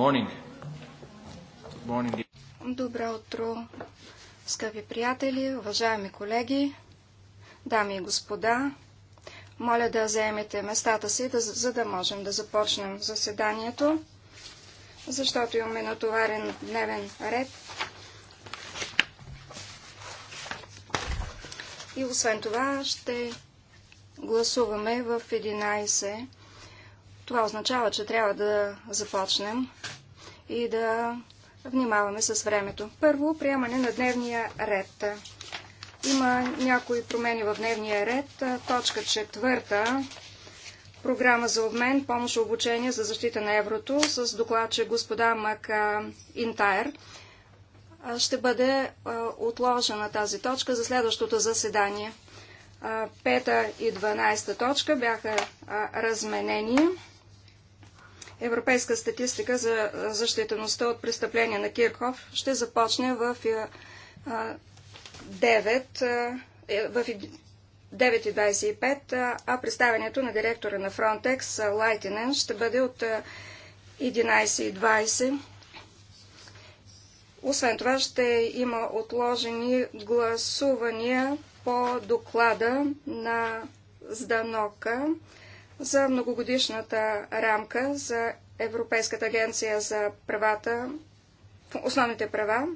morning. Good morning. Добро утро, скъпи приятели, уважаеми колеги, дами и господа. Моля да заемете местата си, да, за да можем да започнем заседанието, защото имаме натоварен дневен ред. И освен това ще гласуваме в 11. Това означава, че трябва да започнем и да внимаваме с времето. Първо, приемане на дневния ред. Има някои промени в дневния ред. Точка четвърта. Програма за обмен, помощ и обучение за защита на еврото с докладче господа Мак Интайр. Ще бъде отложена тази точка за следващото заседание. Пета и 12 точка бяха разменени. Европейска статистика за защитеността от престъпления на Кирхов ще започне в 9, е, в 9.25, а представянето на директора на Frontex Лайтинен ще бъде от 11.20. Освен това ще има отложени гласувания по доклада на Зданока за многогодишната рамка за Европейската агенция за правата, основните права,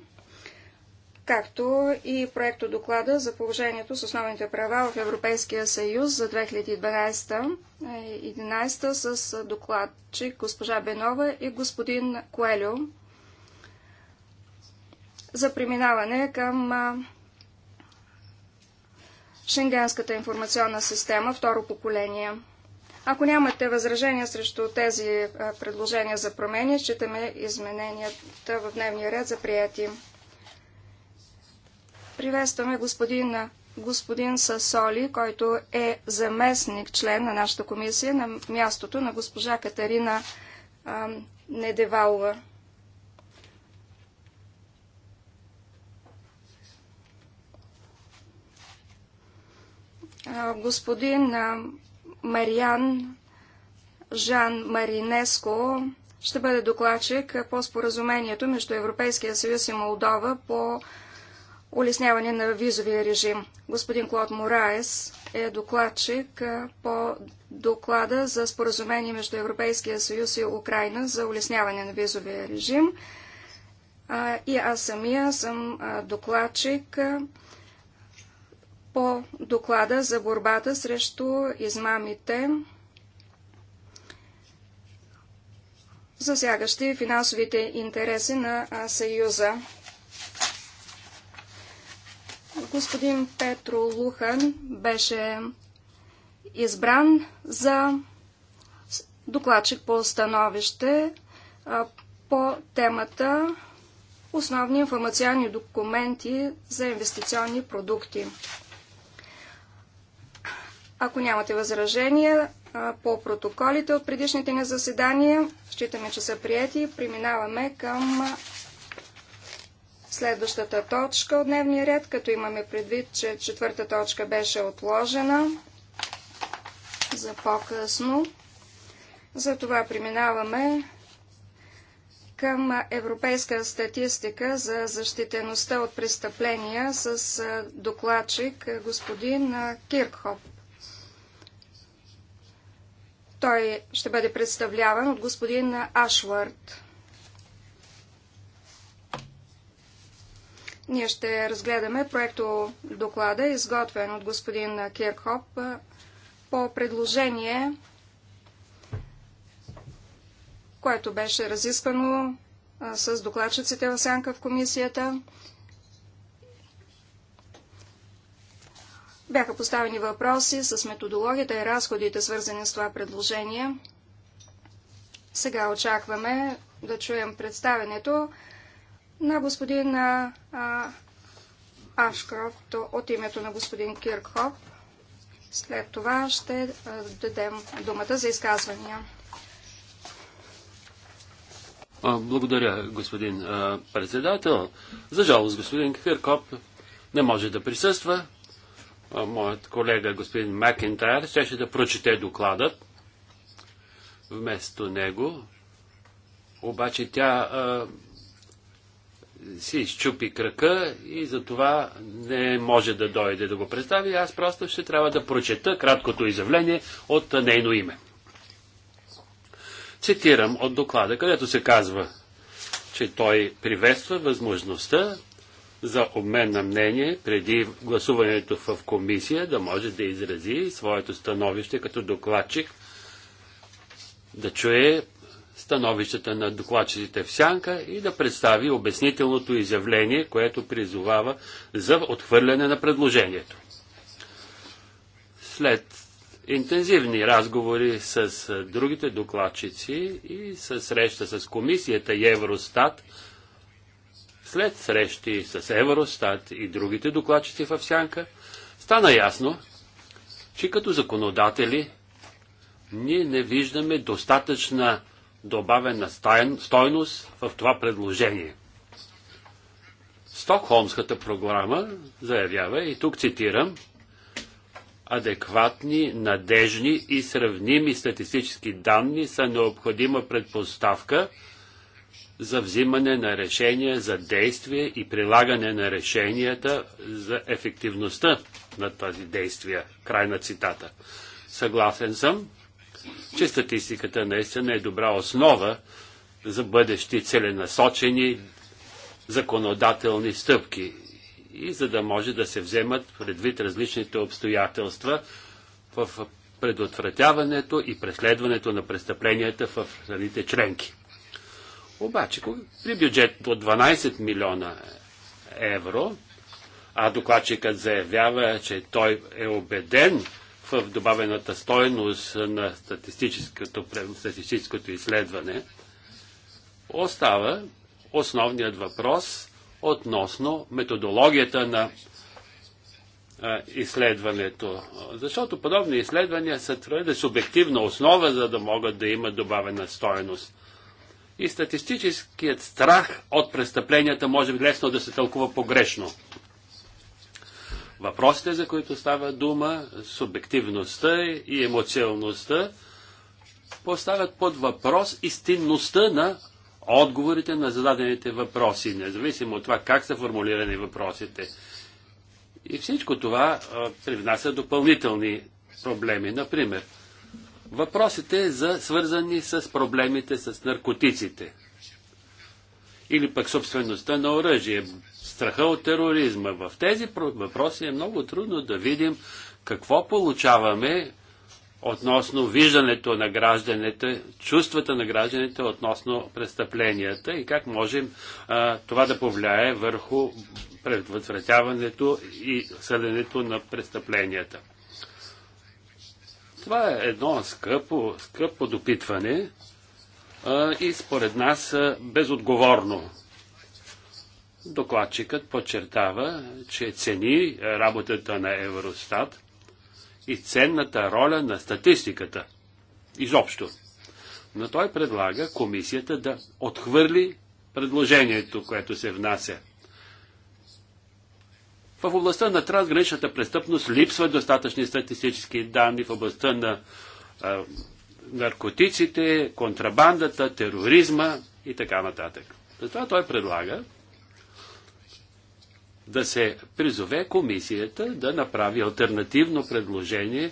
както и проекто доклада за положението с основните права в Европейския съюз за 2012-2011 с докладчик госпожа Бенова и господин Коелю за преминаване към Шенгенската информационна система второ поколение. Ако нямате възражения срещу тези предложения за промени, считаме измененията в дневния ред за прияти. Приветстваме господин, господин Сасоли, който е заместник член на нашата комисия на мястото на госпожа Катерина Недевалова. Господин Мариан Жан Маринеско ще бъде докладчик по споразумението между Европейския съюз и Молдова по улесняване на визовия режим. Господин Клод Мораес е докладчик по доклада за споразумение между Европейския съюз и Украина за улесняване на визовия режим. И аз самия съм докладчик по доклада за борбата срещу измамите, засягащи финансовите интереси на Съюза. Господин Петро Лухан беше избран за докладчик по становище по темата основни информационни документи за инвестиционни продукти. Ако нямате възражения по протоколите от предишните ни заседания, считаме, че са прияти. Преминаваме към следващата точка от дневния ред, като имаме предвид, че четвърта точка беше отложена за по-късно. Затова преминаваме към европейска статистика за защитеността от престъпления с докладчик господин Киркхоп. Той ще бъде представляван от господин Ашвард. Ние ще разгледаме проекто доклада, изготвен от господин Кирхоп по предложение, което беше разисквано с докладчиците в сянка в комисията. Бяха поставени въпроси с методологията и разходите, свързани с това предложение. Сега очакваме да чуем представенето на господин Ашкрофт от името на господин Киркхоп. След това ще дадем думата за изказвания. Благодаря, господин председател. За жалост, господин Киркоп не може да присъства моят колега господин Макентайр щеше да прочете докладът вместо него. Обаче тя а, си изчупи крака и затова не може да дойде да го представи. Аз просто ще трябва да прочета краткото изявление от нейно име. Цитирам от доклада, където се казва, че той приветства възможността за обмен на мнение преди гласуването в комисия, да може да изрази своето становище като докладчик, да чуе становищата на докладчиците в сянка и да представи обяснителното изявление, което призовава за отхвърляне на предложението. След интензивни разговори с другите докладчици и с среща с комисията Евростат, след срещи с Евростат и другите докладчици в Сянка, стана ясно, че като законодатели ние не виждаме достатъчна добавена стойност в това предложение. Стокхолмската програма заявява, и тук цитирам, адекватни, надежни и сравними статистически данни са необходима предпоставка – за взимане на решения, за действие и прилагане на решенията за ефективността на тази действия. Край на цитата. Съгласен съм, че статистиката наистина е добра основа за бъдещи целенасочени законодателни стъпки и за да може да се вземат предвид различните обстоятелства в предотвратяването и преследването на престъпленията в страните членки. Обаче, при бюджет от 12 милиона евро, а докладчикът заявява, че той е убеден в добавената стойност на статистическото, статистическото изследване, остава основният въпрос относно методологията на изследването. Защото подобни изследвания са твърде субективна основа, за да могат да имат добавена стоеност и статистическият страх от престъпленията може лесно да се тълкува погрешно. Въпросите, за които става дума, субективността и емоционалността, поставят под въпрос истинността на отговорите на зададените въпроси, независимо от това как са формулирани въпросите. И всичко това привнася допълнителни проблеми. Например, въпросите, е за, свързани с проблемите с наркотиците или пък собствеността на оръжие, страха от тероризма. В тези въпроси е много трудно да видим какво получаваме относно виждането на гражданите, чувствата на гражданите относно престъпленията и как можем а, това да повлияе върху предотвратяването и съденето на престъпленията. Това е едно скъпо, скъпо допитване а, и според нас а, безотговорно. Докладчикът подчертава, че цени работата на Евростат и ценната роля на статистиката. Изобщо. Но той предлага комисията да отхвърли предложението, което се внася. В областта на трансграничната престъпност липсват достатъчни статистически данни в областта на а, наркотиците, контрабандата, тероризма и така нататък. Затова той предлага да се призове комисията да направи альтернативно предложение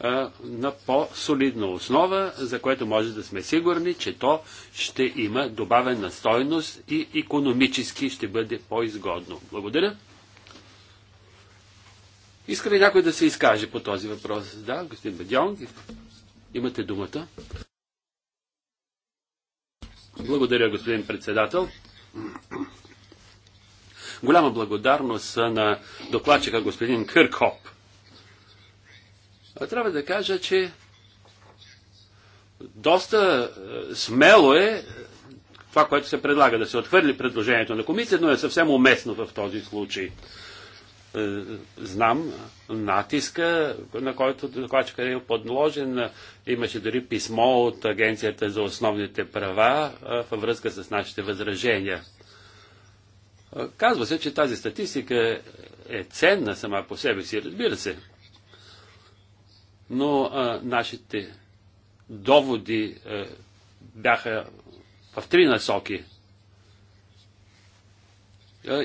а, на по-солидна основа, за което може да сме сигурни, че то ще има добавена стойност и економически ще бъде по-изгодно. Благодаря. Иска ли някой да се изкаже по този въпрос? Да, господин Бадьонг, имате думата. Благодаря, господин председател. Голяма благодарност на докладчика господин Къркоп. Трябва да кажа, че доста е, смело е, е това, което се предлага, да се отхвърли предложението на комисията, но е съвсем уместно в този случай. Е, знам натиска, на който докладчика е подложен. Имаше дори писмо от Агенцията за основните права е, във връзка с нашите възражения. Е, казва се, че тази статистика е ценна сама по себе си, разбира се. Но а, нашите доводи а, бяха в три насоки –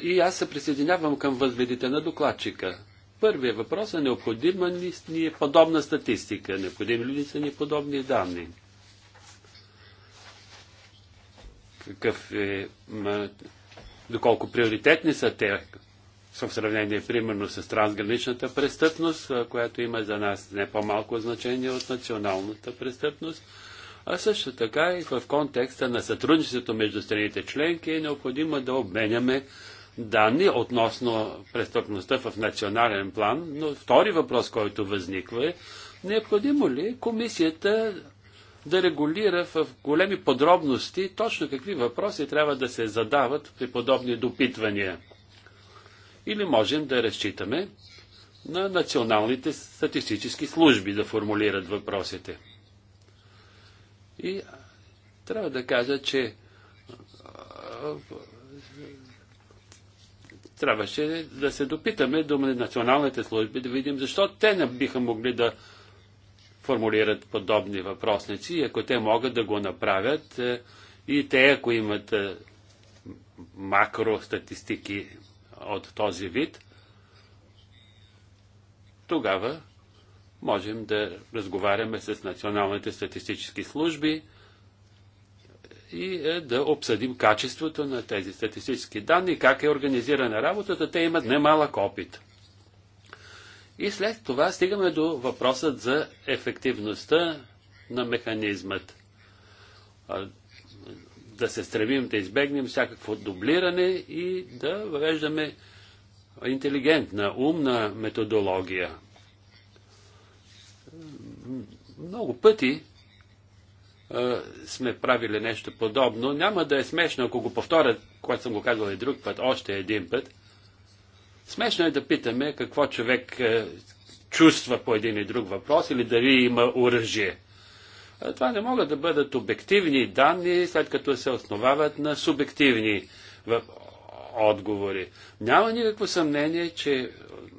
и аз се присъединявам към възгледите на докладчика. Първият въпрос е необходима ли ни е подобна статистика, необходими ли са ни подобни данни. Какъв е, ма, доколко приоритетни са те в сравнение, примерно, с трансграничната престъпност, която има за нас не по-малко значение от националната престъпност, а също така и в контекста на сътрудничеството между страните членки е необходимо да обменяме данни относно престъпността в национален план, но втори въпрос, който възниква е, необходимо ли комисията да регулира в големи подробности точно какви въпроси трябва да се задават при подобни допитвания? Или можем да разчитаме на националните статистически служби да формулират въпросите? И трябва да кажа, че Трябваше да се допитаме до националните служби, да видим защо те не биха могли да формулират подобни въпросници. ако те могат да го направят, е, и те, ако имат е, макростатистики от този вид, тогава можем да разговаряме с националните статистически служби и е, да обсъдим качеството на тези статистически данни, как е организирана работата. Те имат немалък опит. И след това стигаме до въпросът за ефективността на механизмът. Да се стремим да избегнем всякакво дублиране и да въвеждаме интелигентна, умна методология. Много пъти сме правили нещо подобно. Няма да е смешно, ако го повторя, което съм го казвал и друг път, още един път. Смешно е да питаме какво човек чувства по един и друг въпрос или дали има оръжие. Това не могат да бъдат обективни данни, след като се основават на субективни отговори. Няма никакво съмнение, че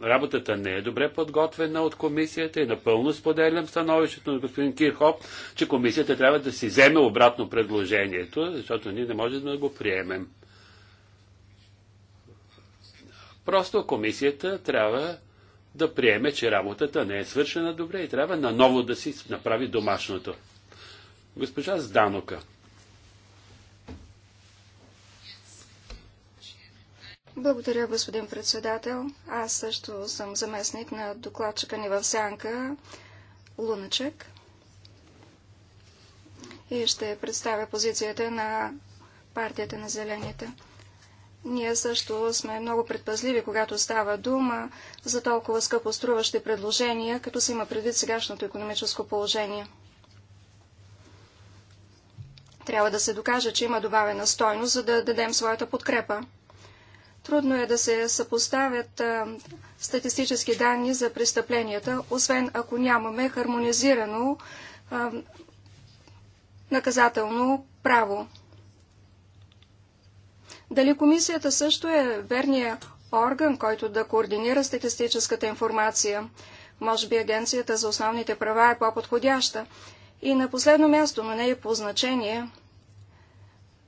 работата не е добре подготвена от комисията и напълно споделям становището на господин Кирхоп, че комисията трябва да си вземе обратно предложението, защото ние не можем да го приемем. Просто комисията трябва да приеме, че работата не е свършена добре и трябва наново да си направи домашното. Госпожа Зданока. Благодаря, господин председател. Аз също съм заместник на докладчика ни в Сянка, Луначек. И ще представя позицията на партията на зелените. Ние също сме много предпазливи, когато става дума за толкова скъпо струващи предложения, като се има предвид сегашното економическо положение. Трябва да се докаже, че има добавена стойност, за да дадем своята подкрепа. Трудно е да се съпоставят статистически данни за престъпленията, освен ако нямаме хармонизирано наказателно право. Дали комисията също е верният орган, който да координира статистическата информация? Може би Агенцията за основните права е по-подходяща. И на последно място, но не е по значение –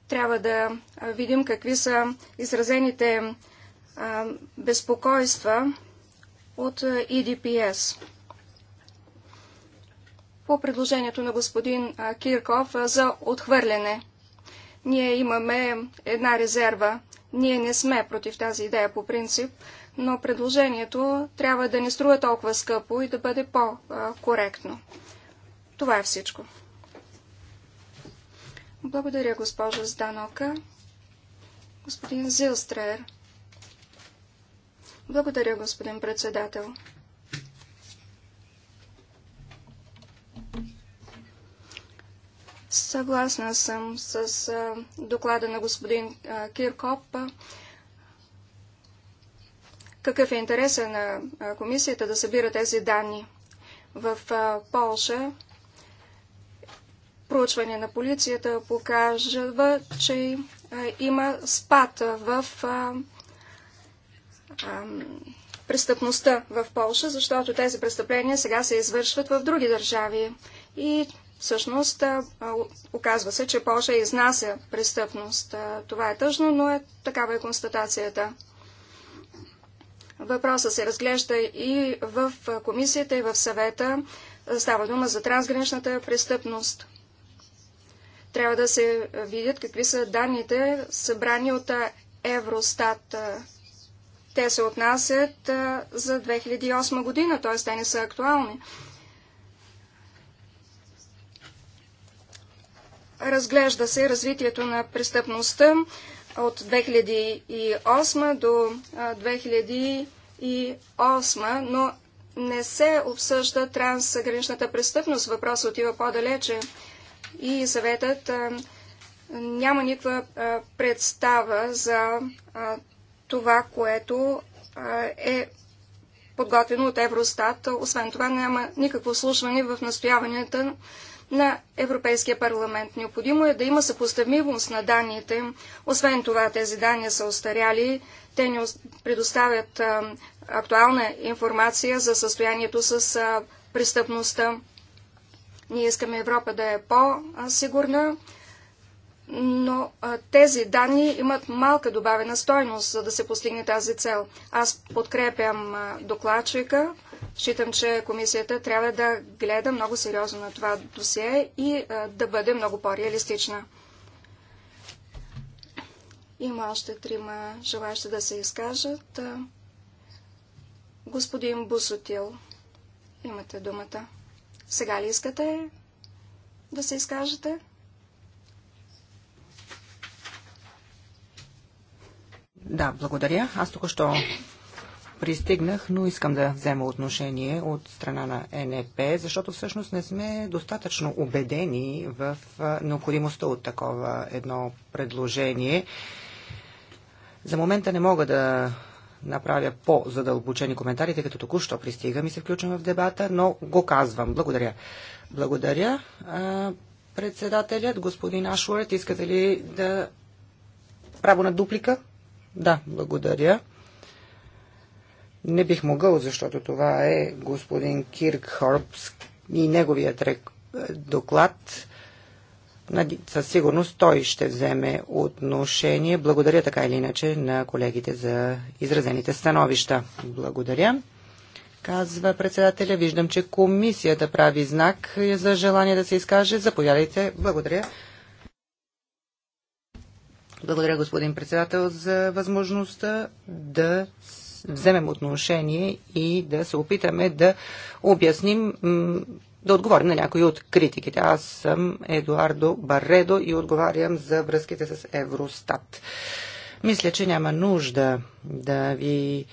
трябва да видим какви са изразените безпокойства от EDPS. По предложението на господин Кирков за отхвърляне. Ние имаме една резерва. Ние не сме против тази идея по принцип, но предложението трябва да не струва толкова скъпо и да бъде по-коректно. Това е всичко. Благодаря, госпожа Зданока. Господин Зилстреер. Благодаря, господин председател. Съгласна съм с доклада на господин Киркоп. Какъв е интересът на комисията да събира тези данни? В Полша проучване на полицията показва, че е, има спад в е, е, престъпността в Польша, защото тези престъпления сега се извършват в други държави. И всъщност оказва се, че Польша изнася престъпност. Това е тъжно, но е, такава е констатацията. Въпросът се разглежда и в комисията, и в съвета. Става дума за трансграничната престъпност. Трябва да се видят какви са данните, събрани от Евростат. Те се отнасят за 2008 година, т.е. те не са актуални. Разглежда се развитието на престъпността от 2008 до 2008, но не се обсъжда трансграничната престъпност. Въпросът отива по-далече и съветът няма никаква представа за това, което е подготвено от Евростат. Освен това няма никакво слушване в настояванията на Европейския парламент. Необходимо е да има съпоставимост на данните. Освен това, тези данни са остаряли. Те ни предоставят а, актуална информация за състоянието с а, престъпността. Ние искаме Европа да е по-сигурна, но тези данни имат малка добавена стойност, за да се постигне тази цел. Аз подкрепям докладчика. Считам, че комисията трябва да гледа много сериозно на това досие и да бъде много по-реалистична. Има още трима желащи да се изкажат. Господин Бусотил, имате думата. Сега ли искате да се изкажете? Да, благодаря. Аз току-що пристигнах, но искам да взема отношение от страна на НЕП, защото всъщност не сме достатъчно убедени в необходимостта от такова едно предложение. За момента не мога да направя по-задълбочени коментари, тъй като току-що пристигам и се включвам в дебата, но го казвам. Благодаря. Благодаря. Председателят, господин Ашуарт, искате ли да... Право на дуплика? Да, благодаря. Не бих могъл, защото това е господин Кирк Хорбс и неговият доклад със сигурност той ще вземе отношение. Благодаря така или иначе на колегите за изразените становища. Благодаря. Казва председателя, виждам, че комисията прави знак за желание да се изкаже. Заповядайте. Благодаря. Благодаря, господин председател, за възможността да вземем отношение и да се опитаме да обясним да отговорим на някои от критиките. Аз съм Едуардо Барредо и отговарям за връзките с Евростат. Мисля, че няма нужда да ви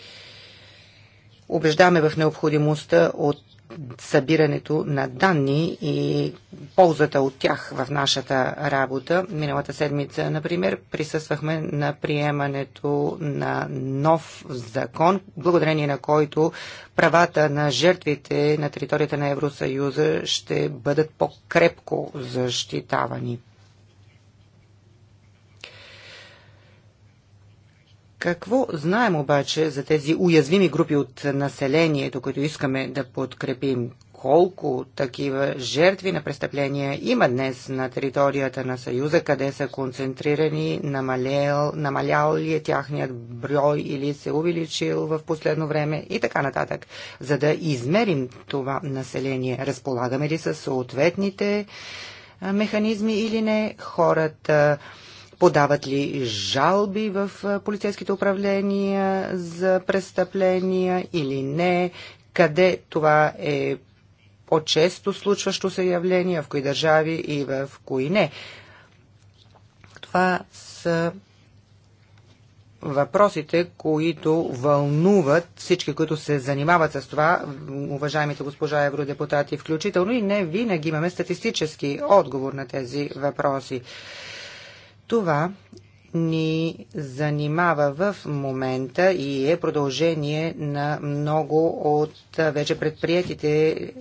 убеждаме в необходимостта от събирането на данни и ползата от тях в нашата работа. Миналата седмица, например, присъствахме на приемането на нов закон, благодарение на който правата на жертвите на територията на Евросъюза ще бъдат по-крепко защитавани. Какво знаем обаче за тези уязвими групи от населението, които искаме да подкрепим? Колко такива жертви на престъпления има днес на територията на Съюза, къде са концентрирани, намалял, намалял ли е тяхният брой или се увеличил в последно време и така нататък. За да измерим това население, разполагаме ли са съответните механизми или не хората? подават ли жалби в полицейските управления за престъпления или не, къде това е по-често случващо се явление, в кои държави и в кои не. Това са въпросите, които вълнуват всички, които се занимават с това, уважаемите госпожа евродепутати включително, и не винаги имаме статистически отговор на тези въпроси. Това ни занимава в момента и е продължение на много от вече предприятите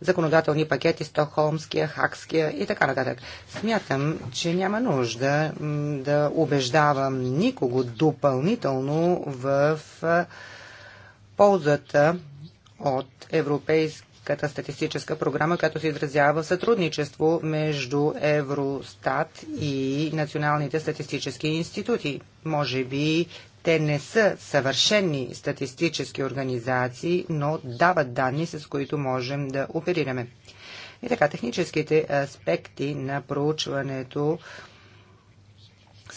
законодателни пакети, Стокхолмския, Хакския и така нататък. Смятам, че няма нужда да убеждавам никого допълнително в ползата от европейски Европейската статистическа програма, като се изразява сътрудничество между Евростат и националните статистически институти. Може би те не са съвършени статистически организации, но дават данни, с които можем да оперираме. И така, техническите аспекти на проучването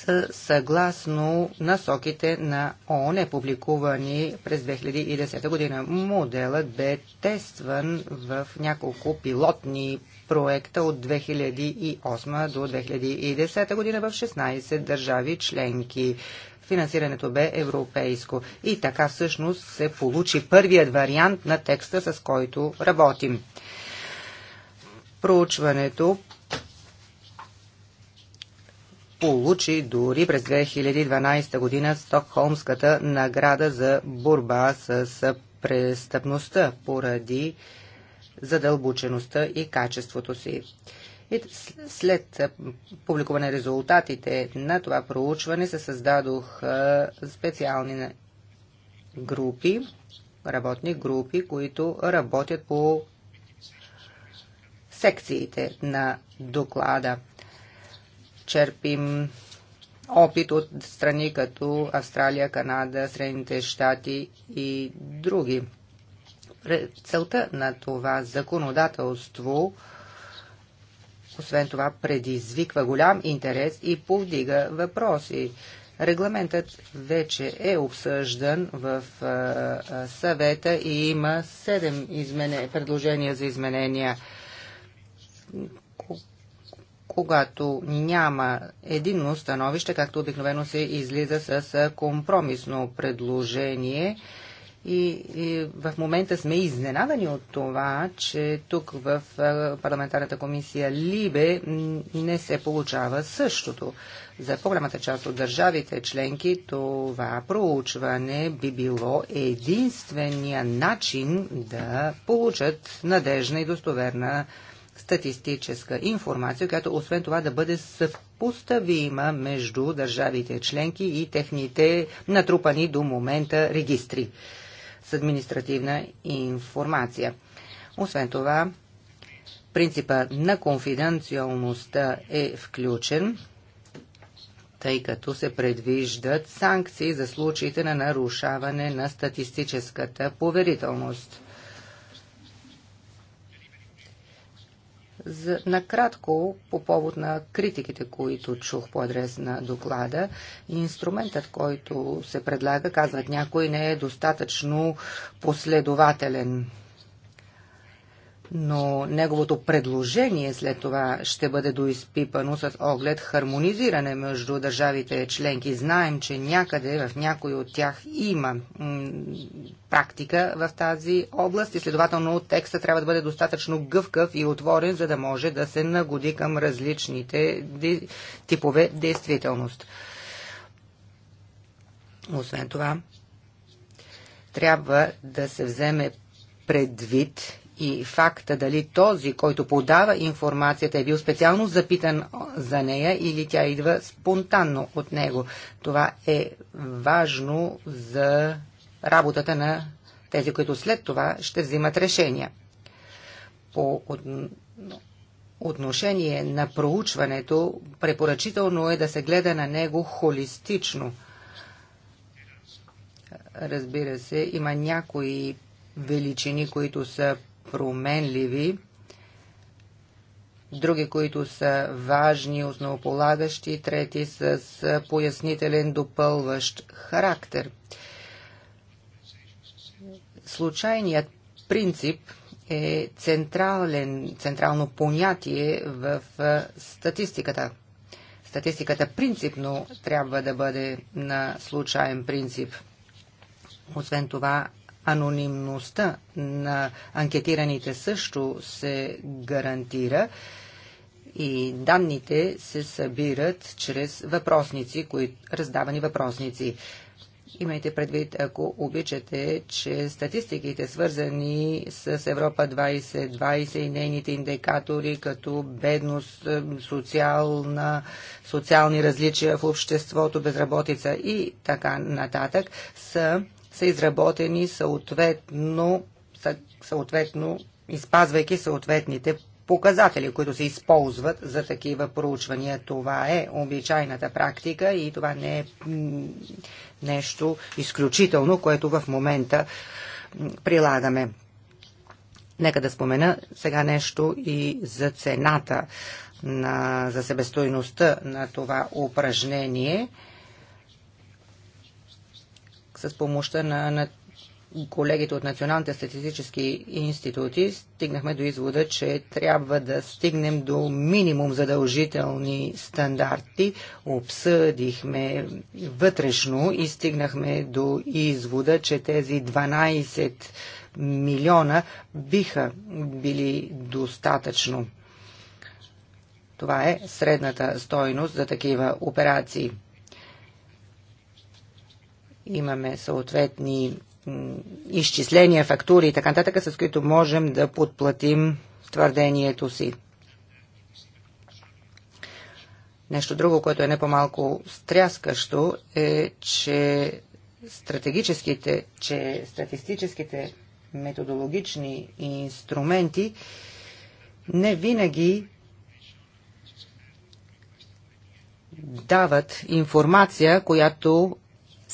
са съгласно насоките на ООН, публикувани през 2010 година. Моделът бе тестван в няколко пилотни проекта от 2008 до 2010 година в 16 държави членки. Финансирането бе европейско. И така всъщност се получи първият вариант на текста, с който работим. Проучването получи дори през 2012 година Стокхолмската награда за борба с престъпността поради задълбочеността и качеството си. И след публикуване на резултатите на това проучване се създадох специални групи, работни групи, които работят по секциите на доклада черпим опит от страни като Австралия, Канада, Средните щати и други. Целта на това законодателство освен това предизвиква голям интерес и повдига въпроси. Регламентът вече е обсъждан в съвета и има 7 измене, предложения за изменения когато няма единно становище, както обикновено се излиза с компромисно предложение. И, и в момента сме изненадани от това, че тук в парламентарната комисия Либе не се получава същото. За по-голямата част от държавите членки това проучване би било единствения начин да получат надежна и достоверна статистическа информация, която освен това да бъде съпоставима между държавите членки и техните натрупани до момента регистри с административна информация. Освен това, принципа на конфиденциалността е включен тъй като се предвиждат санкции за случаите на нарушаване на статистическата поверителност. За, накратко, по повод на критиките, които чух по адрес на доклада, инструментът, който се предлага, казват някой, не е достатъчно последователен но неговото предложение след това ще бъде доизпипано с оглед хармонизиране между държавите членки. Знаем, че някъде в някой от тях има практика в тази област и следователно текста трябва да бъде достатъчно гъвкав и отворен, за да може да се нагоди към различните типове действителност. Освен това, трябва да се вземе предвид и факта дали този, който подава информацията е бил специално запитан за нея или тя идва спонтанно от него. Това е важно за работата на тези, които след това ще взимат решения. По отношение на проучването, препоръчително е да се гледа на него холистично. Разбира се, има някои величини, които са променливи, други, които са важни, основополагащи, трети с пояснителен допълващ характер. Случайният принцип е централен, централно понятие в статистиката. Статистиката принципно трябва да бъде на случайен принцип. Освен това, анонимността на анкетираните също се гарантира и данните се събират чрез въпросници, кои, раздавани въпросници. Имайте предвид, ако обичате, че статистиките свързани с Европа 2020 и нейните индикатори като бедност, е, социална, социални различия в обществото, безработица и така нататък са са изработени съответно, съответно изпазвайки съответните показатели, които се използват за такива проучвания. Това е обичайната практика и това не е нещо изключително, което в момента прилагаме. Нека да спомена сега нещо и за цената, на, за себестойността на това упражнение – с помощта на, на колегите от националните статистически институти, стигнахме до извода, че трябва да стигнем до минимум задължителни стандарти. Обсъдихме вътрешно и стигнахме до извода, че тези 12 милиона биха били достатъчно. Това е средната стойност за такива операции. Имаме съответни изчисления, фактури и така нататък, с които можем да подплатим твърдението си. Нещо друго, което е не по-малко стряскащо, е, че стратегическите, че статистическите методологични инструменти не винаги дават информация, която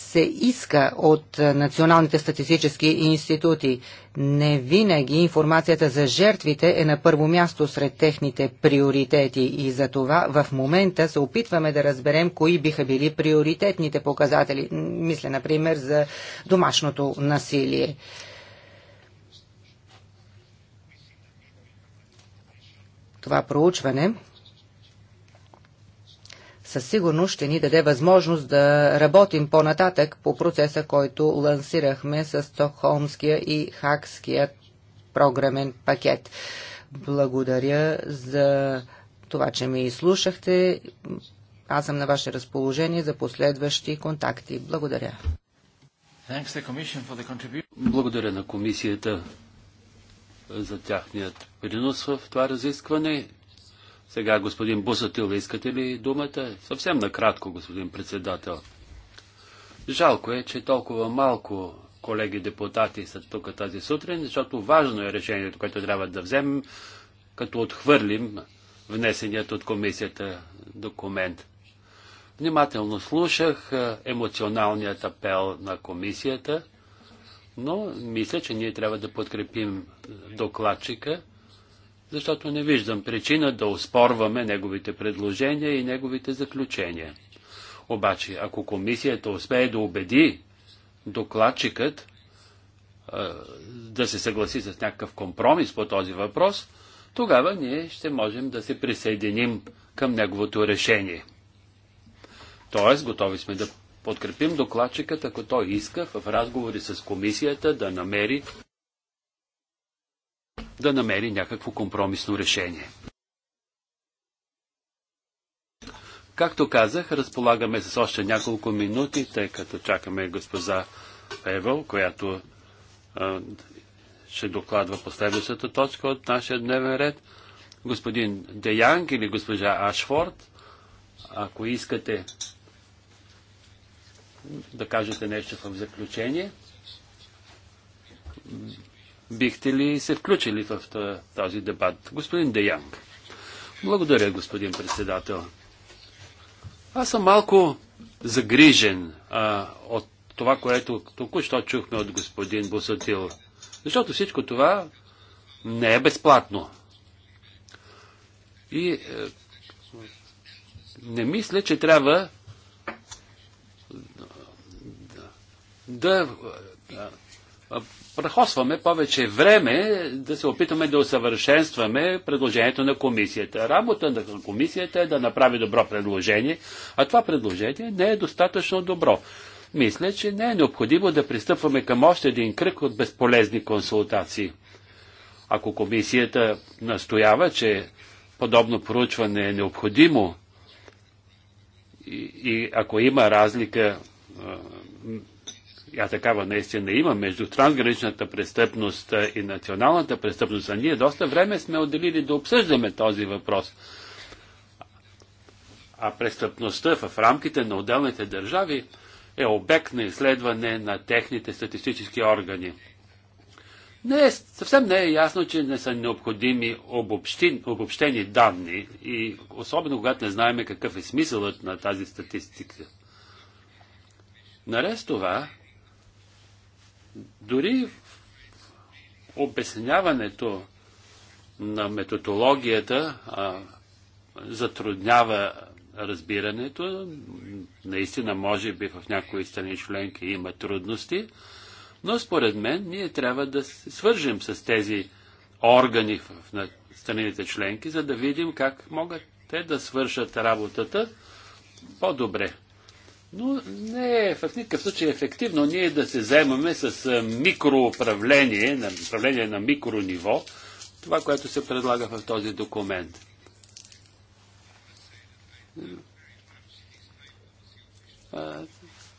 се иска от националните статистически институти. Не винаги информацията за жертвите е на първо място сред техните приоритети и за това в момента се опитваме да разберем кои биха били приоритетните показатели. Мисля, например, за домашното насилие. Това проучване със сигурност ще ни даде възможност да работим по-нататък по процеса, който лансирахме с Стокхолмския и Хакския програмен пакет. Благодаря за това, че ми изслушахте. Аз съм на ваше разположение за последващи контакти. Благодаря. Благодаря на комисията за тяхният принос в това разискване. Сега, господин Бусатил, ви искате ли думата? Съвсем накратко, господин председател. Жалко е, че толкова малко колеги депутати са тук тази сутрин, защото важно е решението, което трябва да вземем, като отхвърлим внесеният от комисията документ. Внимателно слушах е, емоционалният апел на комисията, но мисля, че ние трябва да подкрепим докладчика защото не виждам причина да успорваме неговите предложения и неговите заключения. Обаче, ако комисията успее да убеди докладчикът да се съгласи с някакъв компромис по този въпрос, тогава ние ще можем да се присъединим към неговото решение. Тоест, готови сме да подкрепим докладчикът, ако той иска в разговори с комисията да намери да намери някакво компромисно решение. Както казах, разполагаме с още няколко минути, тъй като чакаме госпожа Певел, която а, ще докладва последващата точка от нашия дневен ред. Господин Деянг или госпожа Ашфорд, ако искате да кажете нещо в заключение бихте ли се включили в този дебат? Господин Деянг. Благодаря, господин председател. Аз съм малко загрижен а, от това, което току-що чухме от господин Босатил. Защото всичко това не е безплатно. И е, не мисля, че трябва да, да, да прахосваме повече време да се опитаме да усъвършенстваме предложението на комисията. Работа на комисията е да направи добро предложение, а това предложение не е достатъчно добро. Мисля, че не е необходимо да пристъпваме към още един кръг от безполезни консултации. Ако комисията настоява, че подобно проучване е необходимо и, и ако има разлика а такава наистина има, между трансграничната престъпност и националната престъпност, а ние доста време сме отделили да обсъждаме този въпрос. А престъпността в рамките на отделните държави е обект на изследване на техните статистически органи. Не е, съвсем не е ясно, че не са необходими обобщи, обобщени данни и особено когато не знаем какъв е смисълът на тази статистика. Наред с това, дори обясняването на методологията а, затруднява разбирането. Наистина, може би в някои страни членки има трудности, но според мен ние трябва да се свържем с тези органи в, на страните членки, за да видим как могат те да свършат работата по-добре. Но не е в никакъв случай е ефективно ние да се заемаме с микроуправление, на управление на микрониво, това, което се предлага в този документ.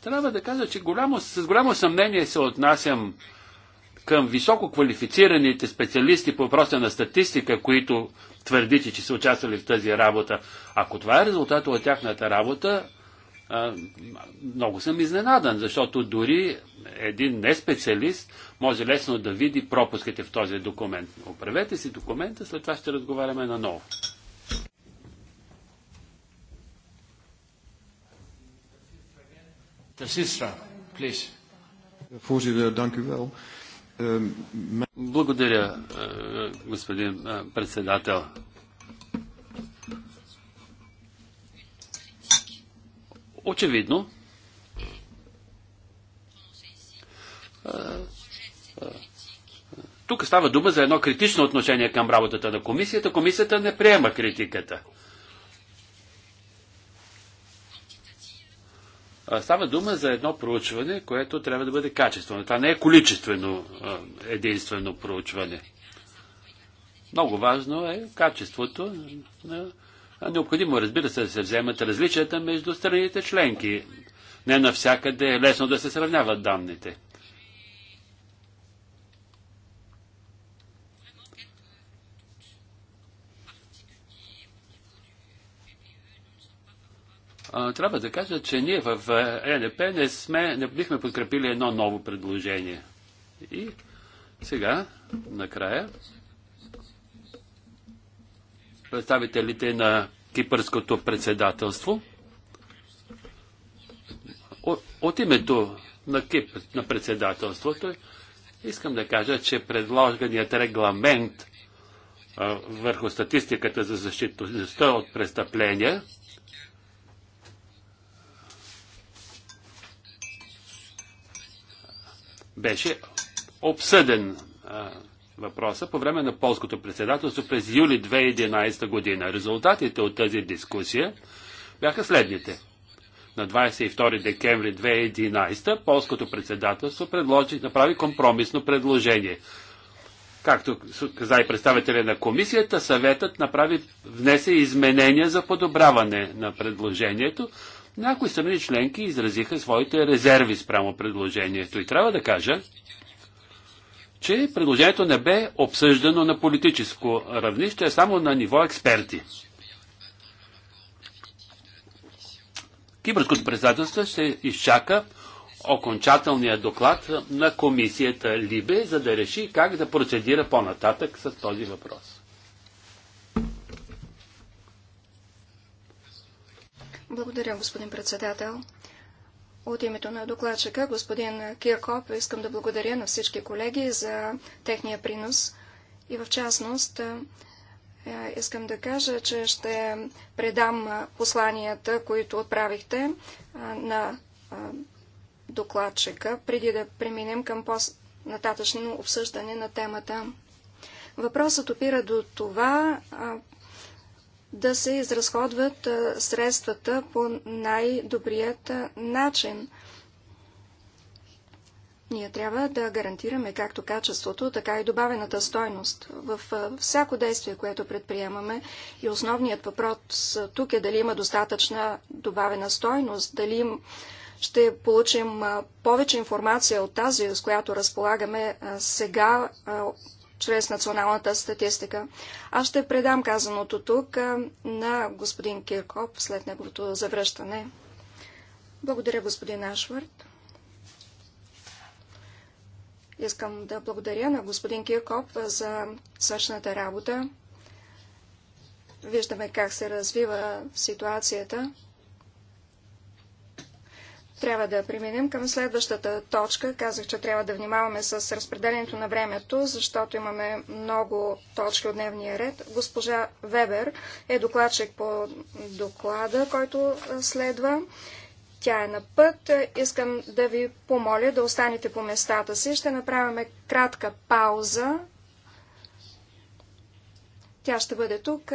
Трябва да кажа, че голямо, с голямо съмнение се отнасям към високо квалифицираните специалисти по въпроса на статистика, които твърдите, че са участвали в тази работа. Ако това е резултат от тяхната работа, много съм изненадан, защото дори един неспециалист може лесно да види пропуските в този документ. Оправете си документа, след това ще разговаряме наново. Ehm, Благодаря, е, господин е, председател. Очевидно, тук става дума за едно критично отношение към работата на комисията. Комисията не приема критиката. Става дума за едно проучване, което трябва да бъде качествено. Това не е количествено единствено проучване. Много важно е качеството на Необходимо, разбира се, да се вземат различията между страните членки. Не навсякъде е лесно да се сравняват данните. трябва да кажа, че ние в ЕНП не, сме, не бихме подкрепили едно ново предложение. И сега, накрая, представителите на кипърското председателство. От, името на Кипър, на председателството, искам да кажа, че предложеният регламент върху статистиката за защитността от престъпления беше обсъден въпроса по време на полското председателство през юли 2011 година. Резултатите от тази дискусия бяха следните. На 22 декември 2011 полското председателство предложи, направи компромисно предложение. Както каза и представителя на комисията, съветът направи, внесе изменения за подобряване на предложението. Някои страни членки изразиха своите резерви спрямо предложението. И трябва да кажа, че предложението не бе обсъждано на политическо равнище, а само на ниво експерти. Кипърското председателство ще изчака окончателния доклад на комисията Либе, за да реши как да процедира по-нататък с този въпрос. Благодаря, господин председател. От името на докладчика, господин Киркоп, искам да благодаря на всички колеги за техния принос и в частност е, искам да кажа, че ще предам посланията, които отправихте е, на е, докладчика, преди да преминем към по-нататъчно обсъждане на темата. Въпросът опира до това да се изразходват средствата по най-добрият начин. Ние трябва да гарантираме както качеството, така и добавената стойност в всяко действие, което предприемаме. И основният въпрос тук е дали има достатъчна добавена стойност, дали им ще получим повече информация от тази, с която разполагаме сега чрез националната статистика. Аз ще предам казаното тук на господин Киркоп след неговото завръщане. Благодаря, господин Ашвард. Искам да благодаря на господин Киркоп за свършната работа. Виждаме как се развива ситуацията. Трябва да преминем към следващата точка. Казах, че трябва да внимаваме с разпределението на времето, защото имаме много точки от дневния ред. Госпожа Вебер е докладчик по доклада, който следва. Тя е на път. Искам да ви помоля да останете по местата си. Ще направим кратка пауза. Тя ще бъде тук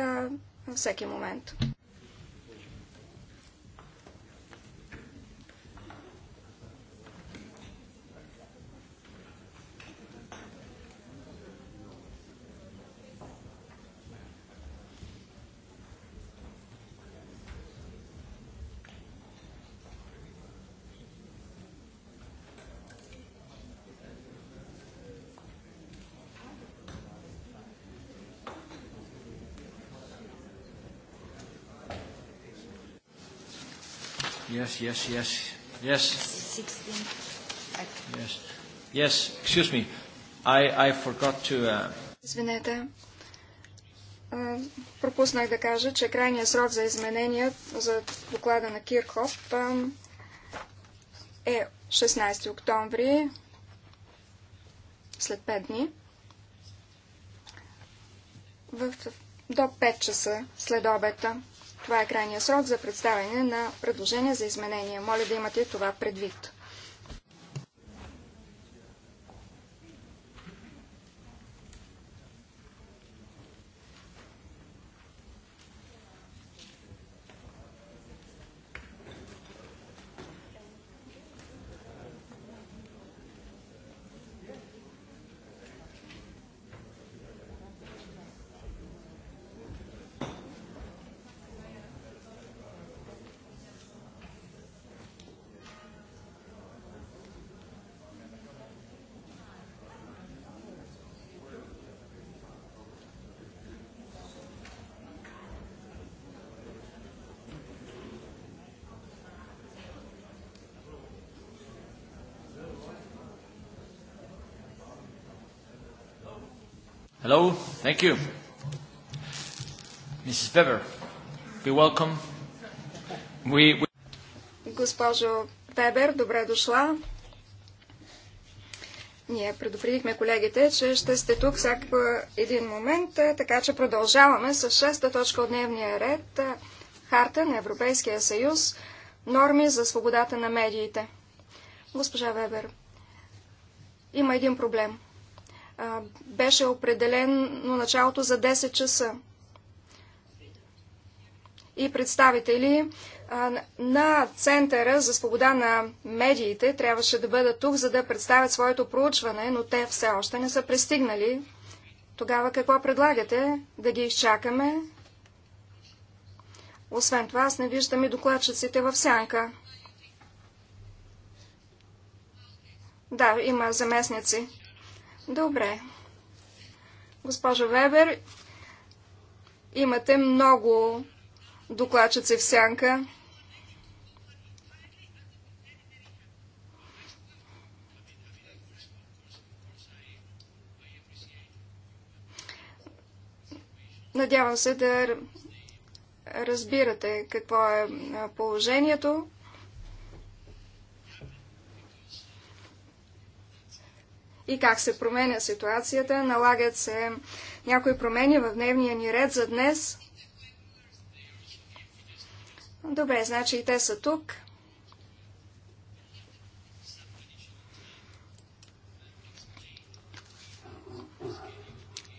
във всеки момент. yes, yes, yes, yes. 16. Yes. Yes, excuse me. I, I forgot to... Uh... Извинете. Пропуснах да кажа, че крайният срок за изменения за доклада на Кирхоп е 16 октомври, след 5 дни, в, до 5 часа след обета. Това е крайният срок за представяне на предложения за изменения. Моля да имате това предвид. Hello, thank you. Mrs. Weber, be welcome. We, we... Госпожо Вебер, добре дошла. Ние предупредихме колегите, че ще сте тук всяк един момент, е, така че продължаваме с шеста точка от дневния ред е, Харта на Европейския съюз Норми за свободата на медиите. Госпожа Вебер, има един проблем – беше определено началото за 10 часа. И представители на Центъра за свобода на медиите трябваше да бъдат тук, за да представят своето проучване, но те все още не са пристигнали. Тогава какво предлагате? Да ги изчакаме? Освен това, аз не виждам и докладчиците в сянка. Да, има заместници. Добре. Госпожо Вебер, имате много докладчици в сянка. Надявам се да разбирате какво е положението. и как се променя ситуацията. Налагат се някои промени в дневния ни ред за днес. Добре, значи и те са тук.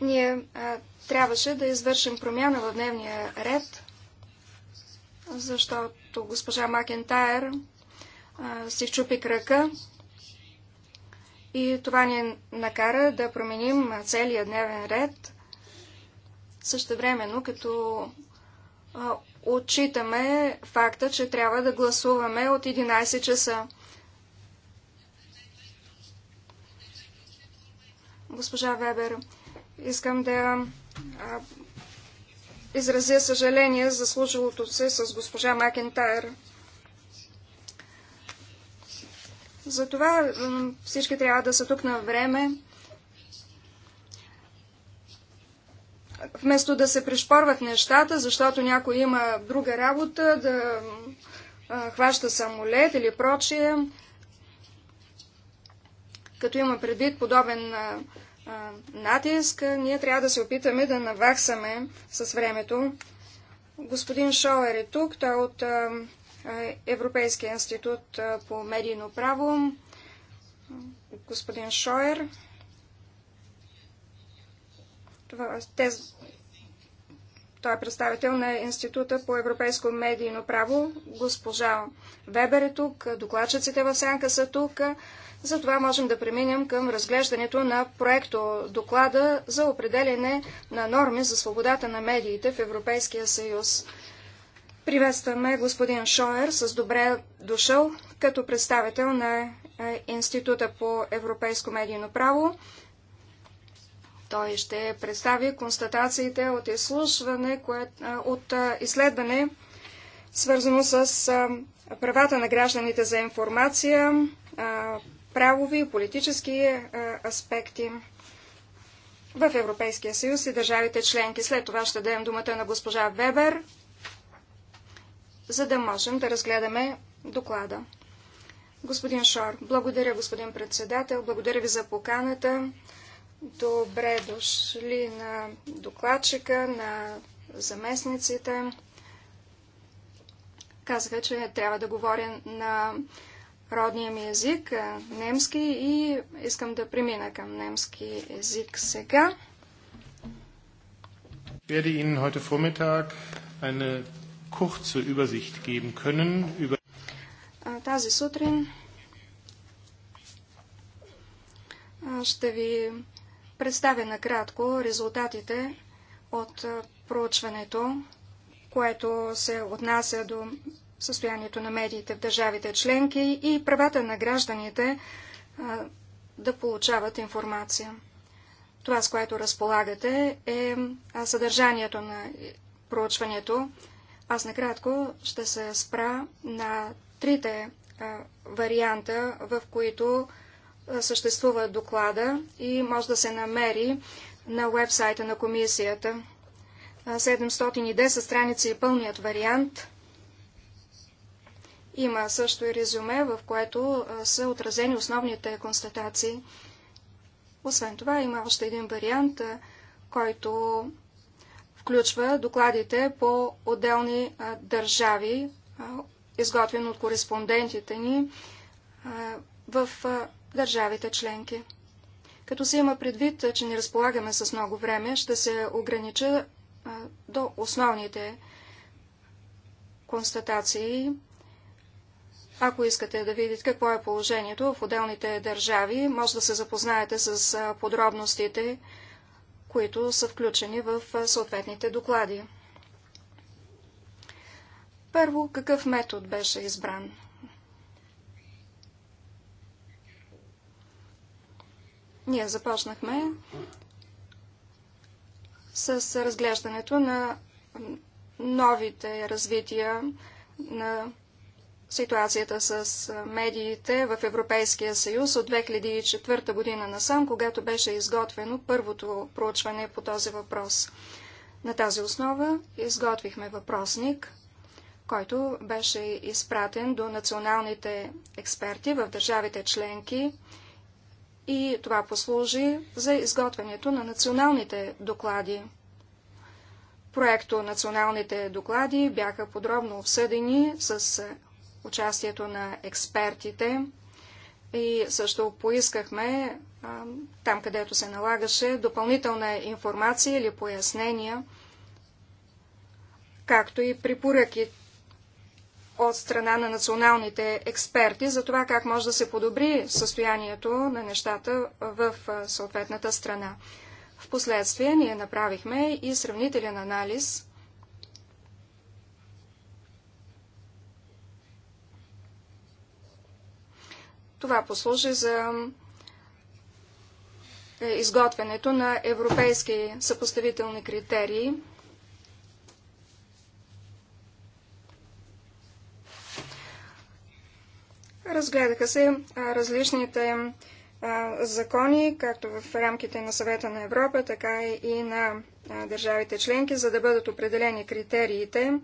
Ние а, трябваше да извършим промяна в дневния ред, защото госпожа Макентайр а, си чупи кръка и това ни накара да променим целият дневен ред, също времено, като а, отчитаме факта, че трябва да гласуваме от 11 часа. Госпожа Вебер, искам да а, изразя съжаление за случилото се с госпожа Макентайр. Затова всички трябва да са тук на време. Вместо да се пришпорват нещата, защото някой има друга работа, да хваща самолет или прочие, като има предвид подобен натиск, ние трябва да се опитаме да наваксаме с времето. Господин Шоер е тук, той е от а, Европейския институт по медийно право, господин Шоер. Това, тез... той е представител на Института по европейско медийно право. Госпожа Вебер е тук, докладчиците в Сянка са тук. Затова можем да преминем към разглеждането на проекто доклада за определене на норми за свободата на медиите в Европейския съюз. Приветстваме господин Шоер с добре дошъл като представител на е, Института по европейско медийно право. Той ще представи констатациите от изслушване, кое, е, от е, изследване, свързано с правата на гражданите за информация, правови и политически аспекти в Европейския съюз и държавите членки. След това ще дадем думата на госпожа Вебер, за да можем да разгледаме доклада. Господин Шор, благодаря, господин председател, благодаря ви за поканата. Добре дошли на докладчика, на заместниците. Казаха, че трябва да говоря на родния ми език, немски, и искам да премина към немски език сега. werde Ihnen heute Vormittag eine kurze Übersicht geben können über тази сутрин ще ви представя накратко резултатите от проучването, което се отнася до състоянието на медиите в държавите членки и правата на гражданите да получават информация. Това, с което разполагате, е съдържанието на проучването. Аз накратко ще се спра на трите а, варианта, в които а, съществува доклада и може да се намери на вебсайта на комисията. 710 страници и е пълният вариант. Има също и резюме, в което а, са отразени основните констатации. Освен това, има още един вариант, който включва докладите по отделни а, държави, а, изготвени от кореспондентите ни а, в държавите членки. Като се има предвид, че не разполагаме с много време, ще се огранича до основните констатации. Ако искате да видите какво е положението в отделните държави, може да се запознаете с подробностите които са включени в съответните доклади. Първо, какъв метод беше избран? Ние започнахме с разглеждането на новите развития на ситуацията с медиите в Европейския съюз от 2004 година насам, когато беше изготвено първото проучване по този въпрос. На тази основа изготвихме въпросник, който беше изпратен до националните експерти в държавите членки и това послужи за изготвянето на националните доклади. Проекто националните доклади бяха подробно обсъдени с участието на експертите и също поискахме там, където се налагаше, допълнителна информация или пояснения, както и препоръки от страна на националните експерти за това как може да се подобри състоянието на нещата в съответната страна. Впоследствие ние направихме и сравнителен анализ – Това послужи за е, изготвянето на европейски съпоставителни критерии. Разгледаха се различните закони, както в рамките на съвета на Европа, така и на държавите членки, за да бъдат определени критериите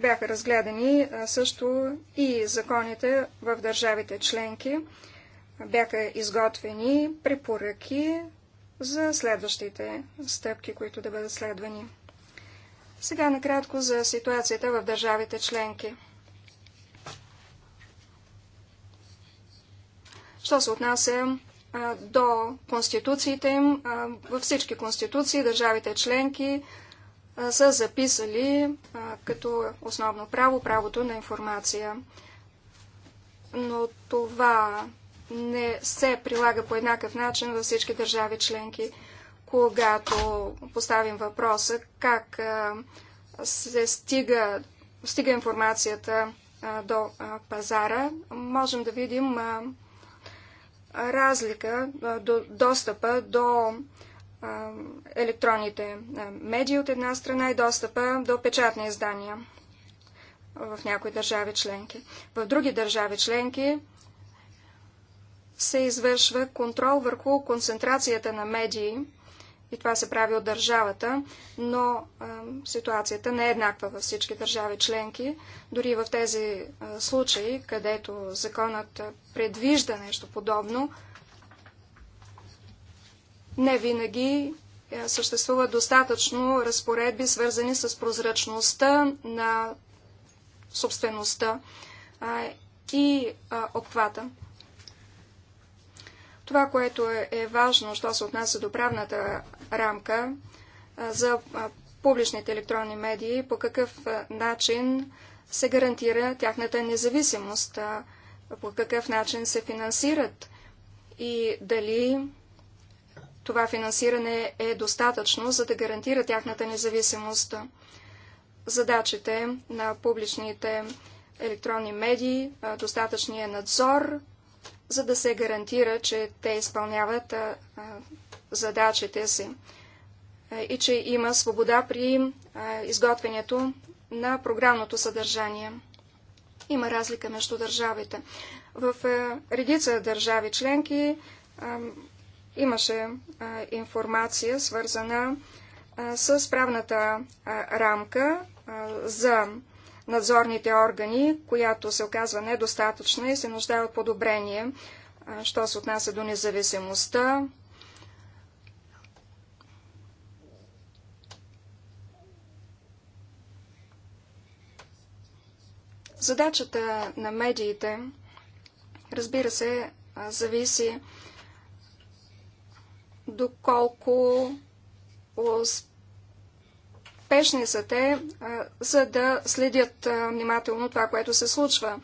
бяха разгледани също и законите в държавите членки. Бяха изготвени препоръки за следващите стъпки, които да бъдат следвани. Сега накратко за ситуацията в държавите членки. Що се отнася до конституциите им, във всички конституции държавите членки са записали като основно право правото на информация. Но това не се прилага по еднакъв начин във всички държави членки. Когато поставим въпроса как се стига, стига информацията до пазара, можем да видим разлика до достъпа до електронните медии от една страна и достъпа до печатни издания в някои държави членки. В други държави членки се извършва контрол върху концентрацията на медии и това се прави от държавата, но а, ситуацията не е еднаква във всички държави членки. Дори в тези а, случаи, където законът предвижда нещо подобно, не винаги е, съществуват достатъчно разпоредби, свързани с прозрачността на собствеността и обхвата. Това, което е, е важно, що се отнася до правната рамка за публичните електронни медии, по какъв начин се гарантира тяхната независимост, по какъв начин се финансират и дали това финансиране е достатъчно, за да гарантира тяхната независимост. Задачите на публичните електронни медии, достатъчния надзор, за да се гарантира, че те изпълняват задачите си и че има свобода при изготвянето на програмното съдържание. Има разлика между държавите. В редица държави членки имаше а, информация, свързана а, с правната а, рамка а, за надзорните органи, която се оказва недостатъчна и се нуждае от подобрение, а, що се отнася до независимостта. Задачата на медиите, разбира се, зависи доколко успешни са те, за да следят внимателно това, което се случва.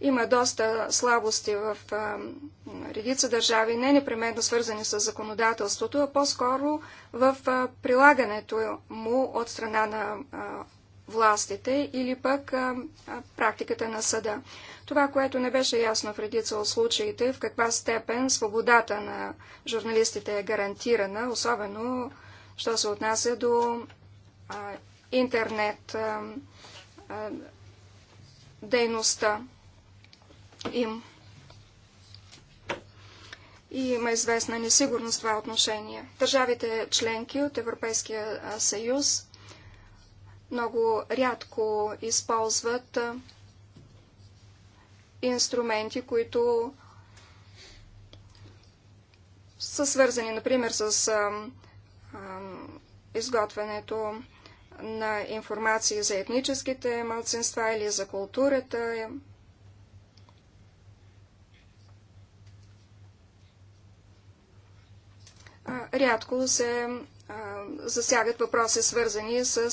Има доста слабости в редица държави, не непременно свързани с законодателството, а по-скоро в прилагането му от страна на властите или пък а, а, практиката на съда. Това, което не беше ясно в редица от случаите, в каква степен свободата на журналистите е гарантирана, особено, що се отнася до а, интернет а, а, дейността им. И има известна несигурност в това отношение. Държавите членки от Европейския съюз много рядко използват инструменти, които са свързани, например, с изготвянето на информации за етническите мълцинства или за културата. Рядко се засягат въпроси, свързани с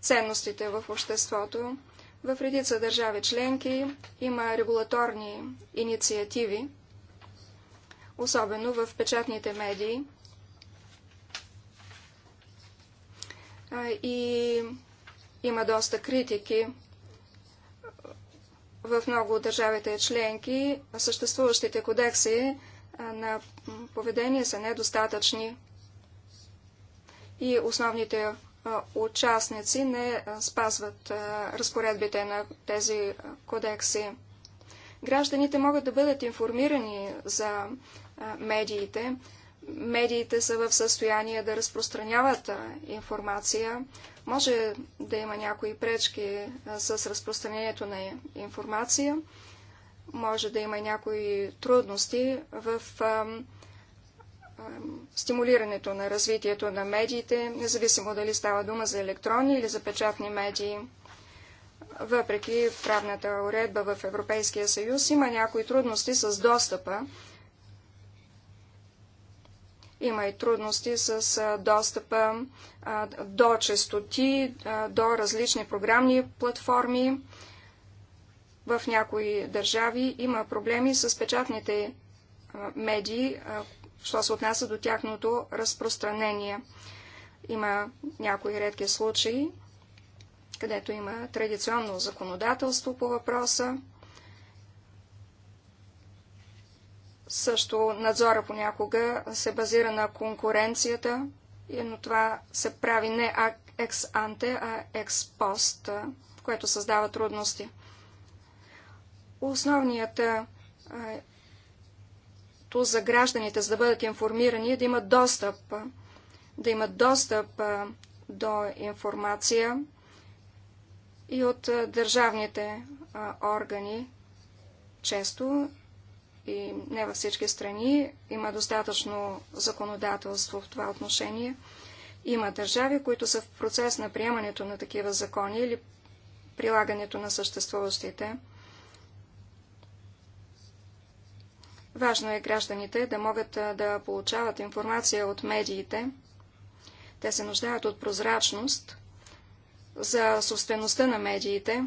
ценностите в обществото. В редица държави членки има регулаторни инициативи, особено в печатните медии. И има доста критики в много от държавите членки. Съществуващите кодекси на поведение са недостатъчни и основните участници не спазват разпоредбите на тези кодекси. Гражданите могат да бъдат информирани за медиите. Медиите са в състояние да разпространяват информация. Може да има някои пречки с разпространението на информация. Може да има някои трудности в стимулирането на развитието на медиите, независимо дали става дума за електронни или за печатни медии. Въпреки правната уредба в Европейския съюз има някои трудности с достъпа. Има и трудности с достъпа до частоти, до различни програмни платформи. В някои държави има проблеми с печатните медии, що се отнася до тяхното разпространение. Има някои редки случаи, където има традиционно законодателство по въпроса. Също надзора понякога се базира на конкуренцията, но това се прави не екс-анте, а екс-пост, което създава трудности. Основният както за гражданите, за да бъдат информирани, да имат достъп, да имат достъп до информация и от държавните органи. Често и не във всички страни има достатъчно законодателство в това отношение. Има държави, които са в процес на приемането на такива закони или прилагането на съществуващите. Важно е гражданите да могат да получават информация от медиите. Те се нуждаят от прозрачност за собствеността на медиите.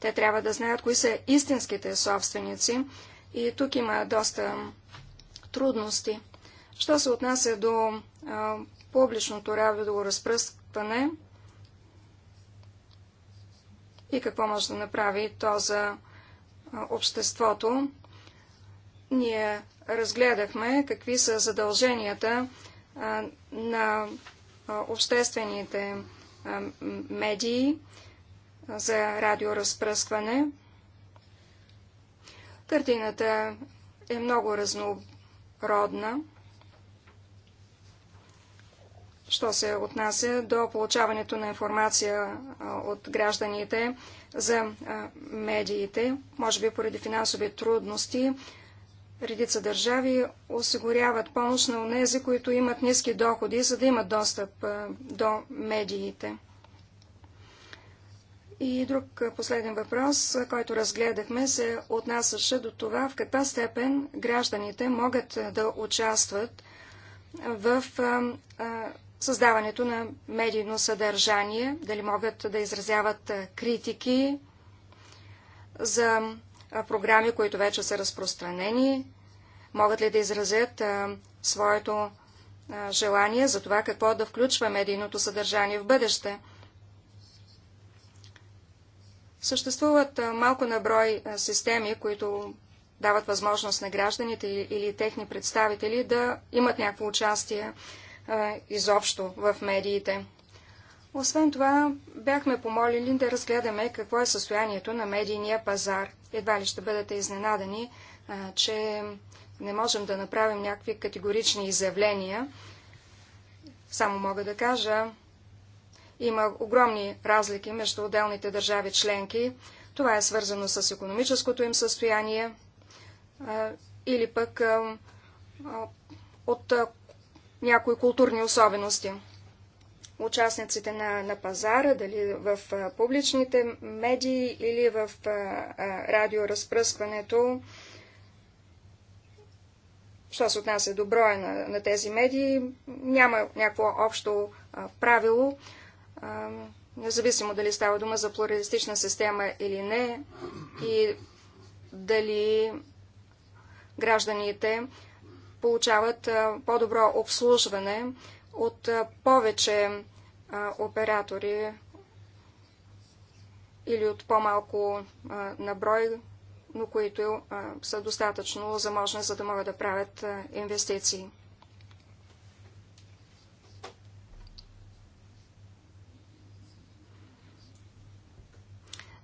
Те трябва да знаят кои са истинските собственици. И тук има доста трудности. Що се отнася до а, публичното разпръскване, и какво може да направи то за обществото, ние разгледахме какви са задълженията на обществените медии за радиоразпръскване. Картината е много разнородна. Що се отнася до получаването на информация от гражданите за медиите, може би поради финансови трудности, Редица държави осигуряват помощ на унези, които имат ниски доходи, за да имат достъп до медиите. И друг последен въпрос, който разгледахме, се отнасяше до това в каква степен гражданите могат да участват в създаването на медийно съдържание, дали могат да изразяват критики за програми, които вече са разпространени, могат ли да изразят а, своето а, желание за това какво да включва медийното съдържание в бъдеще. Съществуват а, малко наброй а, системи, които дават възможност на гражданите или, или техни представители да имат някакво участие а, изобщо в медиите. Освен това, бяхме помолили да разгледаме какво е състоянието на медийния пазар – едва ли ще бъдете изненадани, а, че не можем да направим някакви категорични изявления. Само мога да кажа, има огромни разлики между отделните държави членки. Това е свързано с економическото им състояние а, или пък а, от някои културни особености участниците на, на пазара, дали в а, публичните медии или в а, а, радиоразпръскването. Що се отнася до броя на, на тези медии, няма някакво общо а, правило, а, независимо дали става дума за плуралистична система или не, и дали гражданите получават по-добро обслужване от повече оператори или от по-малко наброй, но които са достатъчно заможни, за да могат да правят инвестиции.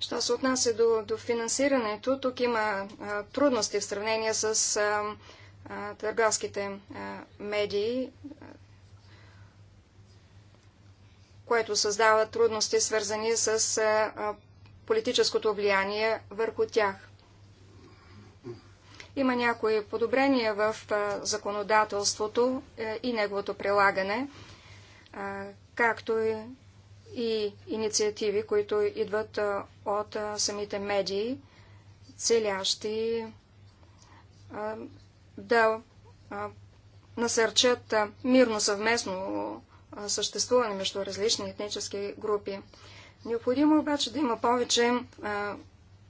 Що се отнася до, до финансирането, тук има а, трудности в сравнение с а, а, търговските а, медии което създава трудности, свързани с политическото влияние върху тях. Има някои подобрения в законодателството е, и неговото прилагане, както и инициативи, които идват от самите медии, целящи да насърчат мирно съвместно съществуване между различни етнически групи. Необходимо обаче да има повече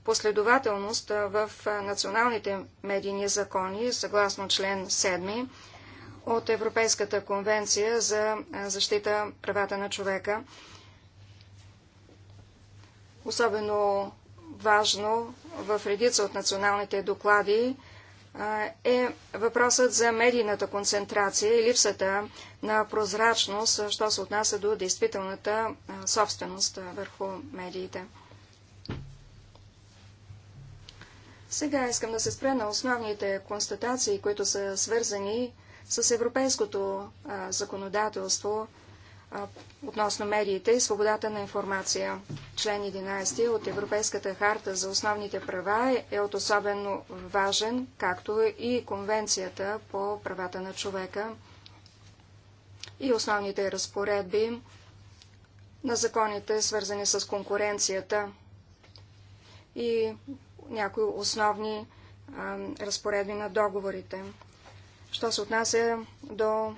последователност в националните медийни закони, съгласно член 7 от Европейската конвенция за защита правата на човека. Особено важно в редица от националните доклади е въпросът за медийната концентрация и липсата на прозрачност, що се отнася до действителната собственост върху медиите. Сега искам да се спре на основните констатации, които са свързани с европейското законодателство относно медиите и свободата на информация. Член 11 от Европейската харта за основните права е от особено важен, както и Конвенцията по правата на човека и основните разпоредби на законите, свързани с конкуренцията и някои основни а, разпоредби на договорите. Що се отнася до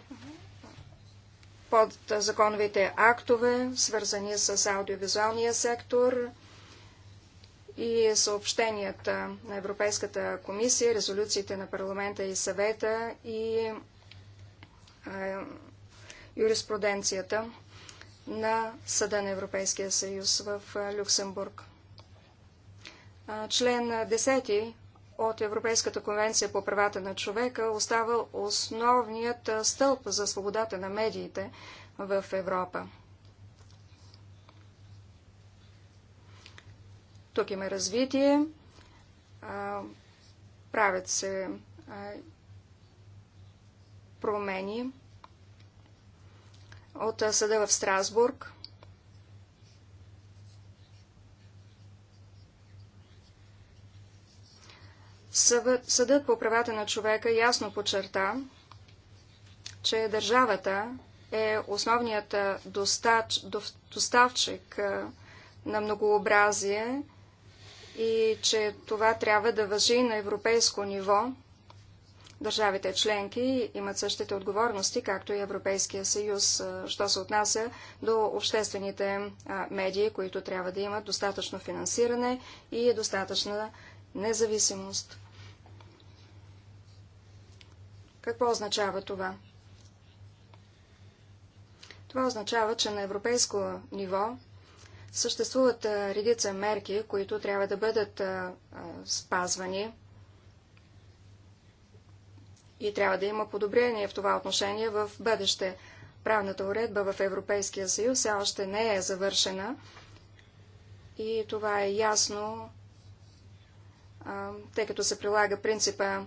под законовите актове, свързани с аудиовизуалния сектор и съобщенията на Европейската комисия, резолюциите на парламента и съвета и юриспруденцията на Съда на Европейския съюз в Люксембург. Член 10 от Европейската конвенция по правата на човека остава основният стълб за свободата на медиите в Европа. Тук има развитие, правят се промени от съда в Страсбург – Съдът по правата на човека ясно подчерта, че държавата е основният достач, доставчик на многообразие и че това трябва да въжи на европейско ниво. Държавите членки имат същите отговорности, както и Европейския съюз, що се отнася до обществените медии, които трябва да имат достатъчно финансиране и достатъчна независимост. Какво означава това? Това означава, че на европейско ниво съществуват редица мерки, които трябва да бъдат спазвани и трябва да има подобрение в това отношение в бъдеще. Правната уредба в Европейския съюз все още не е завършена и това е ясно, тъй като се прилага принципа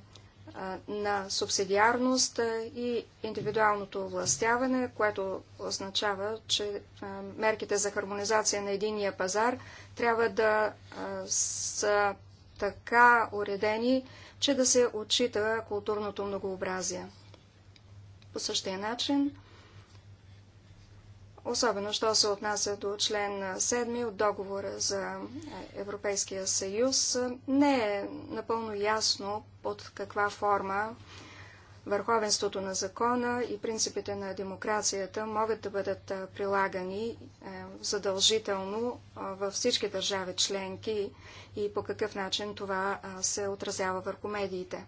на субсидиарност и индивидуалното властяване, което означава, че мерките за хармонизация на единия пазар трябва да са така уредени, че да се отчита културното многообразие. По същия начин особено що се отнася до член 7 от договора за Европейския съюз, не е напълно ясно под каква форма върховенството на закона и принципите на демокрацията могат да бъдат прилагани е, задължително във всички държави членки и по какъв начин това се отразява върху медиите.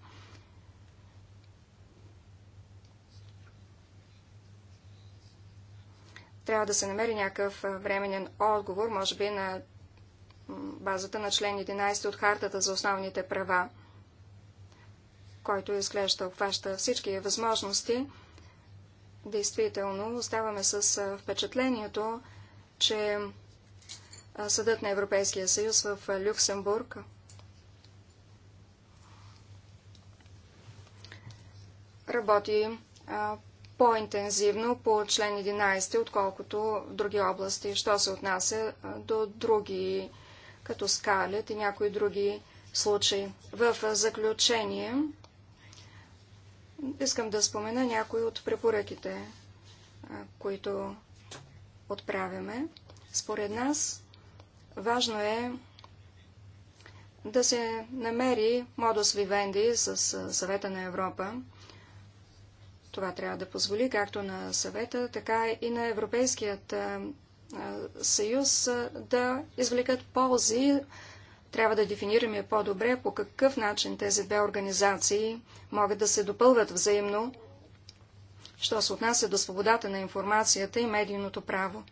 Трябва да се намери някакъв временен отговор, може би на базата на член 11 от Хартата за основните права, който изглежда обхваща всички възможности. Действително, оставаме с впечатлението, че Съдът на Европейския съюз в Люксембург работи по-интензивно по член 11, отколкото в други области, що се отнася до други, като скалят и някои други случаи. В заключение искам да спомена някои от препоръките, които отправяме. Според нас важно е да се намери модус вивенди с съвета на Европа, това трябва да позволи както на съвета, така и на Европейският съюз да извлекат ползи. Трябва да дефинираме по-добре по какъв начин тези две организации могат да се допълват взаимно, що се отнася до свободата на информацията и медийното право.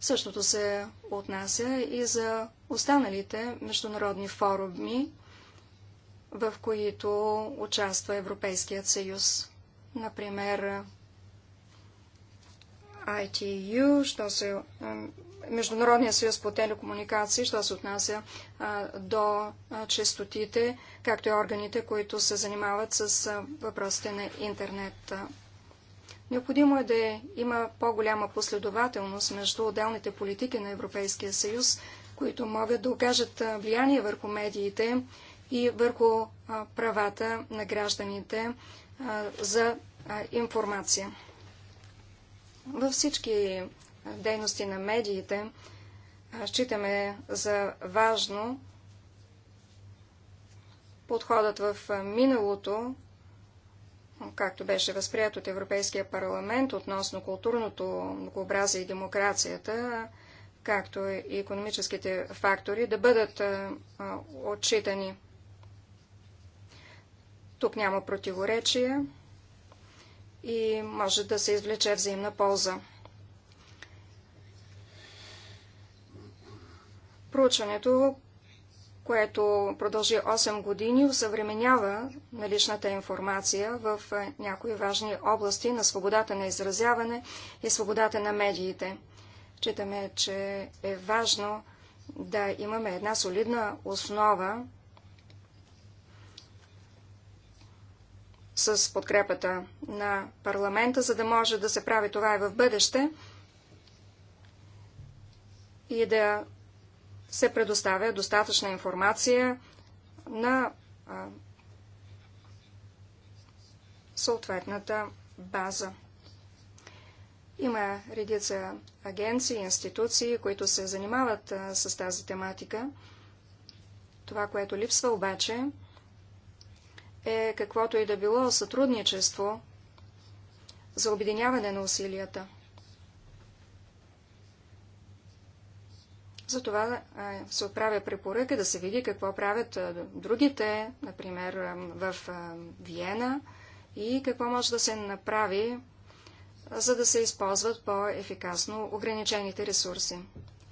Същото се отнася и за останалите международни форуми, в които участва Европейският съюз. Например, ITU, що се, Международния съюз по телекомуникации, що се отнася до честотите, както и органите, които се занимават с въпросите на интернет. Необходимо е да има по-голяма последователност между отделните политики на Европейския съюз, които могат да окажат влияние върху медиите и върху правата на гражданите за информация. Във всички дейности на медиите считаме за важно подходът в миналото, както беше възприят от Европейския парламент относно културното многообразие и демокрацията, както и економическите фактори, да бъдат отчитани. Тук няма противоречие и може да се извлече взаимна полза. Проучването, което продължи 8 години, усъвременява наличната информация в някои важни области на свободата на изразяване и свободата на медиите. Читаме, че е важно да имаме една солидна основа с подкрепата на парламента, за да може да се прави това и в бъдеще и да се предоставя достатъчна информация на съответната база. Има редица агенции, институции, които се занимават с тази тематика. Това, което липсва обаче, е каквото и да било сътрудничество за обединяване на усилията. Затова се отправя препоръка да се види какво правят другите, например в Виена, и какво може да се направи, за да се използват по-ефикасно ограничените ресурси.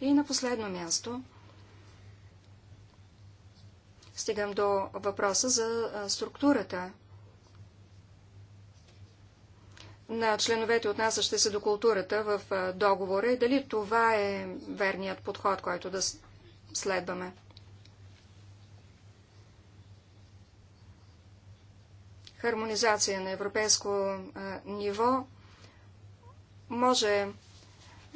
И на последно място – стигам до въпроса за структурата на членовете, отнасящи се до културата в договора и дали това е верният подход, който да следваме. Хармонизация на европейско ниво може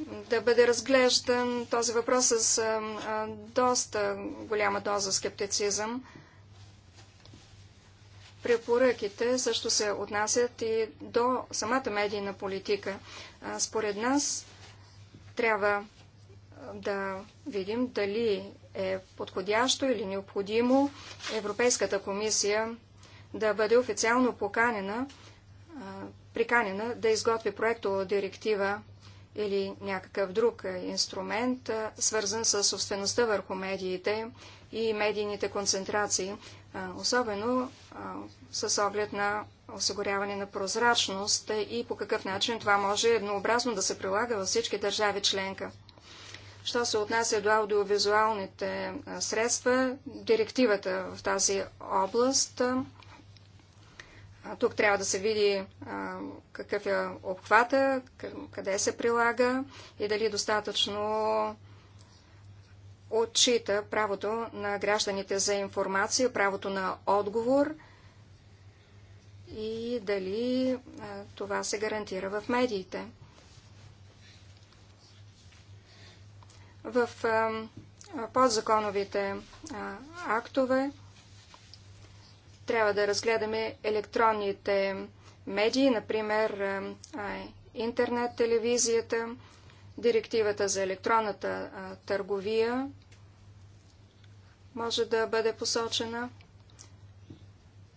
да бъде разглеждан този въпрос с а, а, доста голяма доза скептицизъм. Препоръките също се отнасят и до самата медийна политика. А, според нас трябва да видим дали е подходящо или необходимо Европейската комисия да бъде официално поканена, приканена да изготви проекто директива или някакъв друг е, инструмент, е, свързан с собствеността върху медиите и медийните концентрации, е, особено с оглед на осигуряване на прозрачност и по какъв начин това може еднообразно да се прилага във всички държави членка. Що се отнася до аудиовизуалните средства, директивата в тази област тук трябва да се види какъв е обхвата, къде се прилага и дали достатъчно отчита правото на гражданите за информация, правото на отговор и дали това се гарантира в медиите. В подзаконовите актове трябва да разгледаме електронните медии, например интернет телевизията, директивата за електронната търговия може да бъде посочена.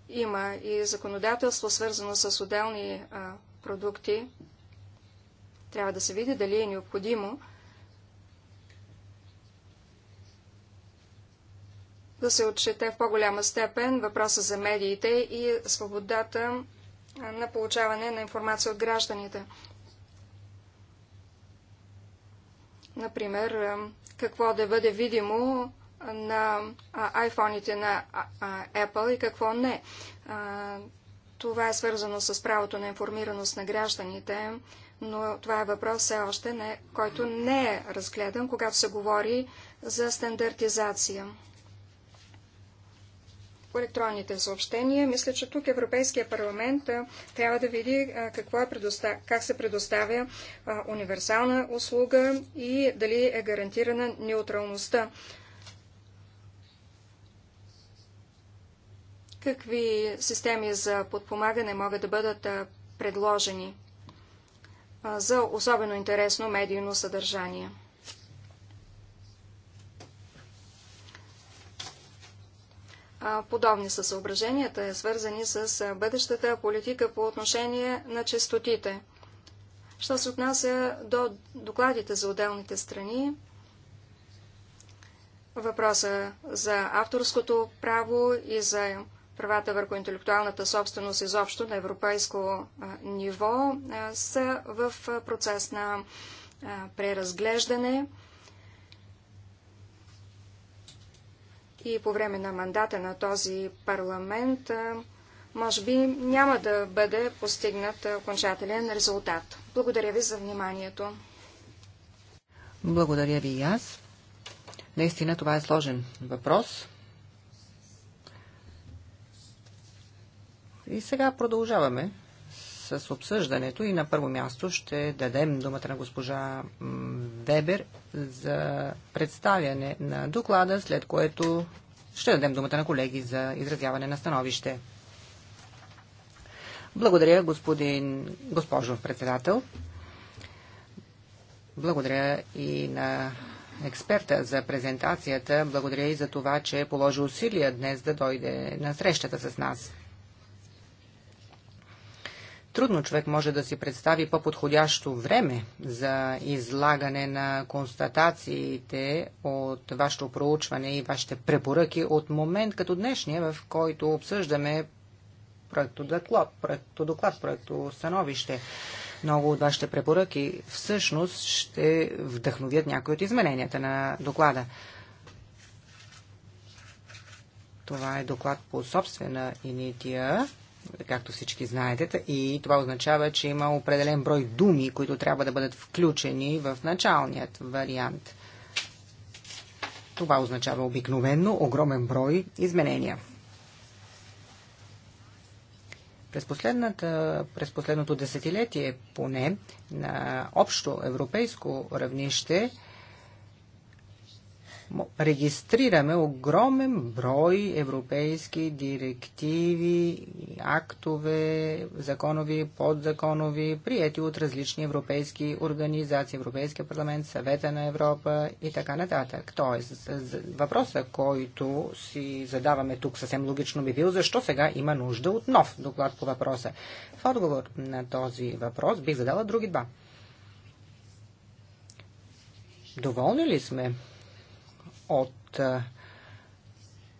Има и законодателство, свързано с отделни продукти. Трябва да се види дали е необходимо да се отчете в по-голяма степен въпроса за медиите и свободата на получаване на информация от гражданите. Например, какво да бъде видимо на айфоните на Apple и какво не. Това е свързано с правото на информираност на гражданите, но това е въпрос все още, не, който не е разгледан, когато се говори за стандартизация по електронните съобщения. Мисля, че тук Европейския парламент трябва да види какво е предостав... как се предоставя универсална услуга и дали е гарантирана неутралността. Какви системи за подпомагане могат да бъдат предложени за особено интересно медийно съдържание? подобни са съображенията, е свързани с бъдещата политика по отношение на честотите. Що се отнася до докладите за отделните страни, въпроса за авторското право и за правата върху интелектуалната собственост изобщо на европейско ниво са в процес на преразглеждане. и по време на мандата на този парламент може би няма да бъде постигнат окончателен резултат. Благодаря ви за вниманието. Благодаря ви и аз. Наистина това е сложен въпрос. И сега продължаваме с обсъждането и на първо място ще дадем думата на госпожа Вебер за представяне на доклада, след което ще дадем думата на колеги за изразяване на становище. Благодаря, господин, госпожо председател. Благодаря и на експерта за презентацията. Благодаря и за това, че е положи усилия днес да дойде на срещата с нас. Трудно човек може да си представи по-подходящо време за излагане на констатациите от вашето проучване и вашите препоръки от момент като днешния, в който обсъждаме доклад, проекто становище. Много от вашите препоръки всъщност ще вдъхновят някои от измененията на доклада. Това е доклад по собствена инития както всички знаете, и това означава, че има определен брой думи, които трябва да бъдат включени в началният вариант. Това означава обикновенно огромен брой изменения. През, през последното десетилетие поне на общо европейско равнище – регистрираме огромен брой европейски директиви, актове, законови, подзаконови, приети от различни европейски организации, Европейския парламент, Съвета на Европа и така нататък. Тоест, въпроса, който си задаваме тук съвсем логично би бил, защо сега има нужда от нов доклад по въпроса. В отговор на този въпрос бих задала други два. Доволни ли сме от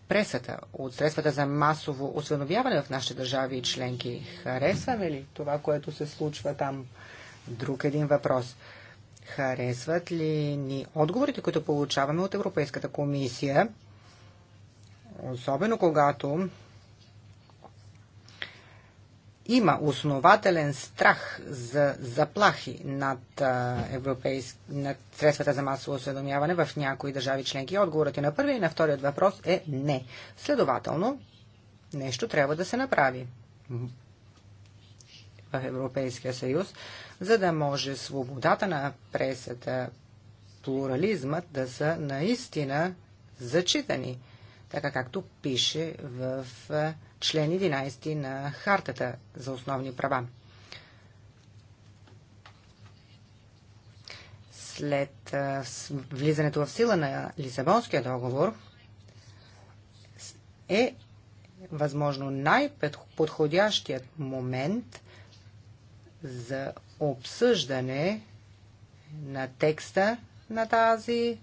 пресата, от средствата за масово осведомяване в нашите държави и членки. Харесваме ли това, което се случва там? Друг един въпрос. Харесват ли ни отговорите, които получаваме от Европейската комисия, особено когато има основателен страх за заплахи над, европейск... над средствата за масово осведомяване в някои държави членки. Отговорът и е на първия и на вторият въпрос е не. Следователно, нещо трябва да се направи в Европейския съюз, за да може свободата на пресата, плурализмът да са наистина зачитани, така както пише в член 11 на Хартата за основни права. След влизането в сила на Лисабонския договор е възможно най-подходящият момент за обсъждане на текста на тази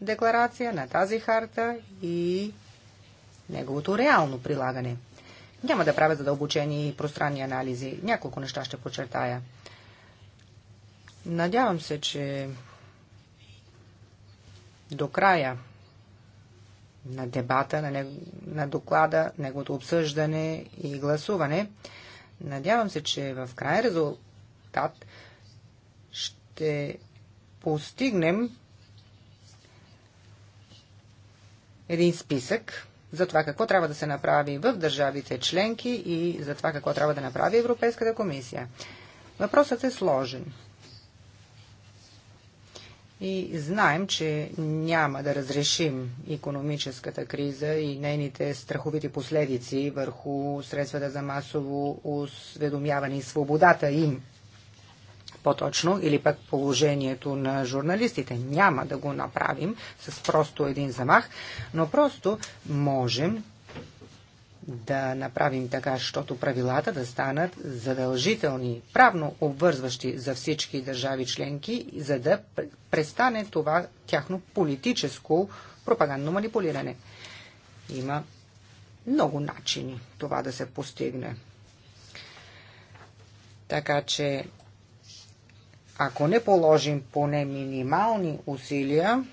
декларация, на тази харта и неговото реално прилагане. Няма да правя задълбочени и пространни анализи. Няколко неща ще подчертая. Надявам се, че до края на дебата, на, не, на доклада, неговото обсъждане и гласуване, надявам се, че в крайен резултат ще постигнем един списък, за това какво трябва да се направи в държавите членки и за това какво трябва да направи Европейската комисия. Въпросът е сложен. И знаем, че няма да разрешим економическата криза и нейните страховити последици върху средствата за масово осведомяване и свободата им по-точно, или пък положението на журналистите. Няма да го направим с просто един замах, но просто можем да направим така, защото правилата да станат задължителни, правно обвързващи за всички държави членки, за да престане това тяхно политическо пропагандно манипулиране. Има много начини това да се постигне. Така че ако не положим поне минимални усилия,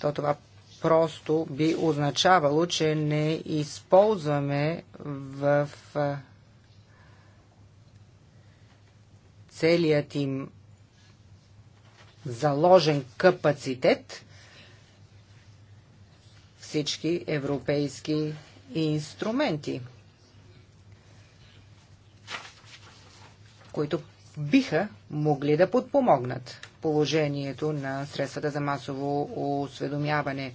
то това просто би означавало, че не използваме в целият им заложен капацитет всички европейски инструменти. които биха могли да подпомогнат положението на средствата за масово осведомяване.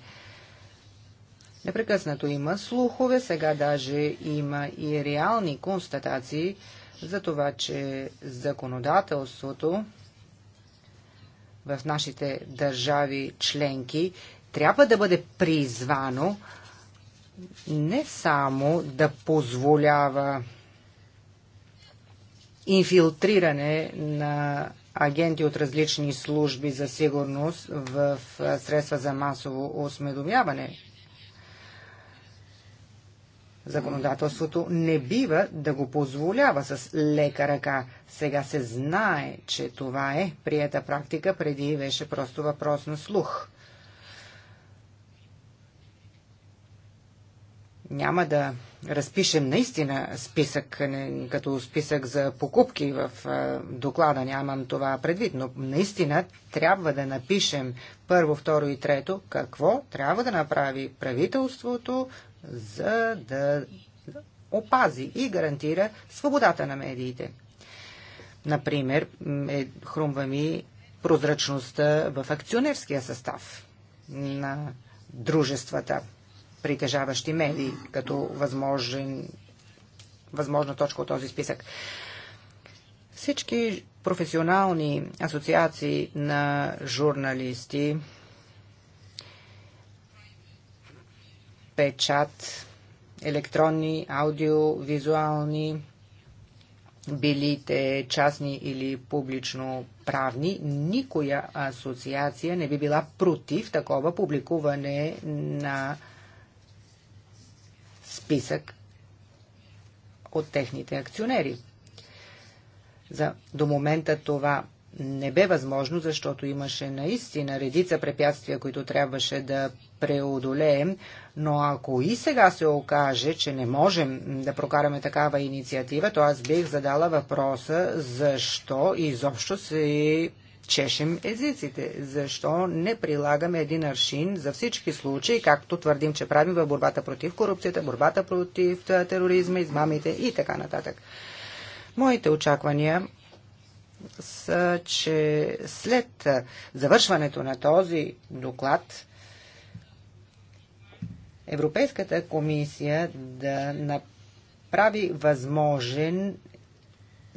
Непрекъснато има слухове, сега даже има и реални констатации за това, че законодателството в нашите държави членки трябва да бъде призвано не само да позволява инфилтриране на агенти от различни служби за сигурност в средства за масово осведомяване. Законодателството не бива да го позволява с лека ръка. Сега се знае, че това е прията практика, преди беше просто въпрос на слух. няма да разпишем наистина списък, не, като списък за покупки в доклада, нямам това предвид, но наистина трябва да напишем първо, второ и трето какво трябва да направи правителството, за да опази и гарантира свободата на медиите. Например, е, хрумва ми прозрачността в акционерския състав на дружествата притежаващи медии като възможен, възможна точка от този списък. Всички професионални асоциации на журналисти, печат, електронни, аудио, били те частни или публично правни, никоя асоциация не би била против такова публикуване на списък от техните акционери. За до момента това не бе възможно, защото имаше наистина редица препятствия, които трябваше да преодолеем, но ако и сега се окаже, че не можем да прокараме такава инициатива, то аз бих задала въпроса защо изобщо се чешем езиците? Защо не прилагаме един аршин за всички случаи, както твърдим, че правим в борбата против корупцията, борбата против тероризма, измамите и така нататък? Моите очаквания са, че след завършването на този доклад, Европейската комисия да направи възможен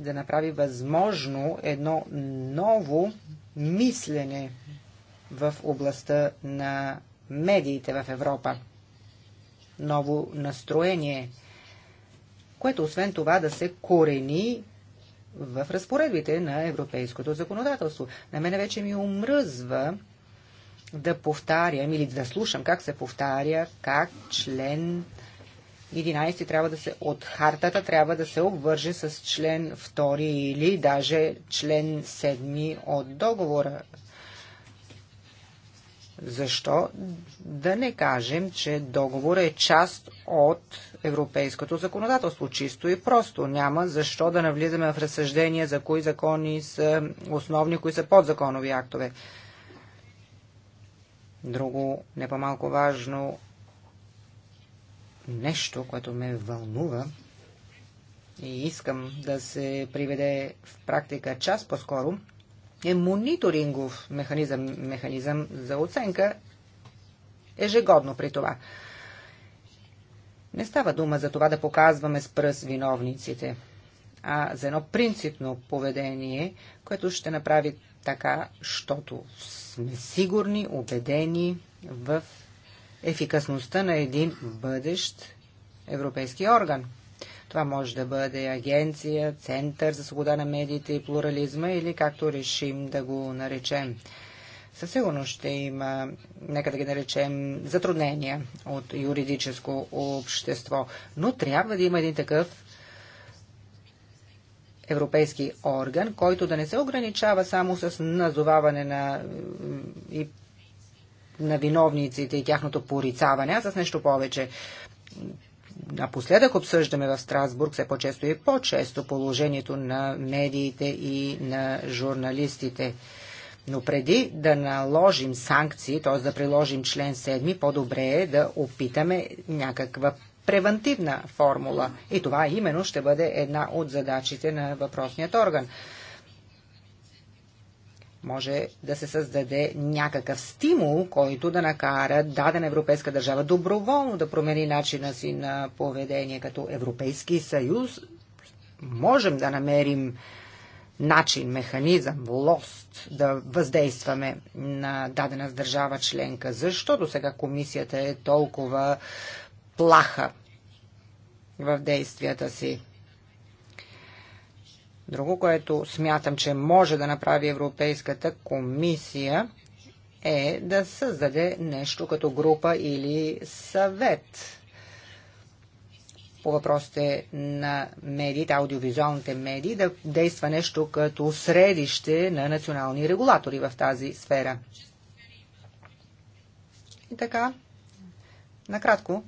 да направи възможно едно ново мислене в областта на медиите в Европа. Ново настроение, което освен това да се корени в разпоредбите на европейското законодателство. На мене вече ми омръзва да повтарям или да слушам как се повтаря, как член 11 трябва да се от хартата трябва да се обвърже с член 2 или даже член 7 от договора. Защо да не кажем, че договор е част от европейското законодателство? Чисто и просто. Няма защо да навлизаме в разсъждения за кои закони са основни, кои са подзаконови актове. Друго, не по-малко важно нещо, което ме вълнува и искам да се приведе в практика част по-скоро, е мониторингов механизъм, механизъм за оценка ежегодно при това. Не става дума за това да показваме с пръст виновниците, а за едно принципно поведение, което ще направи така, щото сме сигурни, убедени в ефикасността на един бъдещ европейски орган. Това може да бъде агенция, център за свобода на медиите и плурализма или както решим да го наречем. Със сигурност ще има, нека да ги наречем, затруднения от юридическо общество, но трябва да има един такъв европейски орган, който да не се ограничава само с назоваване на и на виновниците и тяхното порицаване, а с нещо повече. Напоследък обсъждаме в Страсбург все по-често и по-често положението на медиите и на журналистите. Но преди да наложим санкции, т.е. да приложим член 7, по-добре е да опитаме някаква превентивна формула. И това именно ще бъде една от задачите на въпросният орган може да се създаде някакъв стимул, който да накара дадена европейска държава доброволно да промени начина си на поведение като Европейски съюз. Можем да намерим начин, механизъм, лост да въздействаме на дадена държава членка. защото сега комисията е толкова плаха в действията си? Друго, което смятам, че може да направи Европейската комисия е да създаде нещо като група или съвет по въпросите на медиите, аудиовизуалните медии, да действа нещо като средище на национални регулатори в тази сфера. И така, накратко,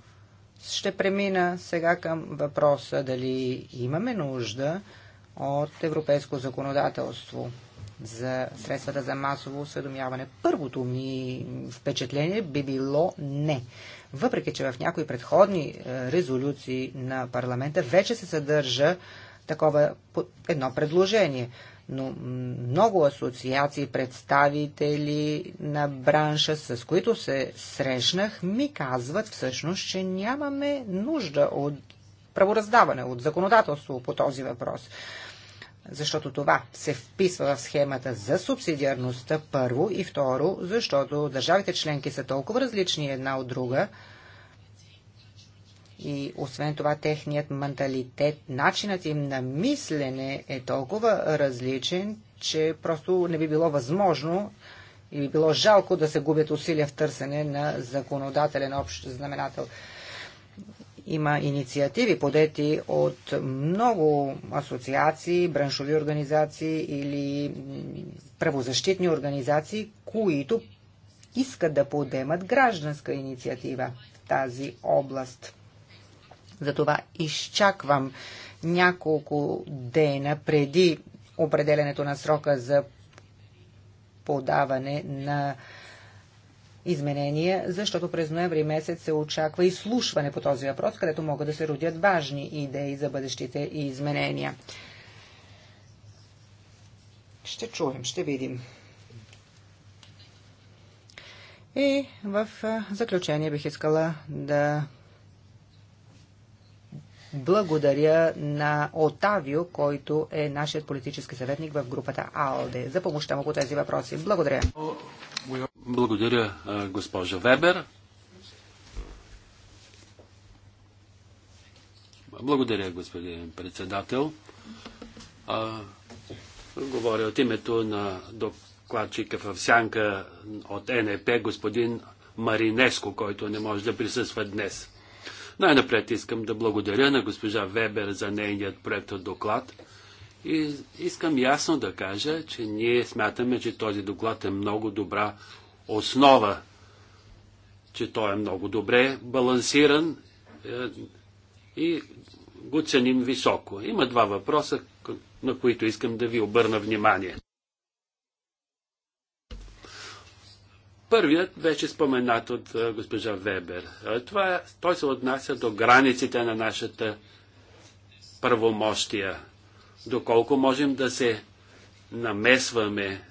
ще премина сега към въпроса дали имаме нужда от европейско законодателство за средствата за масово осведомяване. Първото ми впечатление би било не. Въпреки, че в някои предходни е, резолюции на парламента вече се съдържа такова едно предложение. Но много асоциации, представители на бранша, с които се срещнах, ми казват всъщност, че нямаме нужда от правораздаване, от законодателство по този въпрос защото това се вписва в схемата за субсидиарността първо и второ, защото държавите членки са толкова различни една от друга и освен това техният менталитет, начинът им на мислене е толкова различен, че просто не би било възможно и би било жалко да се губят усилия в търсене на законодателен общ знаменател. Има инициативи, подети от много асоциации, браншови организации или правозащитни организации, които искат да подемат гражданска инициатива в тази област. Затова изчаквам няколко дена преди определенето на срока за подаване на изменения, защото през ноември месец се очаква изслушване по този въпрос, където могат да се родят важни идеи за бъдещите изменения. Ще чуем, ще видим. И в заключение бих искала да благодаря на Отавио, който е нашият политически съветник в групата АОД за помощта му по тези въпроси. Благодаря. Благодаря, госпожа Вебер. Благодаря, господин председател. А, говоря от името на докладчика в Сянка от НЕП, господин Маринеско, който не може да присъства днес. Най-напред искам да благодаря на госпожа Вебер за нейният проект от доклад. И искам ясно да кажа, че ние смятаме, че този доклад е много добра основа, че той е много добре балансиран е, и го ценим високо. Има два въпроса, на които искам да ви обърна внимание. Първият беше споменат от госпожа Вебер. Това, е- той се отнася до границите на нашата правомощия. Доколко можем да се намесваме,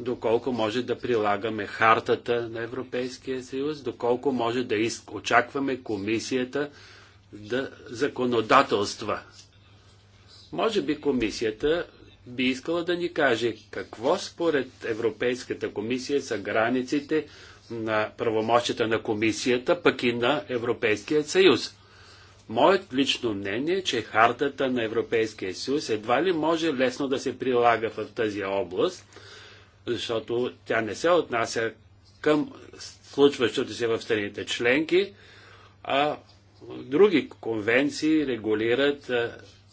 доколко може да прилагаме хартата на Европейския съюз, доколко може да очакваме комисията да законодателства. Може би комисията би искала да ни каже какво според Европейската комисия са границите на правомощията на комисията, пък и на Европейския съюз. Моят лично мнение е, че хартата на Европейския съюз едва ли може лесно да се прилага в тази област, защото тя не се отнася към случващото се в страните членки, а други конвенции регулират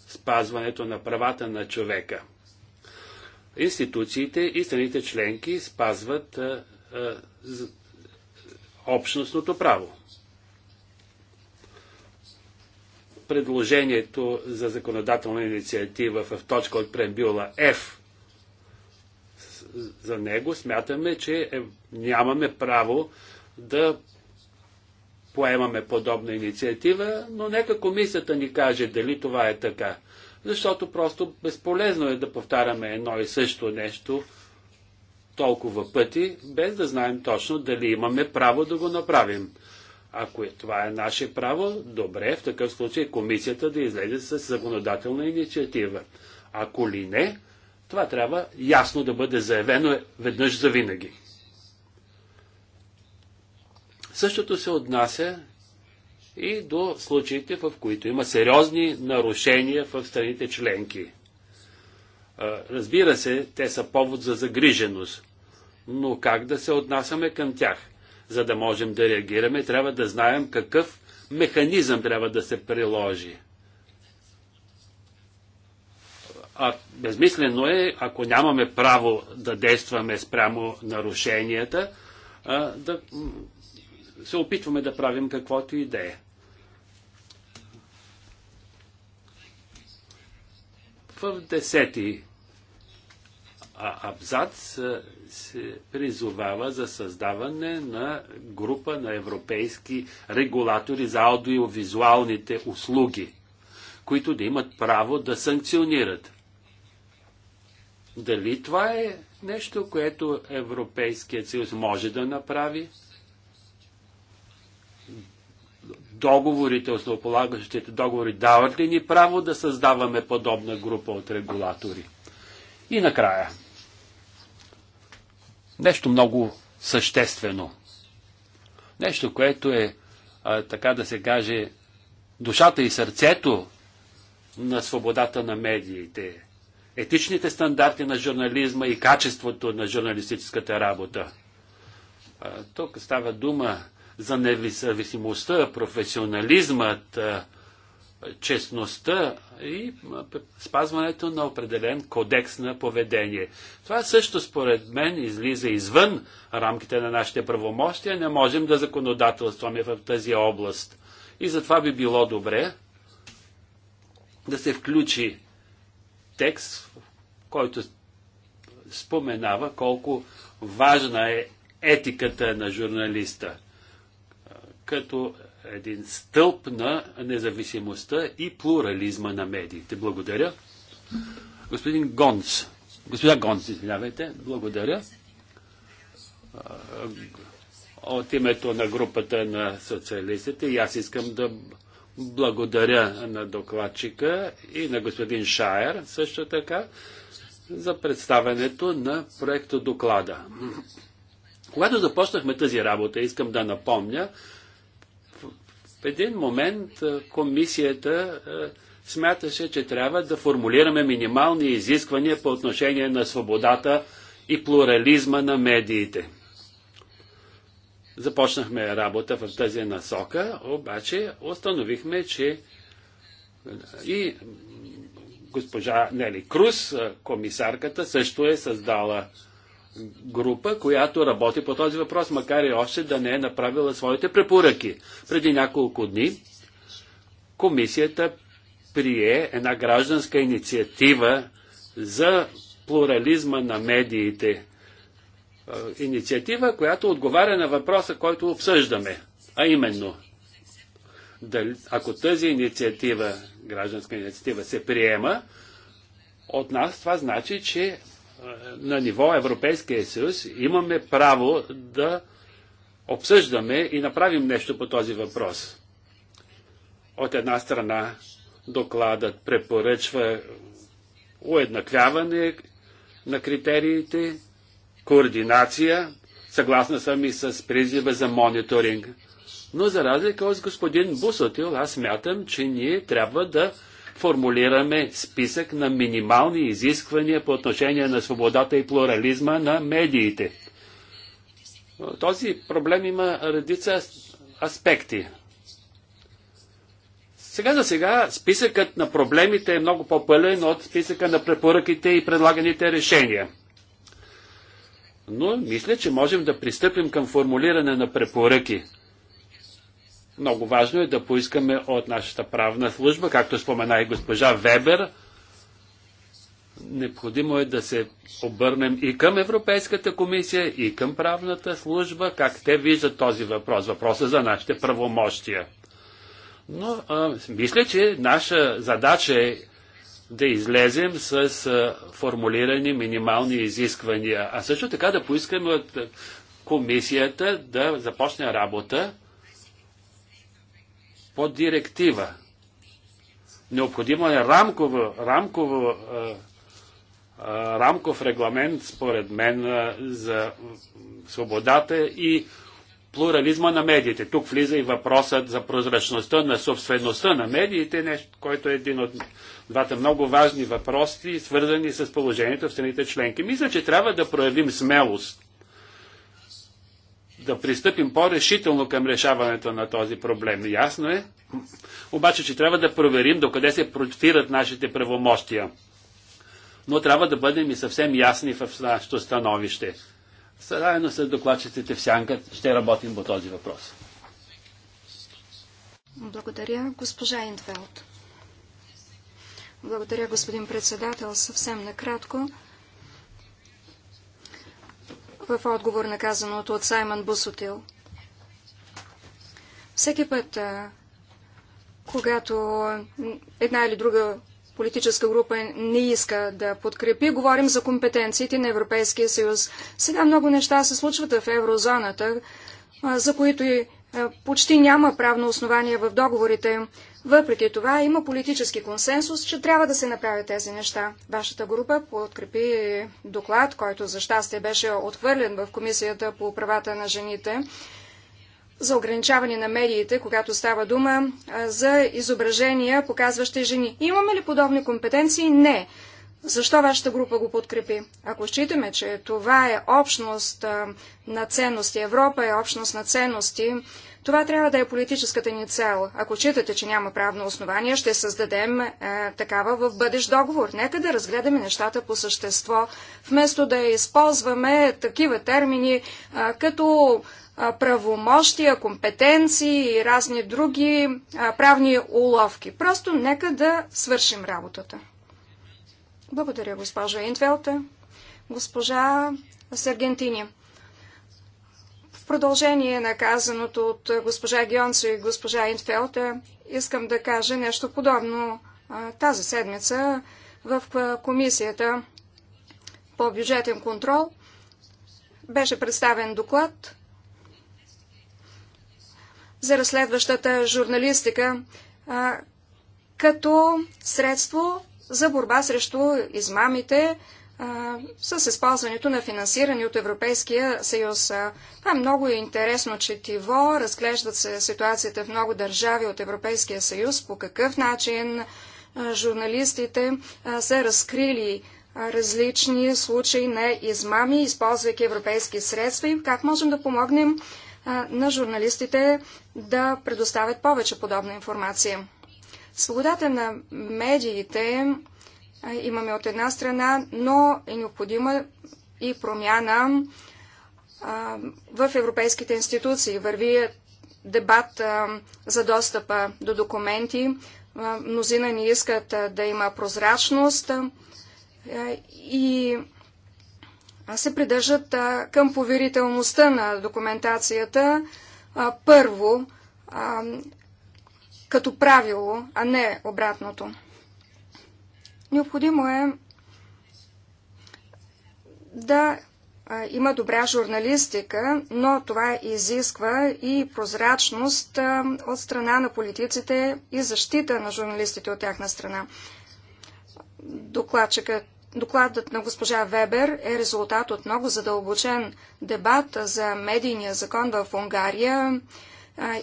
спазването на правата на човека институциите и страните членки спазват а, а, общностното право. Предложението за законодателна инициатива в точка от преамбюла F за него смятаме, че е, нямаме право да поемаме подобна инициатива, но нека комисията ни каже дали това е така защото просто безполезно е да повтаряме едно и също нещо толкова пъти, без да знаем точно дали имаме право да го направим. Ако е, това е наше право, добре, в такъв случай комисията да излезе с законодателна инициатива. Ако ли не, това трябва ясно да бъде заявено веднъж за винаги. Същото се отнася и до случаите, в които има сериозни нарушения в страните членки. Разбира се, те са повод за загриженост, но как да се отнасяме към тях? За да можем да реагираме, трябва да знаем какъв механизъм трябва да се приложи. А безмислено е, ако нямаме право да действаме спрямо нарушенията, да се опитваме да правим каквото и да е. В десети абзац се призовава за създаване на група на европейски регулатори за аудиовизуалните услуги, които да имат право да санкционират. Дали това е нещо, което Европейският съюз може да направи? договорите, основополагащите договори дават ли ни право да създаваме подобна група от регулатори? И накрая. Нещо много съществено. Нещо, което е, а, така да се каже, душата и сърцето на свободата на медиите. Етичните стандарти на журнализма и качеството на журналистическата работа. А, тук става дума за независимостта, професионализмът, е, честността и е, спазването на определен кодекс на поведение. Това също според мен излиза извън рамките на нашите правомощия. Не можем да законодателстваме в тази област. И затова би било добре да се включи текст, който споменава колко важна е етиката на журналиста като един стълб на независимостта и плурализма на медиите. Благодаря. Господин Гонц. Господа Гонц, извинявайте. Благодаря. От името на групата на социалистите и аз искам да благодаря на докладчика и на господин Шаер също така за представенето на проекта доклада. Когато започнахме тази работа, искам да напомня, в един момент комисията смяташе, че трябва да формулираме минимални изисквания по отношение на свободата и плурализма на медиите. Започнахме работа в тази насока, обаче установихме, че и госпожа Нели Крус, комисарката, също е създала група, която работи по този въпрос, макар и още да не е направила своите препоръки. Преди няколко дни комисията прие една гражданска инициатива за плурализма на медиите. Инициатива, която отговаря на въпроса, който обсъждаме. А именно, дали, ако тази инициатива, гражданска инициатива, се приема, от нас това значи, че е, на ниво Европейския съюз имаме право да обсъждаме и направим нещо по този въпрос. От една страна докладът препоръчва уеднаквяване на критериите, координация, съгласна съм и с призива за мониторинг. Но за разлика от господин Бусотил, аз мятам, че ние трябва да формулираме списък на минимални изисквания по отношение на свободата и плурализма на медиите. Този проблем има редица аспекти. Сега за сега списъкът на проблемите е много по-пълен от списъка на препоръките и предлаганите решения. Но мисля, че можем да пристъпим към формулиране на препоръки – много важно е да поискаме от нашата правна служба, както спомена и госпожа Вебер, необходимо е да се обърнем и към Европейската комисия, и към правната служба, как те виждат този въпрос, въпроса за нашите правомощия. Но а, мисля, че наша задача е да излезем с а, формулирани минимални изисквания, а също така да поискаме от комисията да започне работа по директива. Необходимо е рамково, рамково, е, е, рамков регламент, според мен, е, за свободата и плурализма на медиите. Тук влиза и въпросът за прозрачността на собствеността на медиите, нещо, който е един от двата много важни въпроси, свързани с положението в страните членки. Мисля, че трябва да проявим смелост да пристъпим по-решително към решаването на този проблем. Ясно е, обаче, че трябва да проверим докъде се протират нашите правомощия. Но трябва да бъдем и съвсем ясни в нашето становище. Съедно с докладчиците в сянка ще работим по този въпрос. Благодаря, госпожа Индвелт. Благодаря, господин председател. Съвсем накратко в отговор на казаното от Саймън Бусотил. Всеки път, когато една или друга политическа група не иска да подкрепи, говорим за компетенциите на Европейския съюз. Сега много неща се случват в еврозоната, за които почти няма правно основание в договорите. Въпреки това има политически консенсус, че трябва да се направят тези неща. Вашата група подкрепи доклад, който за щастие беше отхвърлен в Комисията по правата на жените за ограничаване на медиите, когато става дума за изображения, показващи жени. Имаме ли подобни компетенции? Не. Защо вашата група го подкрепи? Ако считаме, че това е общност на ценности, Европа е общност на ценности, това трябва да е политическата ни цел. Ако читате, че няма правно основание, ще създадем е, такава в бъдещ договор. Нека да разгледаме нещата по същество, вместо да използваме такива термини е, като е, правомощия, компетенции и разни други е, правни уловки. Просто нека да свършим работата. Благодаря, госпожа Интвелта. Госпожа Сергентини продължение на казаното от госпожа Гьонцо и госпожа Инфелд, е, искам да кажа нещо подобно тази седмица в комисията по бюджетен контрол. Беше представен доклад за разследващата журналистика като средство за борба срещу измамите, с използването на финансиране от Европейския съюз. Това е много интересно четиво. Разглеждат се ситуацията в много държави от Европейския съюз, по какъв начин журналистите са разкрили различни случаи на измами, използвайки европейски средства и как можем да помогнем на журналистите да предоставят повече подобна информация. Свободата на медиите имаме от една страна, но е необходима и промяна в европейските институции. Върви дебат за достъпа до документи. мнозина ни искат да има прозрачност и се придържат към поверителността на документацията първо като правило, а не обратното. Необходимо е да има добра журналистика, но това изисква и прозрачност от страна на политиците и защита на журналистите от тяхна страна. Докладчикът Докладът на госпожа Вебер е резултат от много задълбочен дебат за медийния закон в Унгария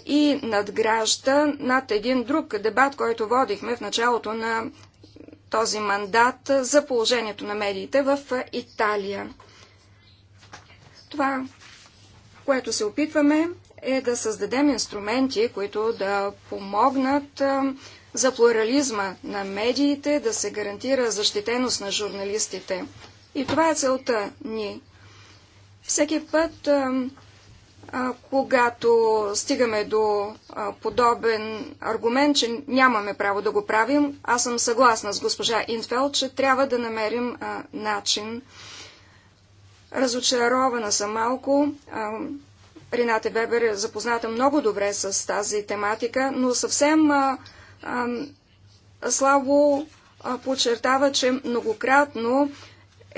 и надгражда над един друг дебат, който водихме в началото на този мандат за положението на медиите в Италия. Това, което се опитваме, е да създадем инструменти, които да помогнат за плурализма на медиите, да се гарантира защитеност на журналистите. И това е целта ни. Всеки път когато стигаме до подобен аргумент, че нямаме право да го правим, аз съм съгласна с госпожа Инфел, че трябва да намерим начин. Разочарована съм малко. Рената Вебер е запозната много добре с тази тематика, но съвсем слабо подчертава, че многократно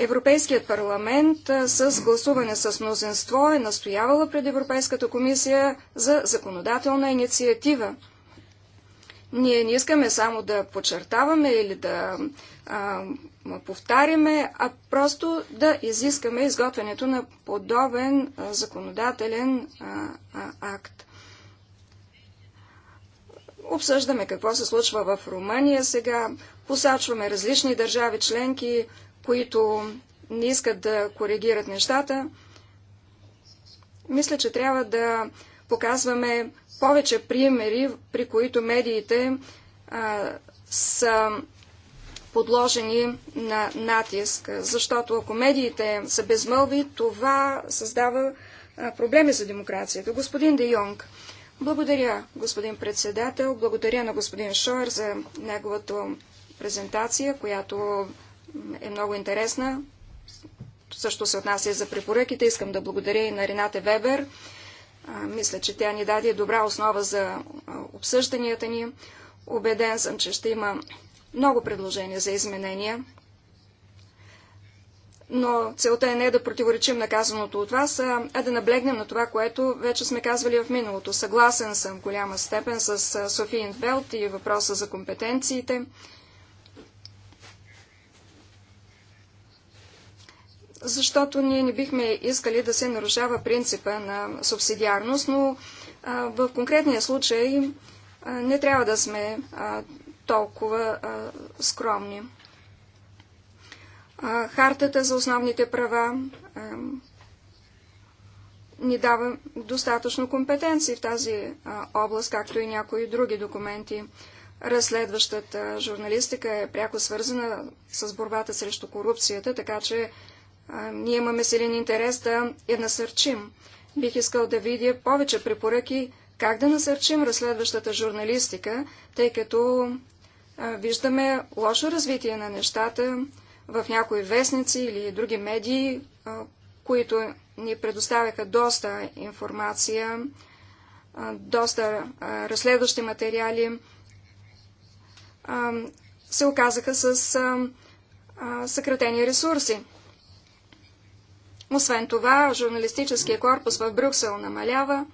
Европейският парламент с гласуване с мнозинство е настоявала пред Европейската комисия за законодателна инициатива. Ние не искаме само да подчертаваме или да а, повтаряме, а просто да изискаме изготвянето на подобен а, законодателен а, а, акт. Обсъждаме какво се случва в Румъния сега, посачваме различни държави членки, които не искат да коригират нещата. Мисля, че трябва да показваме повече примери, при които медиите а, са подложени на натиск. Защото ако медиите са безмълви, това създава проблеми за демокрацията. Господин Де Йонг, благодаря, господин председател, благодаря на господин Шоер за неговата презентация, която е много интересна. Също се отнася и за препоръките. Искам да благодаря и на Рената Вебер. Мисля, че тя ни даде добра основа за обсъжданията ни. Обеден съм, че ще има много предложения за изменения. Но целта е не да противоречим наказаното от вас, а да наблегнем на това, което вече сме казвали в миналото. Съгласен съм в голяма степен с Софиин Фелт и въпроса за компетенциите. защото ние не бихме искали да се нарушава принципа на субсидиарност, но а, в конкретния случай а, не трябва да сме а, толкова скромни. Хартата за основните права ни дава достатъчно компетенции в тази област, както и някои други документи. Разследващата журналистика е пряко свързана с борбата срещу корупцията, така че ние имаме силен интерес да я насърчим. Бих искал да видя повече препоръки как да насърчим разследващата журналистика, тъй като виждаме лошо развитие на нещата в някои вестници или други медии, които ни предоставяха доста информация, доста разследващи материали, се оказаха с съкратени ресурси. Освен това, журналистическия корпус в Брюксел намалява,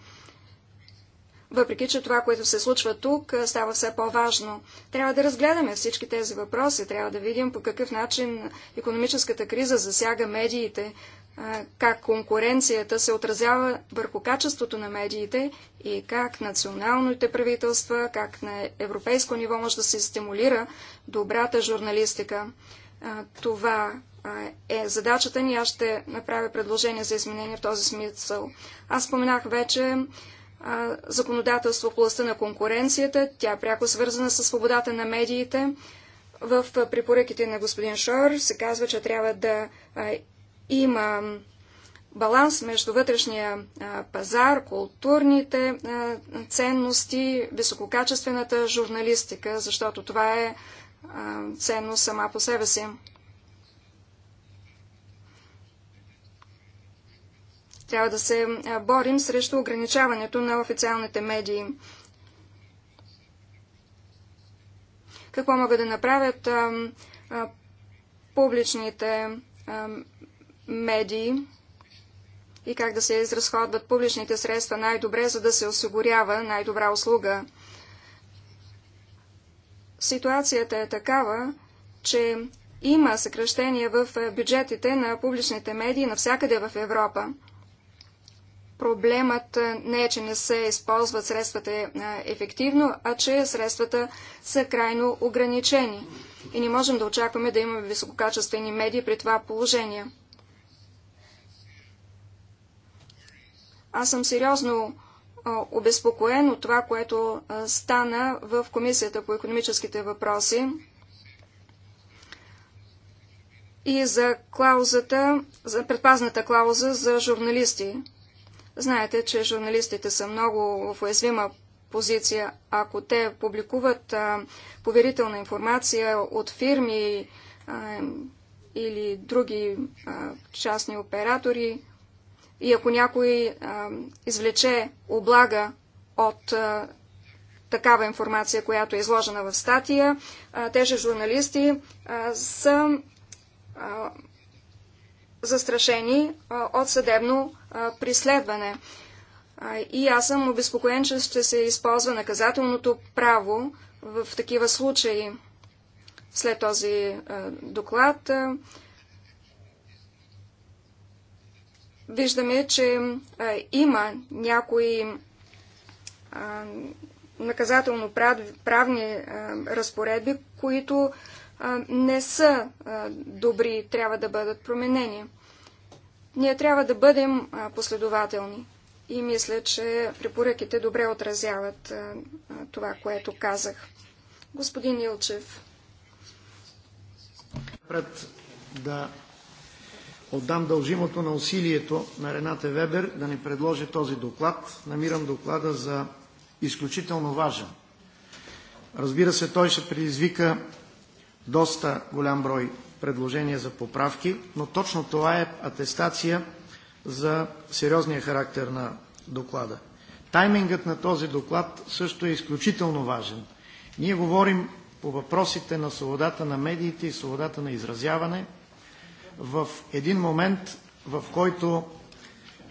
въпреки че това, което се случва тук, е, става все по-важно. Трябва да разгледаме всички тези въпроси, трябва да видим по какъв начин економическата криза засяга медиите, е, как конкуренцията се отразява върху качеството на медиите и как националните правителства, как на европейско ниво може да се стимулира добрата журналистика. Е, това е задачата ни. Аз ще направя предложение за изменение в този смисъл. Аз споменах вече законодателство в областта на конкуренцията. Тя е пряко свързана с свободата на медиите. В препоръките на господин Шор се казва, че трябва да има баланс между вътрешния пазар, културните ценности, висококачествената журналистика, защото това е ценност сама по себе си. Трябва да се борим срещу ограничаването на официалните медии. Какво могат да направят а, а, публичните а, медии и как да се изразходват публичните средства най-добре, за да се осигурява най-добра услуга? Ситуацията е такава, че има съкръщения в бюджетите на публичните медии навсякъде в Европа проблемът не е, че не се използват средствата е, ефективно, а че средствата са крайно ограничени. И не можем да очакваме да имаме висококачествени медии при това положение. Аз съм сериозно обезпокоен от това, което стана в Комисията по економическите въпроси и за клаузата, за предпазната клауза за журналисти. Знаете, че журналистите са много в уязвима позиция. Ако те публикуват а, поверителна информация от фирми а, или други а, частни оператори, и ако някой а, извлече облага от а, такава информация, която е изложена в статия, а, тези журналисти а, са а, застрашени от съдебно преследване. И аз съм обезпокоен, че ще се използва наказателното право в такива случаи. След този доклад виждаме, че има някои наказателно-правни разпоредби, които не са добри и трябва да бъдат променени. Ние трябва да бъдем последователни. И мисля, че препоръките добре отразяват това, което казах. Господин Илчев. Пред да отдам дължимото на усилието на Рената Вебер да ни предложи този доклад. Намирам доклада за изключително важен. Разбира се, той ще предизвика доста голям брой предложения за поправки, но точно това е атестация за сериозния характер на доклада. Таймингът на този доклад също е изключително важен. Ние говорим по въпросите на свободата на медиите и свободата на изразяване в един момент, в който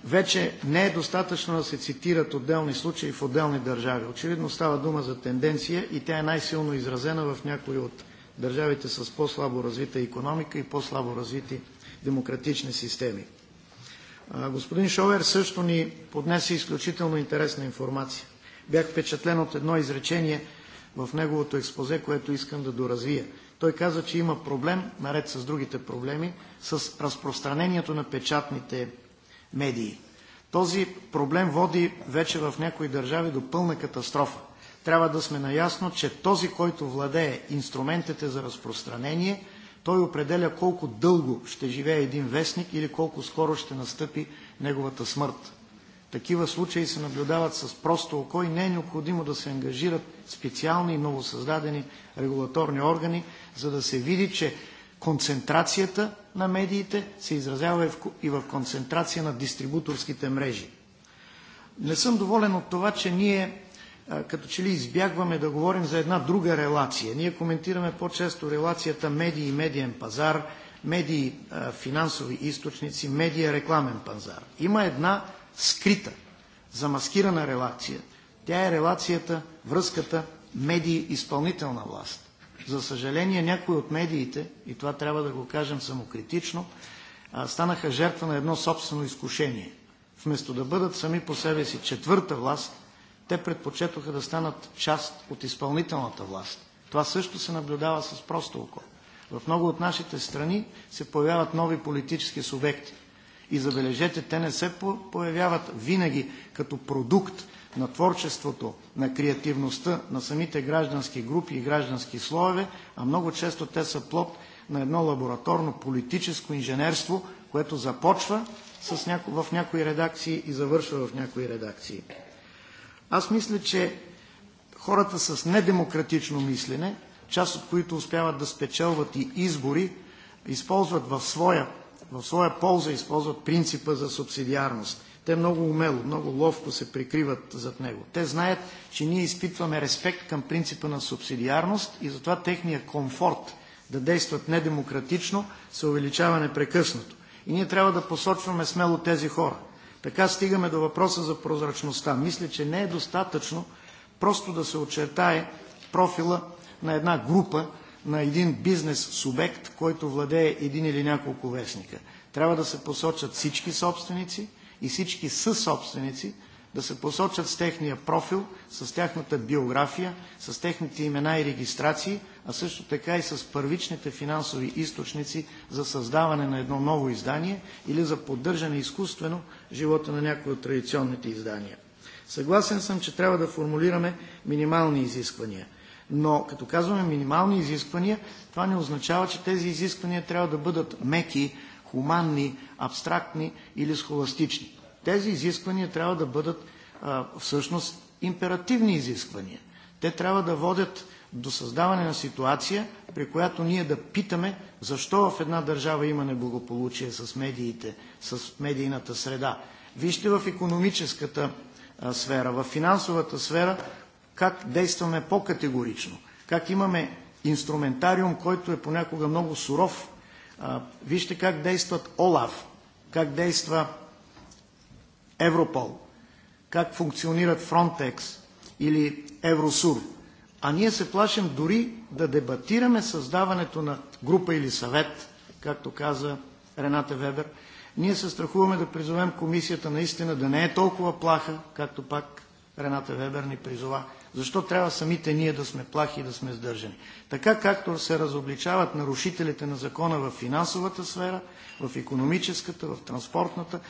вече не е достатъчно да се цитират отделни случаи в отделни държави. Очевидно става дума за тенденция и тя е най-силно изразена в някои от държавите с по-слабо развита економика и по-слабо развити демократични системи. Господин Шовер също ни поднесе изключително интересна информация. Бях впечатлен от едно изречение в неговото експозе, което искам да доразвия. Той каза, че има проблем, наред с другите проблеми, с разпространението на печатните медии. Този проблем води вече в някои държави до пълна катастрофа трябва да сме наясно, че този, който владее инструментите за разпространение, той определя колко дълго ще живее един вестник или колко скоро ще настъпи неговата смърт. Такива случаи се наблюдават с просто око и не е необходимо да се ангажират специални и новосъздадени регулаторни органи, за да се види, че концентрацията на медиите се изразява и в концентрация на дистрибуторските мрежи. Не съм доволен от това, че ние като че ли избягваме да говорим за една друга релация. Ние коментираме по-често релацията медии и медиен пазар, медии финансови източници, медия рекламен пазар. Има една скрита, замаскирана релация. Тя е релацията, връзката медии изпълнителна власт. За съжаление, някои от медиите, и това трябва да го кажем самокритично, станаха жертва на едно собствено изкушение. Вместо да бъдат сами по себе си четвърта власт, те предпочетоха да станат част от изпълнителната власт. Това също се наблюдава с просто око. В много от нашите страни се появяват нови политически субекти. И забележете, те не се появяват винаги като продукт на творчеството, на креативността на самите граждански групи и граждански слоеве, а много често те са плод на едно лабораторно политическо инженерство, което започва с няко... в някои редакции и завършва в някои редакции. Аз мисля, че хората с недемократично мислене, част от които успяват да спечелват и избори, използват в своя, в своя полза, използват принципа за субсидиарност. Те много умело, много ловко се прикриват зад него. Те знаят, че ние изпитваме респект към принципа на субсидиарност и затова техния комфорт да действат недемократично се увеличава непрекъснато. И ние трябва да посочваме смело тези хора. Така стигаме до въпроса за прозрачността. Мисля, че не е достатъчно просто да се очертае профила на една група, на един бизнес субект, който владее един или няколко вестника. Трябва да се посочат всички собственици и всички съсобственици, да се посочат с техния профил, с тяхната биография, с техните имена и регистрации, а също така и с първичните финансови източници за създаване на едно ново издание или за поддържане изкуствено живота на някои от традиционните издания. Съгласен съм, че трябва да формулираме минимални изисквания. Но като казваме минимални изисквания, това не означава, че тези изисквания трябва да бъдат меки, хуманни, абстрактни или схоластични. Тези изисквания трябва да бъдат а, всъщност императивни изисквания. Те трябва да водят до създаване на ситуация, при която ние да питаме защо в една държава има неблагополучие с медиите, с медийната среда. Вижте в економическата сфера, в финансовата сфера как действаме по-категорично, как имаме инструментариум, който е понякога много суров. Вижте как действат ОЛАВ, как действа Европол, как функционират Фронтекс или Евросур – а ние се плашим дори да дебатираме създаването на група или съвет, както каза Рената Вебер, ние се страхуваме да призовем комисията наистина да не е толкова плаха, както пак Рената Вебер ни призова. Защо трябва самите ние да сме плахи и да сме сдържани? Така както се разобличават нарушителите на закона в финансовата сфера, в економическата, в транспортната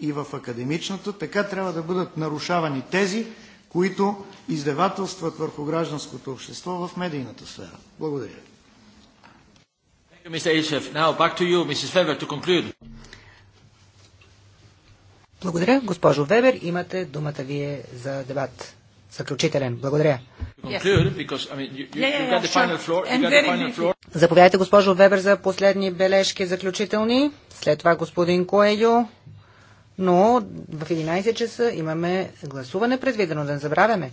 и в академичната, така трябва да бъдат нарушавани тези, които издевателстват върху гражданското общество в медийната сфера. Благодаря. Благодаря. Госпожо Вебер, имате думата вие за дебат. Заключителен. Благодаря. Заповядайте, госпожо Вебер, за последни бележки заключителни. След това господин Коелю но в 11 часа имаме гласуване предвидено, да не забравяме.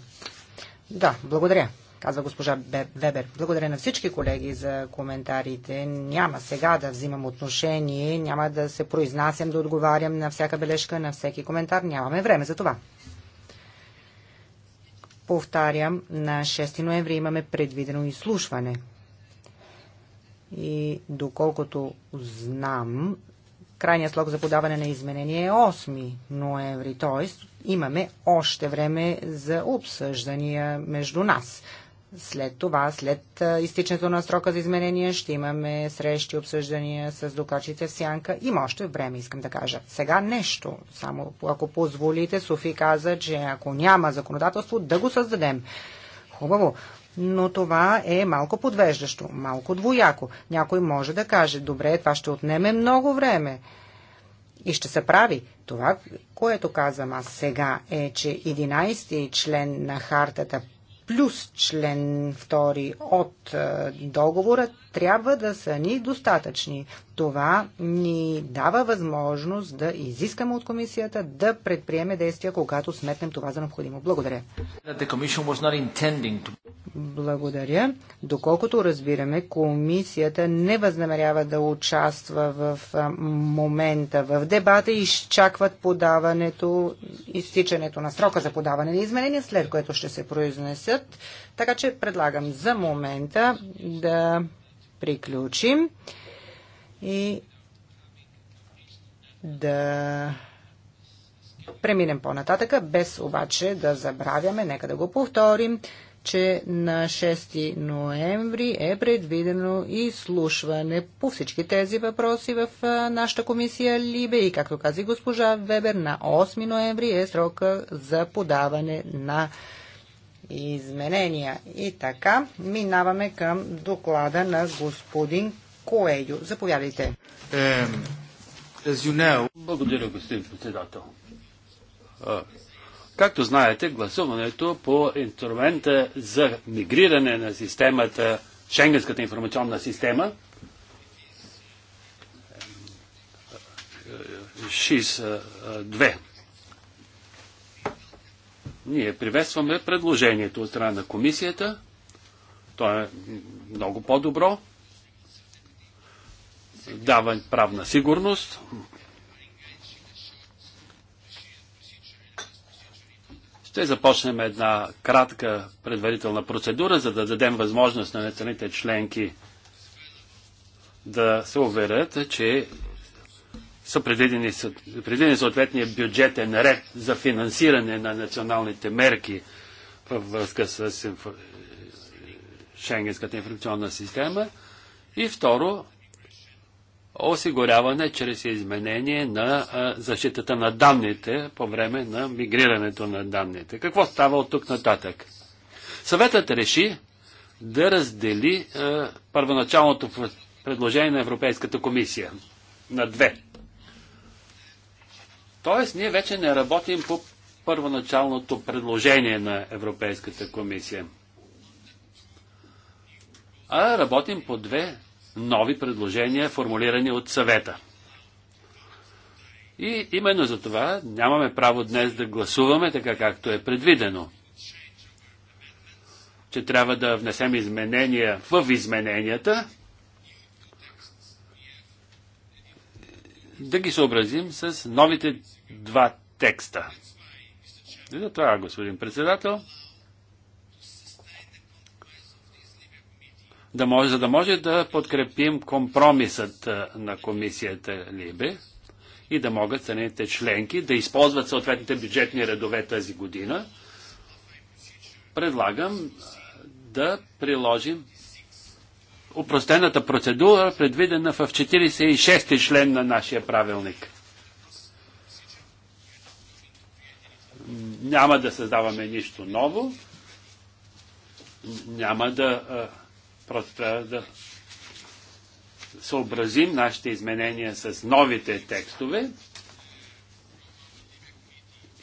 Да, благодаря, казва госпожа Вебер. Благодаря на всички колеги за коментарите. Няма сега да взимам отношение, няма да се произнасям, да отговарям на всяка бележка, на всеки коментар. Нямаме време за това. Повтарям, на 6 ноември имаме предвидено изслушване. И доколкото знам, Крайният срок за подаване на изменение е 8 ноември, т.е. имаме още време за обсъждания между нас. След това, след изтичането на срока за изменение, ще имаме срещи, обсъждания с докачите в сянка. Има още време, искам да кажа. Сега нещо, само ако позволите, Софи каза, че ако няма законодателство, да го създадем. Хубаво но това е малко подвеждащо, малко двояко. Някой може да каже, добре, това ще отнеме много време. И ще се прави. Това, което казвам аз сега, е, че 11 член на хартата плюс член 2 от е, договора трябва да са ни достатъчни това ни дава възможност да изискаме от комисията да предприеме действия, когато сметнем това за необходимо. Благодаря. Благодаря. Доколкото разбираме, комисията не възнамерява да участва в момента в дебата и изчакват подаването, изтичането на срока за подаване на изменения, след което ще се произнесат. Така че предлагам за момента да приключим и да преминем по-нататъка, без обаче да забравяме, нека да го повторим, че на 6 ноември е предвидено изслушване по всички тези въпроси в нашата комисия Либе и, както каза госпожа Вебер, на 8 ноември е срока за подаване на изменения. И така, минаваме към доклада на господин Коейо. Заповядайте. Благодаря, господин председател. Както знаете, гласуването по инструмента за мигриране на системата, Шенгенската информационна система, ШИС-2. Ние приветстваме предложението от страна на комисията. То е много по-добро дава правна сигурност. Ще започнем една кратка предварителна процедура, за да дадем възможност на страните членки да се уверят, че са предвидени, предвидени съответния бюджетен ред за финансиране на националните мерки във връзка с Шенгенската информационна система. И второ, осигуряване чрез изменение на защитата на данните по време на мигрирането на данните. Какво става от тук нататък? Съветът реши да раздели първоначалното предложение на Европейската комисия на две. Тоест, ние вече не работим по първоначалното предложение на Европейската комисия, а работим по две нови предложения, формулирани от съвета. И именно за това нямаме право днес да гласуваме така както е предвидено. Че трябва да внесем изменения в измененията, да ги съобразим с новите два текста. И това, господин председател, да може, за да може да подкрепим компромисът на комисията Либе и да могат страните членки да използват съответните бюджетни редове тази година, предлагам да приложим упростената процедура, предвидена в 46-ти член на нашия правилник. Няма да създаваме нищо ново, няма да Просто трябва да съобразим нашите изменения с новите текстове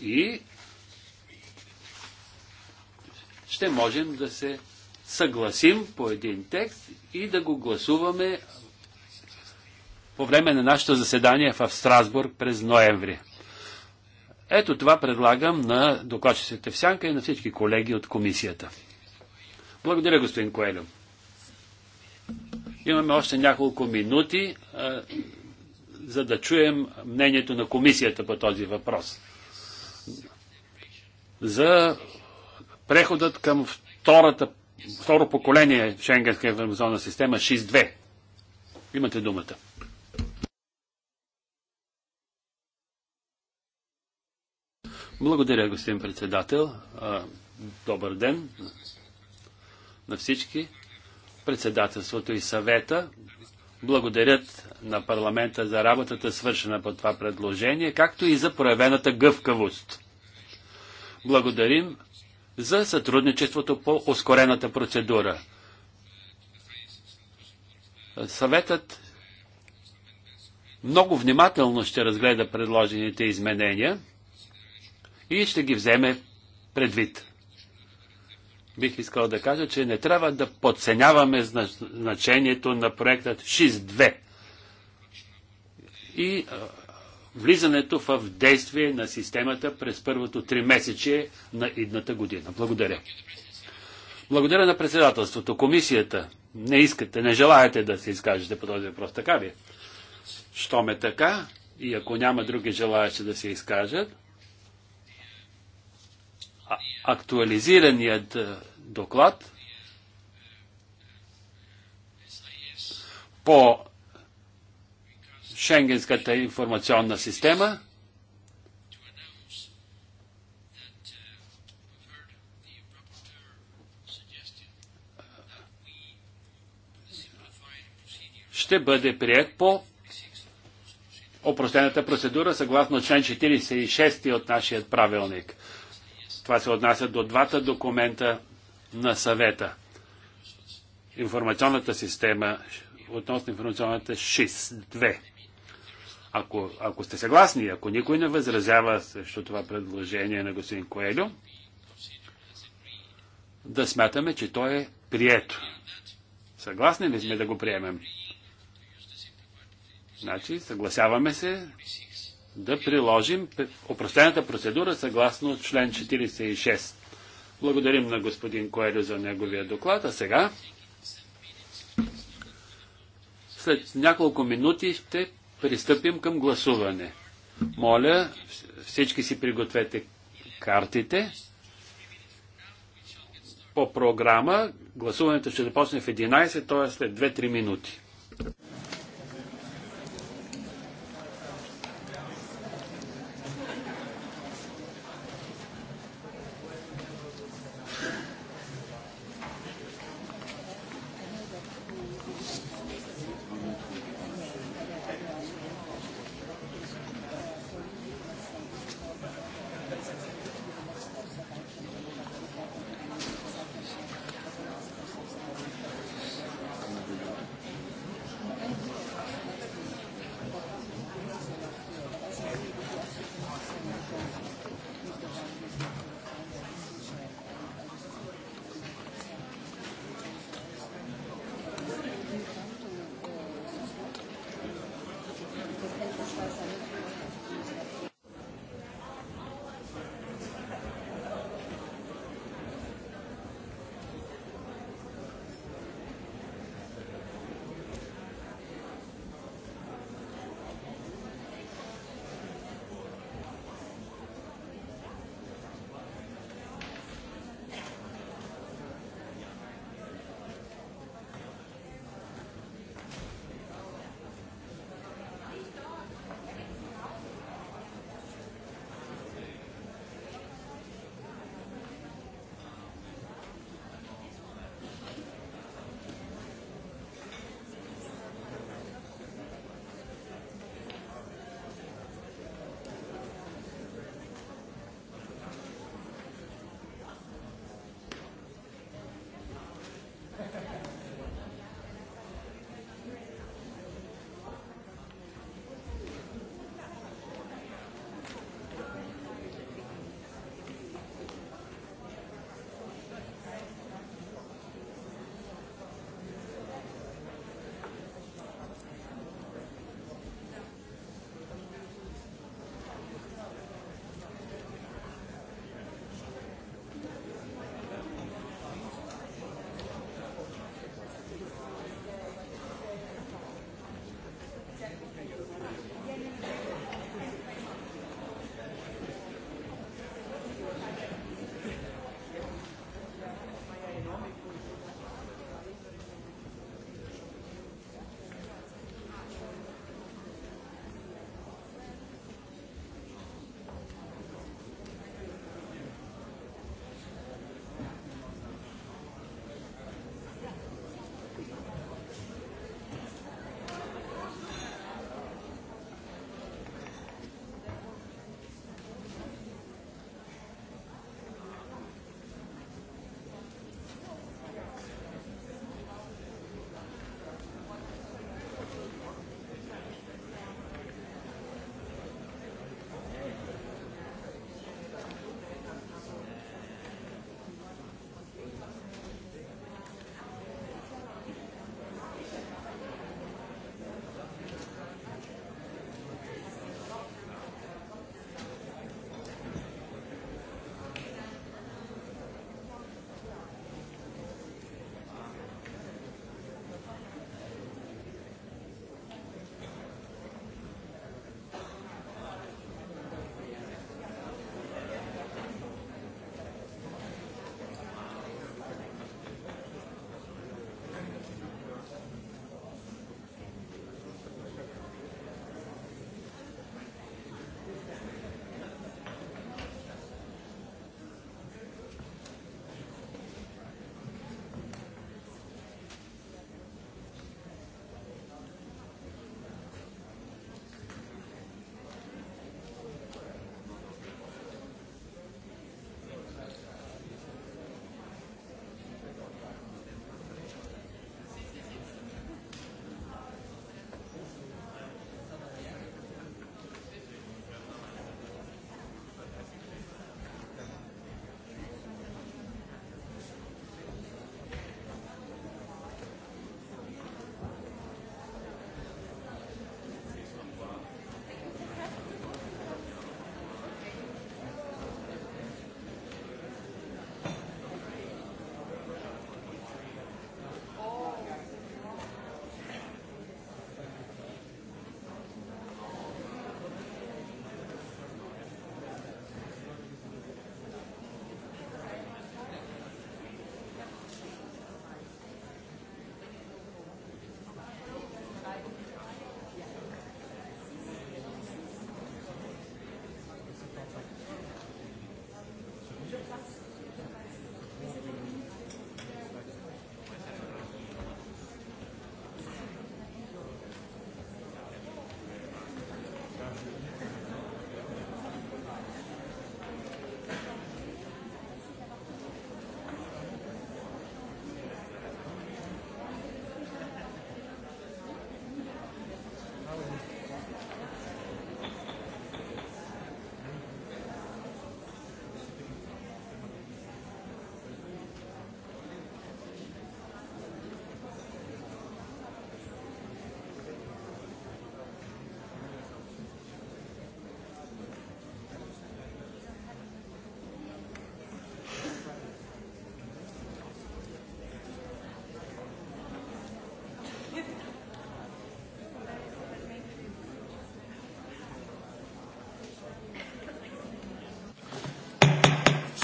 и ще можем да се съгласим по един текст и да го гласуваме по време на нашето заседание в Страсбург през ноември. Ето това предлагам на докладчиците в Сянка и на всички колеги от комисията. Благодаря, господин Коелю. Имаме още няколко минути, за да чуем мнението на комисията по този въпрос. За преходът към втората, второ поколение Шенгенска информационна система 6.2. Имате думата. Благодаря, господин председател. Добър ден на всички председателството и съвета благодарят на парламента за работата свършена по това предложение, както и за проявената гъвкавост. Благодарим за сътрудничеството по ускорената процедура. Съветът много внимателно ще разгледа предложените изменения и ще ги вземе предвид бих искал да кажа, че не трябва да подценяваме значението на проектът 6.2 и влизането в действие на системата през първото три месече на идната година. Благодаря. Благодаря на председателството. Комисията, не искате, не желаете да се изкажете по този въпрос, така ли? Щом е така и ако няма други желаящи да се изкажат, актуализираният е, доклад по Шенгенската информационна система ще бъде прият по опростената процедура съгласно член 46 от нашия правилник. Това се отнася до двата документа на съвета. Информационната система, относно информационната 6.2. Ако, ако сте съгласни, ако никой не възразява срещу това предложение на господин Коелю, да смятаме, че то е прието. Съгласни ли сме да го приемем? Значи, съгласяваме се да приложим опростената процедура съгласно член 46. Благодарим на господин Коелю за неговия доклад, а сега след няколко минути ще пристъпим към гласуване. Моля, всички си пригответе картите. По програма гласуването ще започне в 11, т.е. след 2-3 минути.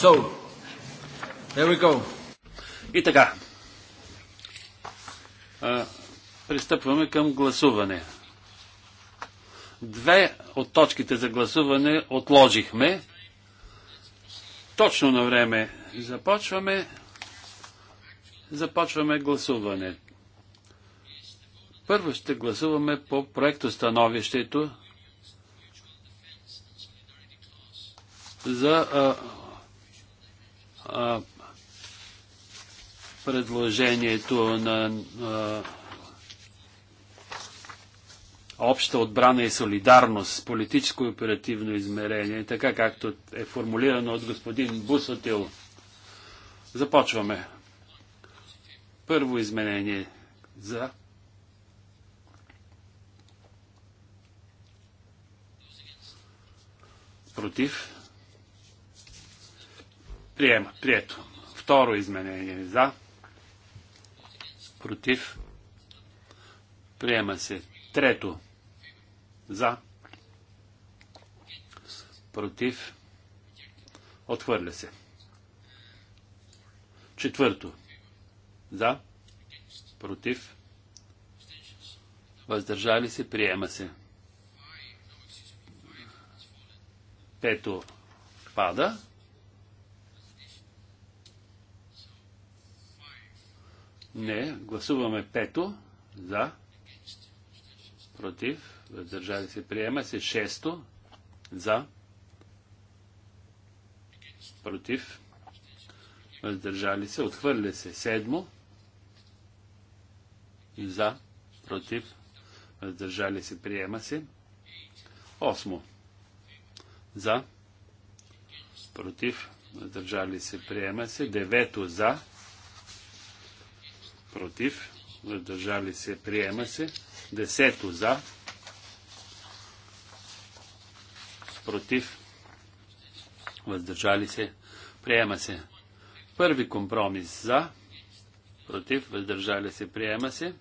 So, here we go. И така. А, пристъпваме към гласуване. Две от точките за гласуване отложихме. Точно на време започваме. Започваме гласуване. Първо ще гласуваме по становището за а, предложението на обща отбрана и солидарност, политическо и оперативно измерение, така както е формулирано от господин Бусотил. Започваме. Първо изменение за против Приема. Прието. Второ изменение. За. Против. Приема се. Трето. За. Против. Отхвърля се. Четвърто. За. Против. Въздържали се. Приема се. Пето. Пада. Не. Гласуваме пето. За. Против. Въздържали се. Приема се. Шесто. За. Против. Въздържали се. Отхвърля се. Седмо. И за. Против. Въздържали се. Приема се. Осмо. За. Против. Въздържали се. Приема се. Девето. За против, въздържали се, приема се. Десето за, против, въздържали се, приема се. Първи компромис за, против, въздържали се, приема се.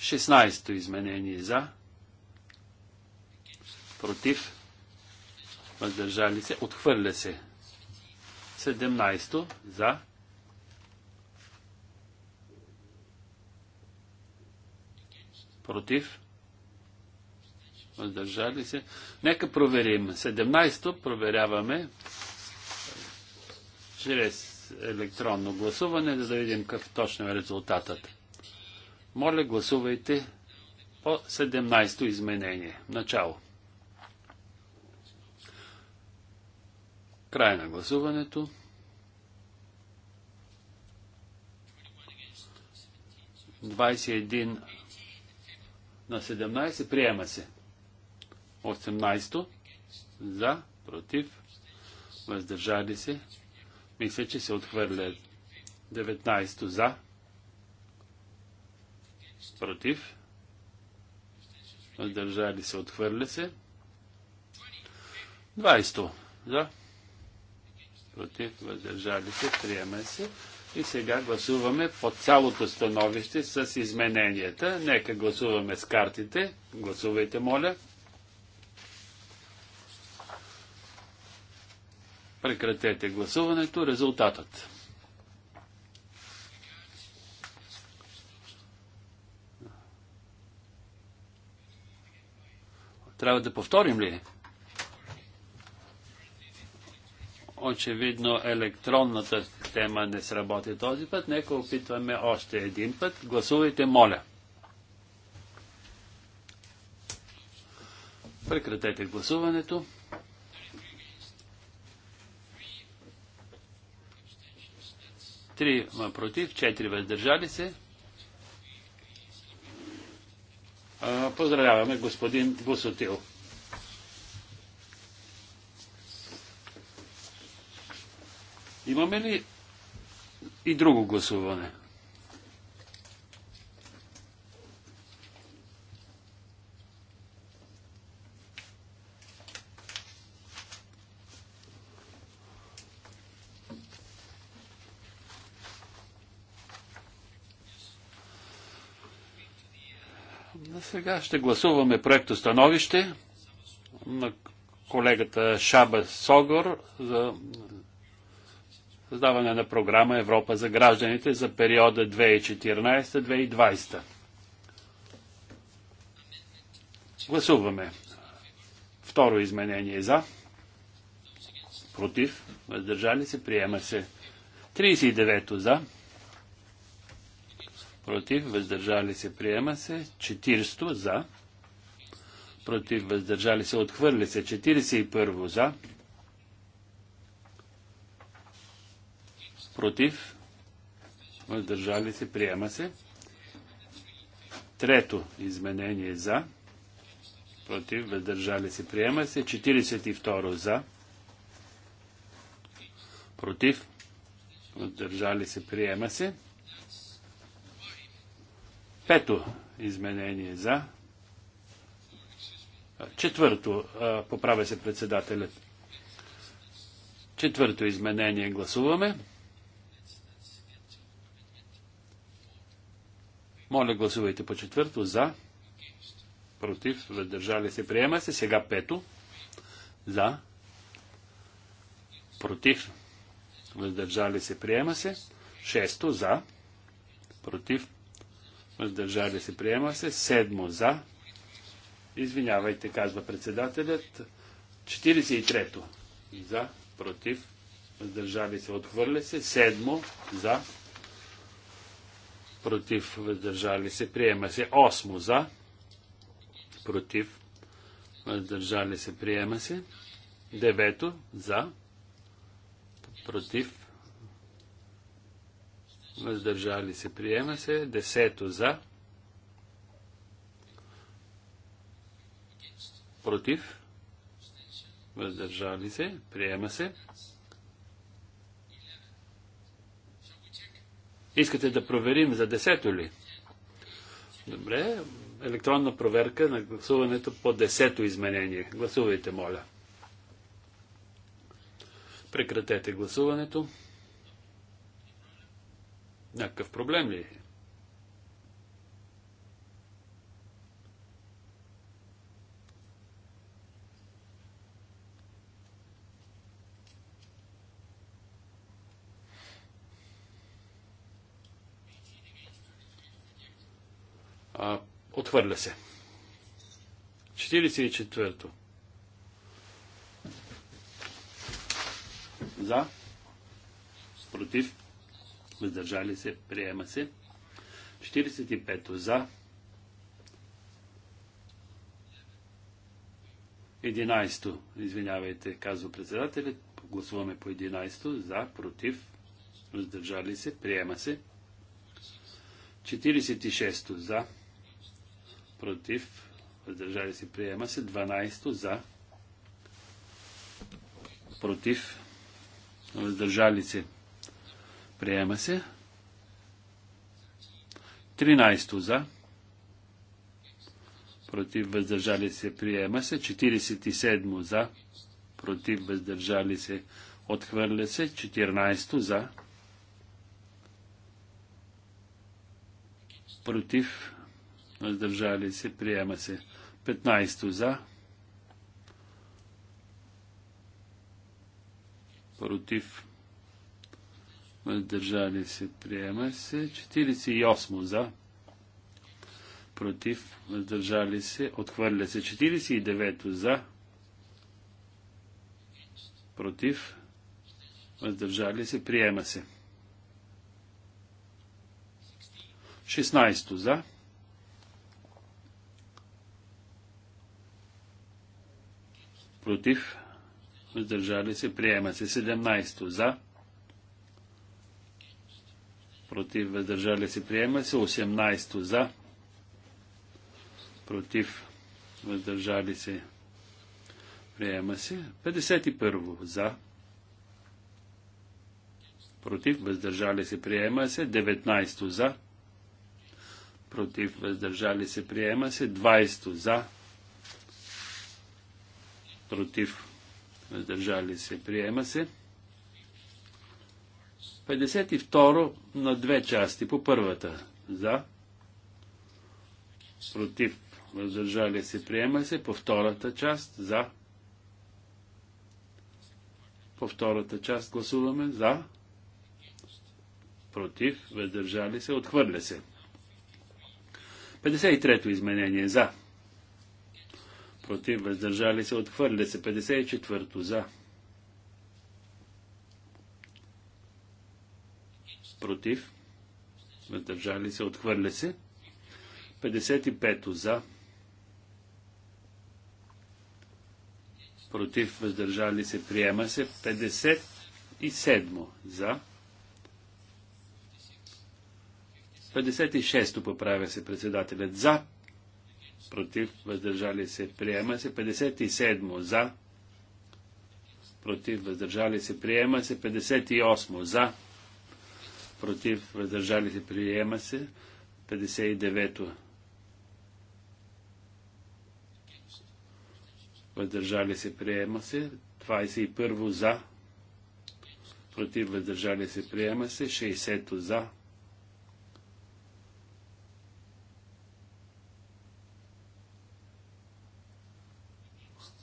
16-то изменение за, против, въздържали се, отхвърля се. 17-то за, Против? Въздържали се? Нека проверим. 17-то проверяваме чрез електронно гласуване, за да видим какъв точно е резултатът. Моля, гласувайте по 17-то изменение. Начало. Край на гласуването. 21 на 17 приема се. 18 за, против, въздържали се. Мисля, че се отхвърля 19 за, против, въздържали се, отхвърля се. 20 за, против, въздържали се, приема се. И сега гласуваме по цялото становище с измененията. Нека гласуваме с картите. Гласувайте, моля. Прекратете гласуването. Резултатът. Трябва да повторим ли? Очевидно електронната система не сработи този път. Нека опитваме още един път. Гласувайте, моля. Прекратете гласуването. Три против, четири въздържали се. Поздравяваме господин Бусотил. Имаме ли и друго гласуване? сега ще гласуваме проекто становище на колегата Шаба Согор за създаване на програма Европа за гражданите за периода 2014-2020. Гласуваме. Второ изменение за. Против. Въздържали се. Приема се. 39 за. Против. Въздържали се. Приема се. 40 за. Против. Въздържали се. Отхвърли се. 41 за против, въздържали се, приема се. Трето изменение за, против, въздържали се, приема се. 42 за, против, въздържали се, приема се. Пето изменение за. Четвърто, поправя се председателят. Четвърто изменение гласуваме. Моля, гласувайте по четвърто. За. Против. Въздържали се. Приема се. Сега пето. За. Против. Въздържали се. Приема се. Шесто. За. Против. Въздържали се. Приема се. Седмо. За. Извинявайте, казва председателят. 43-то. За. Против. Въздържали се. Отхвърля се. Седмо. За против, въздържали се, приема се. Осмо за, против, въздържали се, приема се. Девето за, против, въздържали се, приема се. Десето за, против, въздържали се, приема се. Искате да проверим за десето ли? Добре, електронна проверка на гласуването по десето изменение. Гласувайте, моля. Прекратете гласуването. Някакъв проблем ли е? Отхвърля се. 44-то. За. Против. Въздържали се. Приема се. 45-то. За. 11-то. Извинявайте, казва председателят. Гласуваме по 11-то. За. Против. Въздържали се. Приема се. 46-то. За. Против против, въздържали се, приема се. 12 за, против, въздържали се, приема се. 13 за, против, въздържали се, приема се. 47 за, против, въздържали се, отхвърля се. 14 за, против, въздържали се, приема се. 15 за, против, въздържали се, приема се. 48 за, против, въздържали се, отхвърля се. 49 за, против, въздържали се, приема се. 16 за, против, въздържали се, приема се. 17 за, против, въздържали се, приема се. 18 за, против, въздържали се, приема се. 51 за, против, въздържали се, приема се. 19 за, против, въздържали се, приема се. 20 за, против, въздържали се, приема се. 52 на две части, по първата, за, против, въздържали се, приема се, по втората част, за, по втората част гласуваме за, против, въздържали се, отхвърля се. 53-то изменение за против, въздържали се, отхвърля се. 54-то за, против, въздържали се, отхвърля се. 55-то за, против, въздържали се, приема се. 57-то за, 56-то поправя се председателят за, против, въздържали се, приема се. 57 за, против, въздържали се, приема се. 58 за, против, въздържали се, приема се. 59 въздържали се, приема се. 21 за, против, въздържали се, приема се. 60 за,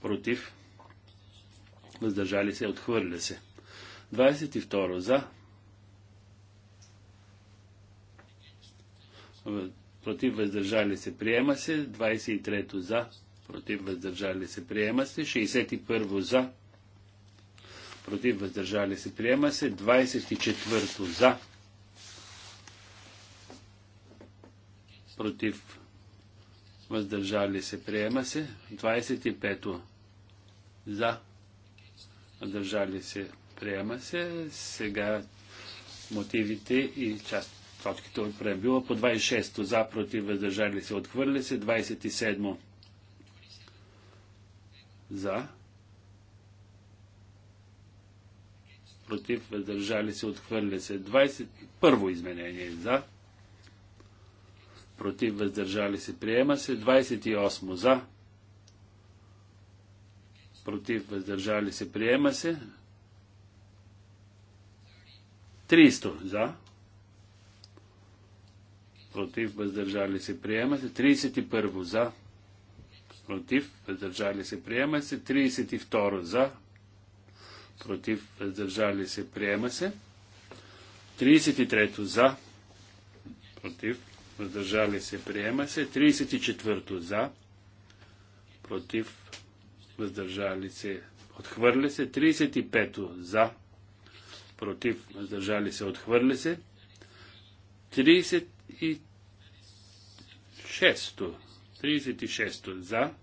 против, въздържали се, отхвърля се. 22 за, против, въздържали се, приема се. 23 за, против, въздържали се, приема се. 61 за, против, въздържали се, приема се. 24 за, против, въздържали се, приема се. 25 за, въздържали се, приема се. Сега мотивите и част точките от преамбюла по 26 за, против, въздържали се, отхвърли се, 27 за, против, въздържали се, отхвърли се, 21 изменение за, против, въздържали се, приема се, 28 за, против, въздържали се, приема се. 300 за, против, въздържали се, приема се. 31 за, против, въздържали се, приема се. 32 за, против, въздържали се, приема се. 33 за, против, въздържали се, приема се. 34 за, против, въздържали се, отхвърля се. 35-то за, против, въздържали се, отхвърля се. 36-то, 36-то за,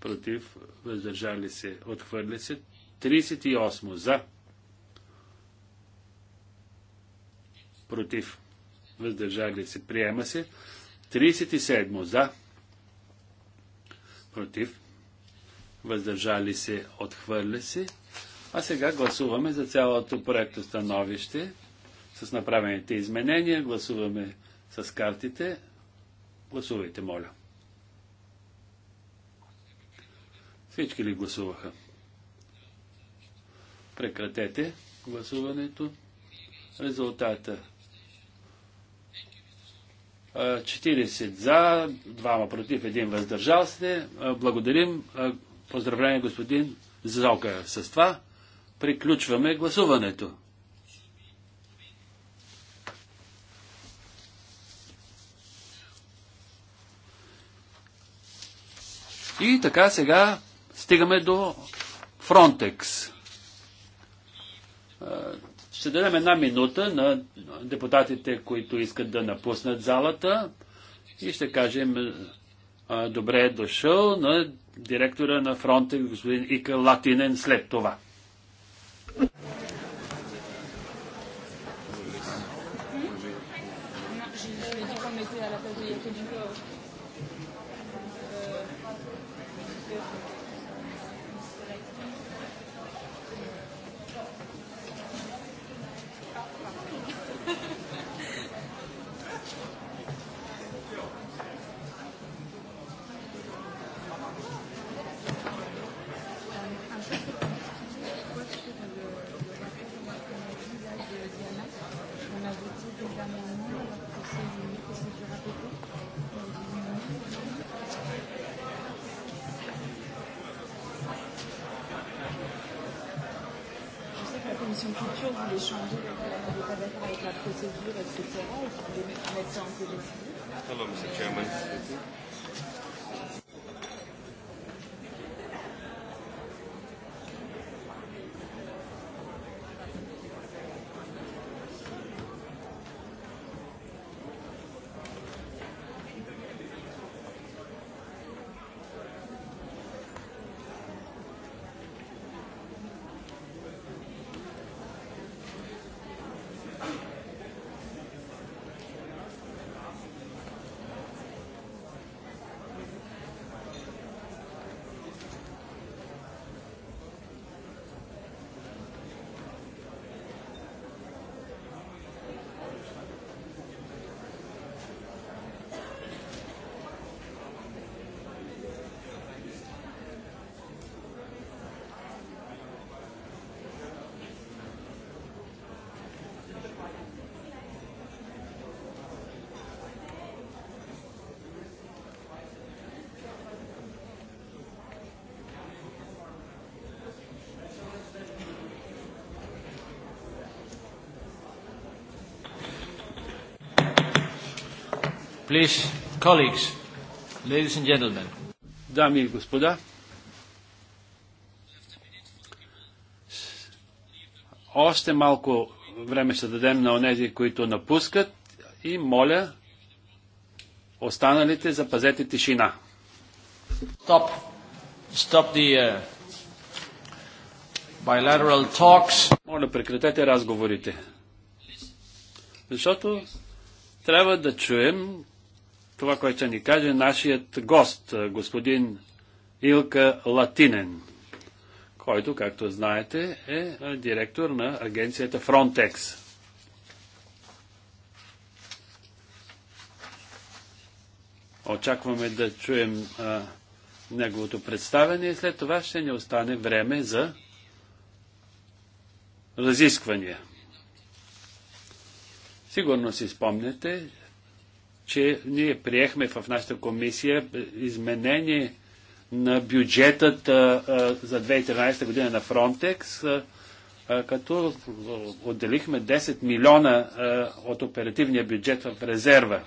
против, въздържали се, отхвърля се. 38 за, против, въздържали се, приема се. 37 за, против, въздържали се, отхвърля се. А сега гласуваме за цялото проекто становище с направените изменения. Гласуваме с картите. Гласувайте, моля. Всички ли гласуваха? Прекратете гласуването. Резултата 40 за, 2 против, 1 въздържал се. Благодарим Поздравление, господин Зока. С това приключваме гласуването. И така сега стигаме до Фронтекс. Ще дадем една минута на депутатите, които искат да напуснат залата и ще кажем добре е дошъл на директора на фронта господин Ика Латинен след това. Please, colleagues, ladies and gentlemen. Дами и господа, още малко време ще дадем на онези, които напускат и моля останалите запазете тишина. Stop. Stop the uh, bilateral talks. Моля, прекратете разговорите. Защото трябва да чуем това, което ще ни каже нашият гост, господин Илка Латинен, който, както знаете, е директор на агенцията Frontex. Очакваме да чуем а, неговото представяне и след това ще ни остане време за разисквания. Сигурно си спомняте, че ние приехме в нашата комисия изменение на бюджетът за 2013 година на Фронтекс, като отделихме 10 милиона от оперативния бюджет в резерва.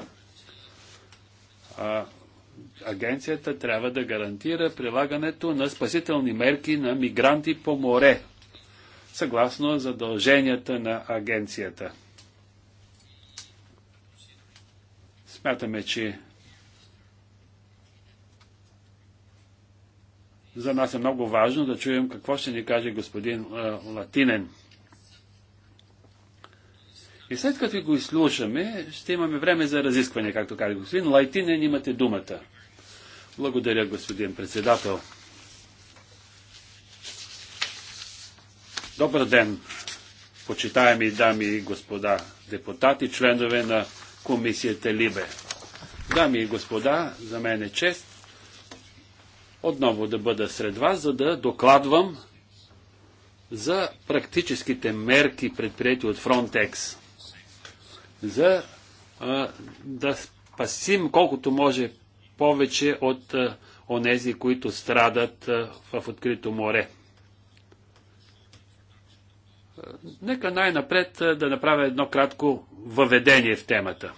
Агенцията трябва да гарантира прилагането на спасителни мерки на мигранти по море, съгласно задълженията на агенцията. Смятаме, че за нас е много важно да чуем какво ще ни каже господин е, Латинен. И след като го изслушаме, ще имаме време за разискване, както каже господин Лайтинен, имате думата. Благодаря, господин председател. Добър ден, почитаеми дами и господа депутати, членове на комисията Либе. Дами и господа, за мен е чест отново да бъда сред вас, за да докладвам за практическите мерки, предприяти от Frontex, за а, да спасим колкото може повече от а, онези, които страдат а, в открито море. Нека най-напред да направя едно кратко въведение в темата.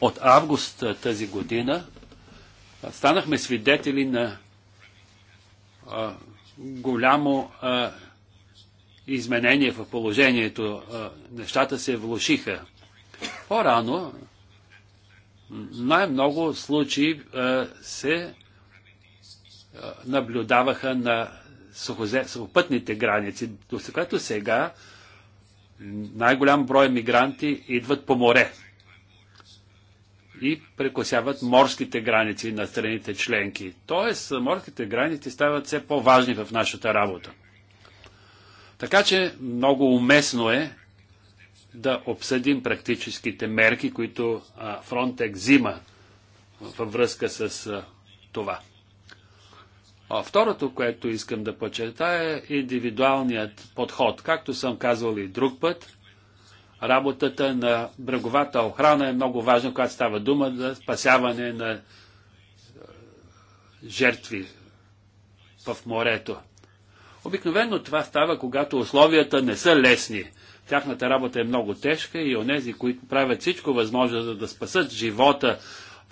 От август тази година станахме свидетели на а, голямо а, изменение в положението. А, нещата се влушиха. По-рано най-много случаи а, се наблюдаваха на сухопътните граници, до което сега най-голям брой мигранти идват по море и прекосяват морските граници на страните членки. Тоест, морските граници стават все по-важни в нашата работа. Така че много уместно е да обсъдим практическите мерки, които Фронтек взима във връзка с това. А второто, което искам да подчертая е индивидуалният подход. Както съм казвал и друг път, работата на бреговата охрана е много важна, когато става дума за спасяване на е, жертви в морето. Обикновено това става, когато условията не са лесни. Тяхната работа е много тежка и онези, които правят всичко възможно за да спасат живота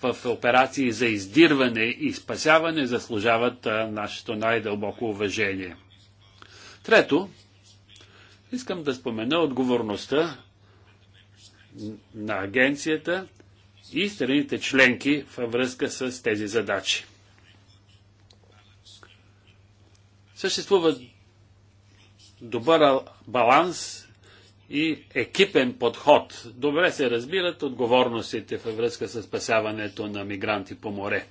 в операции за издирване и спасяване заслужават нашето най-дълбоко уважение. Трето, искам да спомена отговорността на агенцията и страните членки във връзка с тези задачи. Съществува добър баланс и екипен подход. Добре се разбират отговорностите във връзка с спасяването на мигранти по море.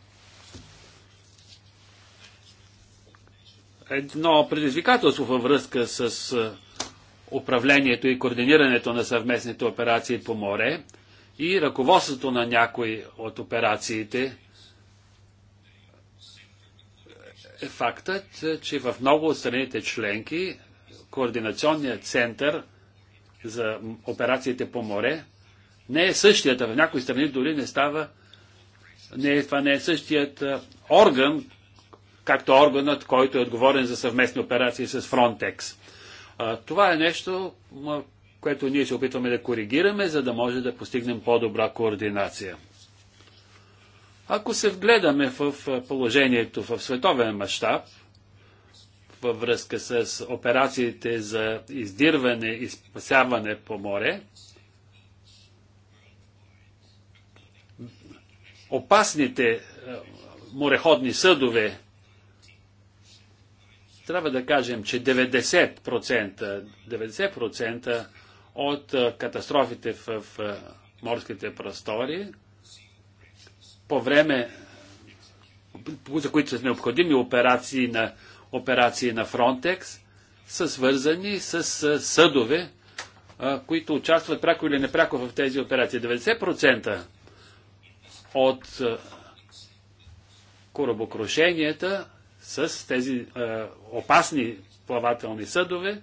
Едно предизвикателство във връзка с управлението и координирането на съвместните операции по море и ръководството на някои от операциите е фактът, че в много от страните членки координационният център – за операциите по море не е същият, а в някои страни дори не става, не, е, това не е същият орган, както органът, който е отговорен за съвместни операции с Frontex. Това е нещо, което ние се опитваме да коригираме, за да може да постигнем по-добра координация. Ако се вгледаме в положението в световен мащаб, във връзка с операциите за издирване и спасяване по море. Опасните е, мореходни съдове, трябва да кажем, че 90%, 90% от е, катастрофите в, в е, морските простори по време, за които са необходими операции на операции на Фронтекс са свързани с съдове, които участват пряко или непряко в тези операции. 90% от корабокрушенията с тези опасни плавателни съдове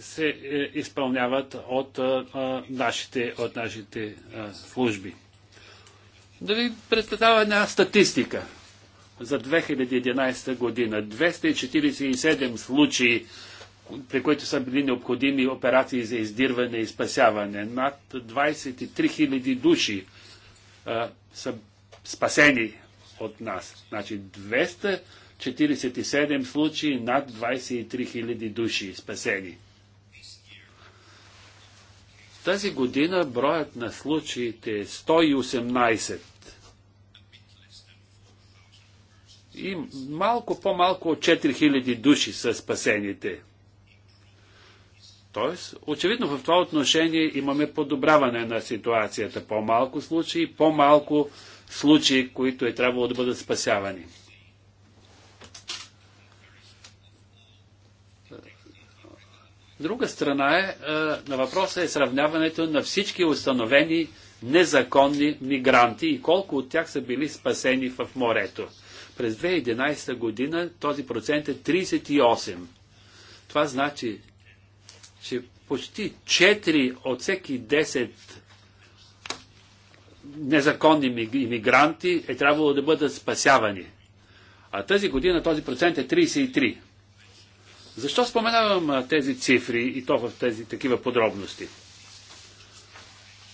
се е, изпълняват от, нашите, от нашите служби. Да ви представя една статистика за 2011 година. 247 случаи, при които са били необходими операции за издирване и спасяване. Над 23 000 души а, са спасени от нас. Значи 247 случаи, над 23 000 души спасени. Тази година броят на случаите е 118. и малко по-малко от 4000 души са спасените. Тоест, очевидно в това отношение имаме подобраване на ситуацията. По-малко случаи, по-малко случаи, които е трябвало да бъдат спасявани. Друга страна е, е, на въпроса е сравняването на всички установени незаконни мигранти и колко от тях са били спасени в морето. През 2011 година този процент е 38. Това значи, че почти 4 от всеки 10 незаконни иммигранти е трябвало да бъдат спасявани. А тази година този процент е 33. Защо споменавам тези цифри и то в тези такива подробности?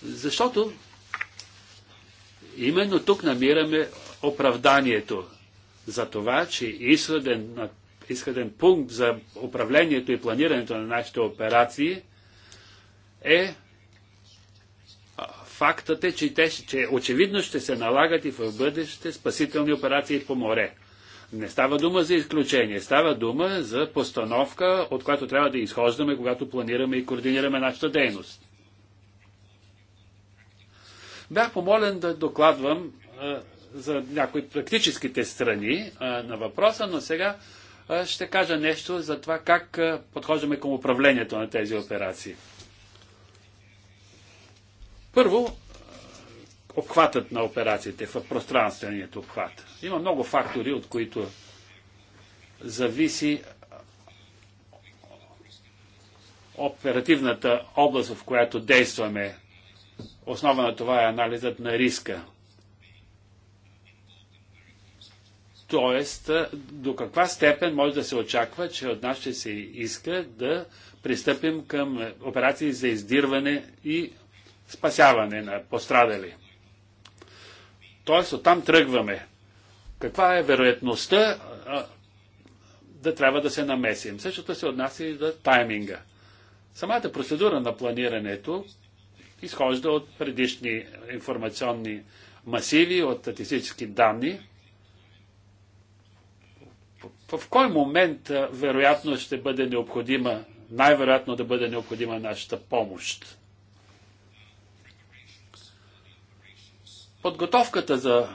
Защото именно тук намираме оправданието за това, че изходен, изходен пункт за управлението и планирането на нашите операции е фактът е, че, те, че очевидно ще се налагат и в бъдеще спасителни операции по море. Не става дума за изключение, става дума за постановка, от която трябва да изхождаме, когато планираме и координираме нашата дейност. Бях помолен да докладвам за някои практическите страни а, на въпроса, но сега а, ще кажа нещо за това как а, подхождаме към управлението на тези операции. Първо, обхватът на операциите в пространственият обхват. Има много фактори, от които зависи оперативната област, в която действаме. Основа на това е анализът на риска. Тоест, до каква степен може да се очаква, че от нас ще се иска да пристъпим към операции за издирване и спасяване на пострадали. Тоест, оттам тръгваме. Каква е вероятността да трябва да се намесим? Същото се отнася и за тайминга. Самата процедура на планирането изхожда от предишни информационни масиви, от статистически данни, в кой момент вероятно ще бъде необходима, най-вероятно да бъде необходима нашата помощ. Подготовката за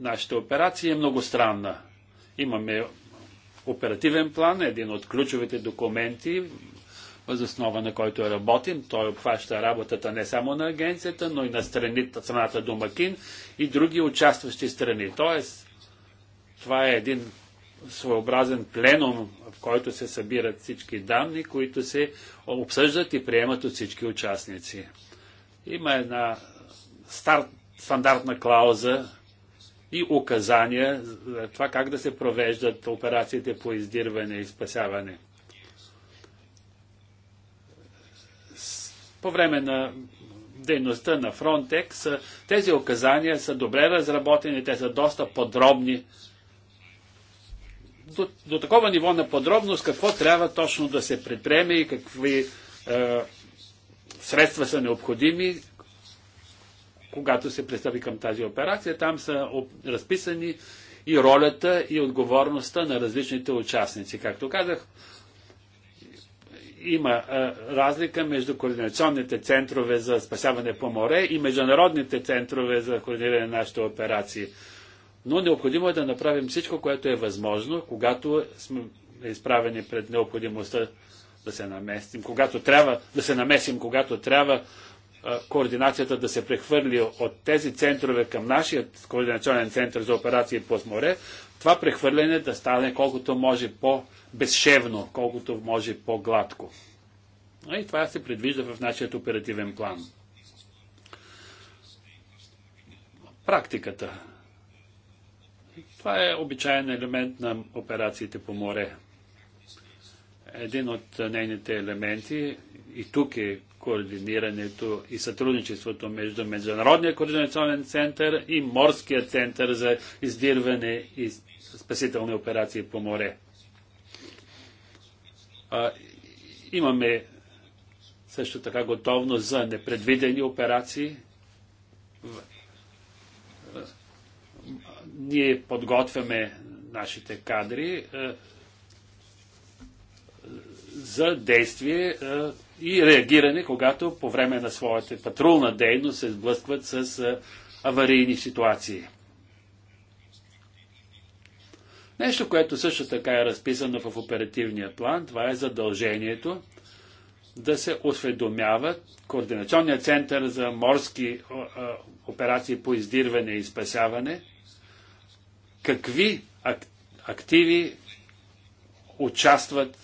нашите операции е много странна. Имаме оперативен план, един от ключовите документи, основа на който работим. Той обхваща работата не само на агенцията, но и на страните, страната Домакин и други участващи страни. Тоест, това е един своеобразен пленум, в който се събират всички данни, които се обсъждат и приемат от всички участници. Има една старт, стандартна клауза и указания за това как да се провеждат операциите по издирване и спасяване. По време на дейността на Frontex тези указания са добре разработени, те са доста подробни до, до такова ниво на подробност какво трябва точно да се предприеме и какви е, средства са необходими, когато се пристъпи към тази операция. Там са об, разписани и ролята и отговорността на различните участници. Както казах, има е, разлика между координационните центрове за спасяване по море и международните центрове за координиране на нашите операции но необходимо е да направим всичко, което е възможно, когато сме изправени пред необходимостта да се наместим, когато трябва да се намесим, когато трябва координацията да се прехвърли от тези центрове към нашия координационен център за операции по море, това прехвърляне да стане колкото може по-безшевно, колкото може по-гладко. И това се предвижда в нашия оперативен план. Практиката това е обичайен елемент на операциите по море. Един от нейните елементи и тук е координирането и сътрудничеството между Международния координационен център и Морския център за издирване и спасителни операции по море. А, имаме също така готовност за непредвидени операции ние подготвяме нашите кадри е, за действие е, и реагиране, когато по време на своята патрулна дейност се сблъскват с е, аварийни ситуации. Нещо, което също така е разписано в оперативния план, това е задължението да се осведомяват Координационният център за морски операции по издирване и спасяване – какви активи участват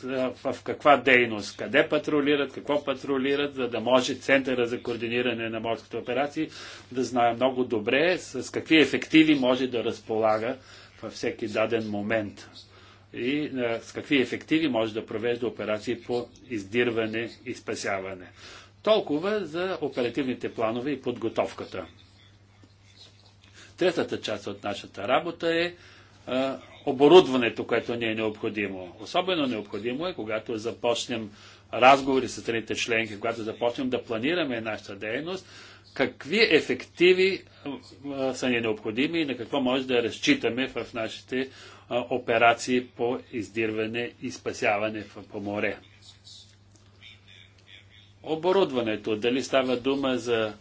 в каква дейност, къде патрулират, какво патрулират, за да може Центъра за координиране на морските операции да знае много добре с какви ефективи може да разполага във всеки даден момент и с какви ефективи може да провежда операции по издирване и спасяване. Толкова за оперативните планове и подготовката. Третата част от нашата работа е а, оборудването, което ни е необходимо. Особено необходимо е, когато започнем разговори с страните членки, когато започнем да планираме нашата дейност, какви ефективи а, са ни необходими и на какво може да разчитаме в нашите а, операции по издирване и спасяване в, по море. Оборудването, дали става дума за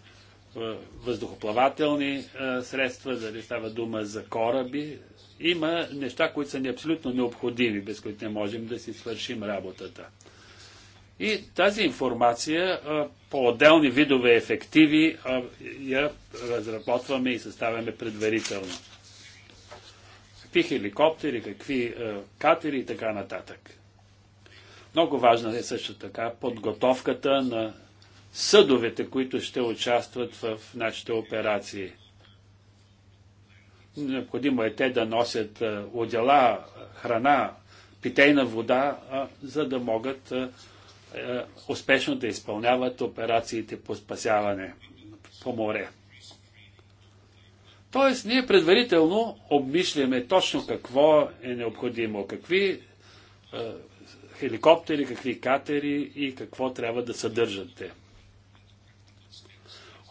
е, въздухоплавателни е, средства, дали става дума за кораби. Има неща, които са ни абсолютно необходими, без които не можем да си свършим работата. И тази информация е, по отделни видове ефективи я разработваме и съставяме предварително. Какви хеликоптери, какви катери и така нататък. Много важна е също така подготовката на съдовете, които ще участват в нашите операции. Необходимо е те да носят е, отдела, храна, питейна вода, е, за да могат е, успешно да изпълняват операциите по спасяване по море. Тоест, ние предварително обмисляме точно какво е необходимо, какви е, хеликоптери, какви катери и какво трябва да съдържат те.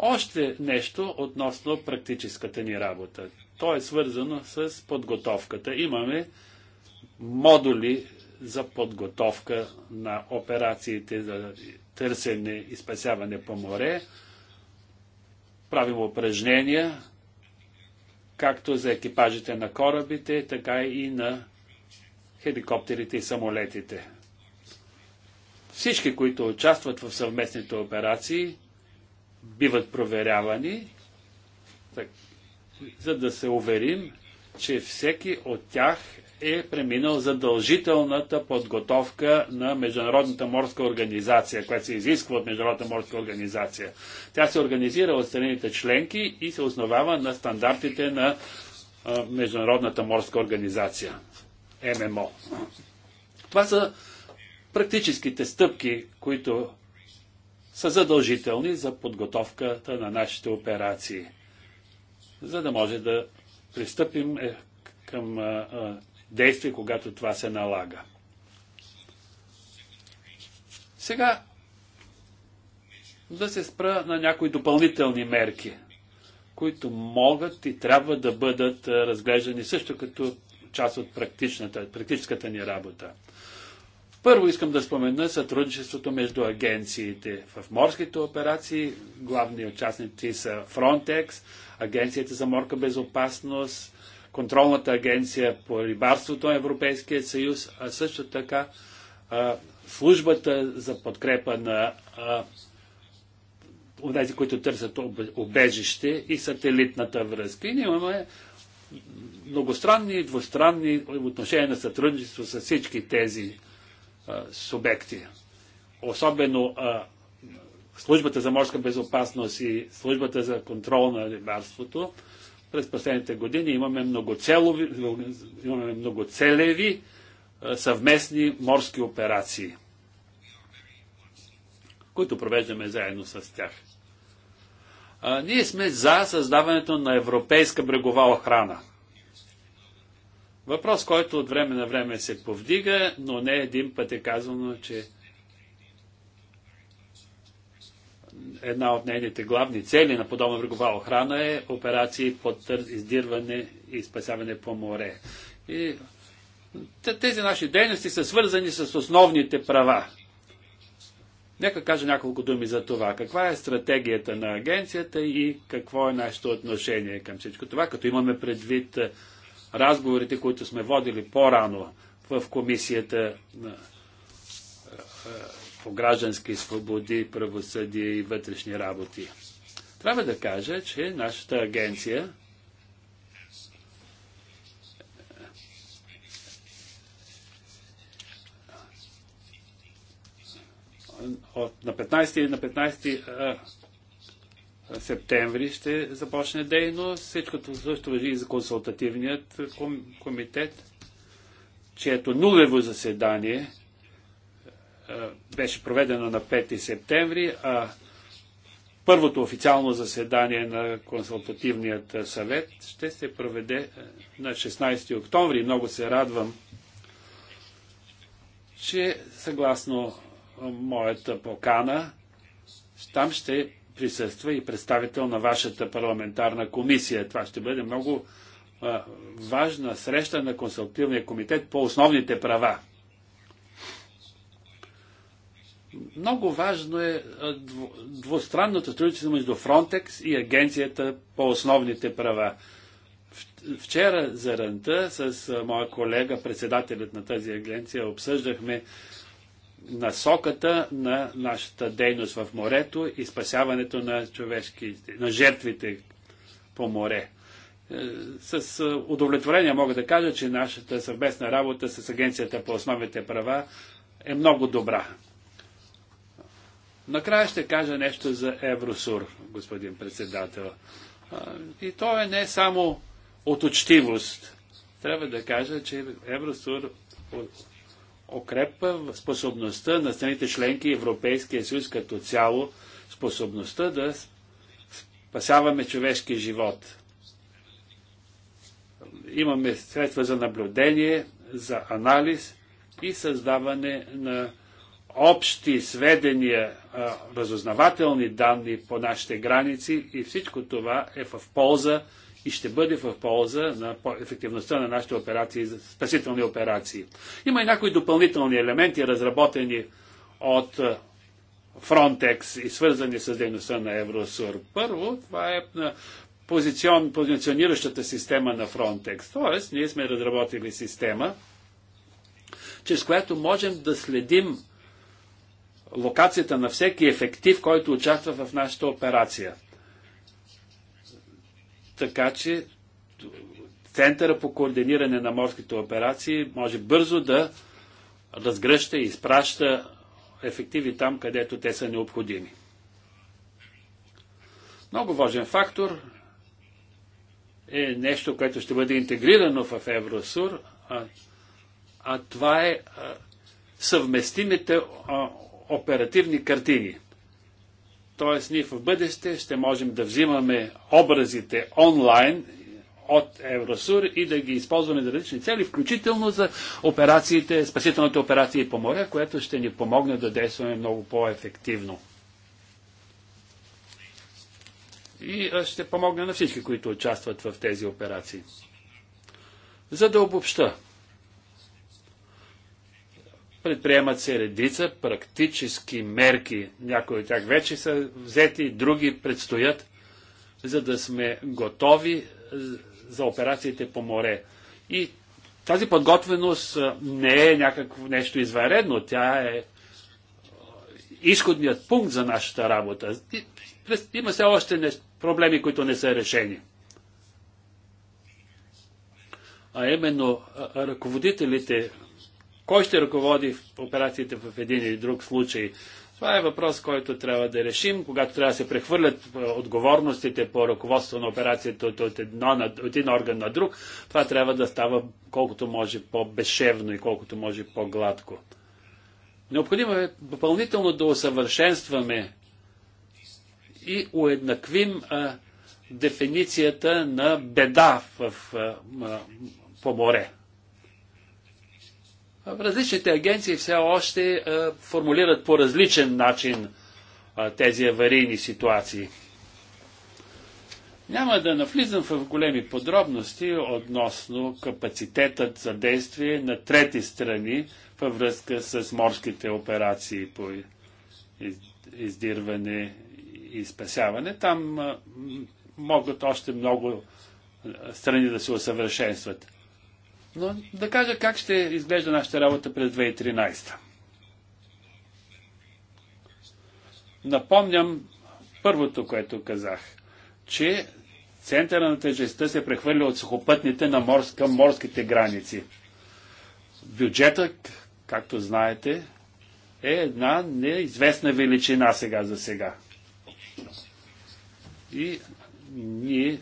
Още нещо относно практическата ни работа. То е свързано с подготовката. Имаме модули за подготовка на операциите за търсене и спасяване по море. Правим упражнения, както за екипажите на корабите, така и на хеликоптерите и самолетите. Всички, които участват в съвместните операции, биват проверявани, так, за да се уверим, че всеки от тях е преминал задължителната подготовка на Международната морска организация, която се изисква от Международната морска организация. Тя се организира от страните членки и се основава на стандартите на а, Международната морска организация. ММО. Това са практическите стъпки, които са задължителни за подготовката на нашите операции, за да може да пристъпим е, към действие, когато това се налага. Сега да се спра на някои допълнителни мерки, които могат и трябва да бъдат разглеждани също като част от практичната, практическата ни работа. Първо искам да спомена сътрудничеството между агенциите. В морските операции главни участници са Frontex, Агенцията за морска безопасност, Контролната агенция по рибарството на Европейския съюз, а също така а, службата за подкрепа на тези, които търсят обежище и сателитната връзка. И имаме многостранни и двустранни отношения на сътрудничество с всички тези субекти. Особено службата за морска безопасност и службата за контрол на рибарството през последните години имаме многоцелови, имаме многоцелеви съвместни морски операции, които провеждаме заедно с тях. ние сме за създаването на европейска брегова охрана – Въпрос, който от време на време се повдига, но не един път е казано, че една от нейните главни цели на подобна врагова охрана е операции по издирване и спасяване по море. И тези наши дейности са свързани с основните права. Нека кажа няколко думи за това. Каква е стратегията на агенцията и какво е нашето отношение към всичко това, като имаме предвид разговорите, които сме водили по-рано в комисията е, е, по граждански свободи, правосъдие и вътрешни работи. Трябва да кажа, че нашата агенция е, от, на 15, на 15 септември ще започне дейност. Всичкото също въжи и за консултативният комитет, чието нулево заседание е, беше проведено на 5 септември, а първото официално заседание на консултативният съвет ще се проведе е, на 16 октомври. Много се радвам, че съгласно моята покана, там ще присъства и представител на вашата парламентарна комисия. Това ще бъде много а, важна среща на консултативния комитет по основните права. Много важно е двустранното сътрудничество между Фронтекс и Агенцията по основните права. Вчера за ранта с моя колега, председателят на тази агенция, обсъждахме насоката на нашата дейност в морето и спасяването на, човешки, на жертвите по море. Е, с е, удовлетворение мога да кажа, че нашата съвместна работа с Агенцията по основните права е много добра. Накрая ще кажа нещо за Евросур, господин председател. И то е не само от учтивост. Трябва да кажа, че Евросур укрепва способността на страните членки Европейския съюз като цяло, способността да спасяваме човешки живот. Имаме средства за наблюдение, за анализ и създаване на общи сведения, разузнавателни данни по нашите граници и всичко това е в полза и ще бъде в полза на ефективността на нашите операции, спасителни операции. Има и някои допълнителни елементи, разработени от е, Frontex и свързани с дейността на Евросур. Първо, това е, е позицион, позициониращата система на Frontex. Тоест, ние сме разработили система, чрез която можем да следим локацията на всеки ефектив, който участва в нашата операция така че Центъра по координиране на морските операции може бързо да разгръща и изпраща ефективи там, където те са необходими. Много важен фактор е нещо, което ще бъде интегрирано в Евросур, а, а това е а, съвместимите а, оперативни картини. Т.е. ние в бъдеще ще можем да взимаме образите онлайн от Евросур и да ги използваме за различни цели, включително за операциите, спасителните операции по море, което ще ни помогне да действаме много по-ефективно. И ще помогне на всички, които участват в тези операции. За да обобща, Предприемат се редица практически мерки. Някои от тях вече са взети, други предстоят, за да сме готови е, за операциите по море. И тази подготвеност е, не е някакво нещо извънредно, тя е, е изходният пункт за нашата работа. Има все още не, проблеми, които не са решени. А именно ръководителите кой ще ръководи операциите в един или друг случай? Това е въпрос, който трябва да решим, когато трябва да се прехвърлят е, отговорностите по ръководство на операцията от, едно, от един орган на друг. Това трябва да става колкото може по-бешевно и колкото може по-гладко. Необходимо е допълнително да усъвършенстваме и уеднаквим а, е, дефиницията на беда в, а, е, по море. Различните агенции все още е, формулират по различен начин е, тези аварийни ситуации. Няма да навлизам в големи подробности относно капацитетът за действие на трети страни във връзка с морските операции по издирване и спасяване. Там е, могат още много страни да се усъвършенстват. Но да кажа как ще изглежда нашата работа през 2013. Напомням първото, което казах, че центъра на тежестта се прехвърля от сухопътните на морс, към морските граници. Бюджетът, както знаете, е една неизвестна величина сега за сега. И ние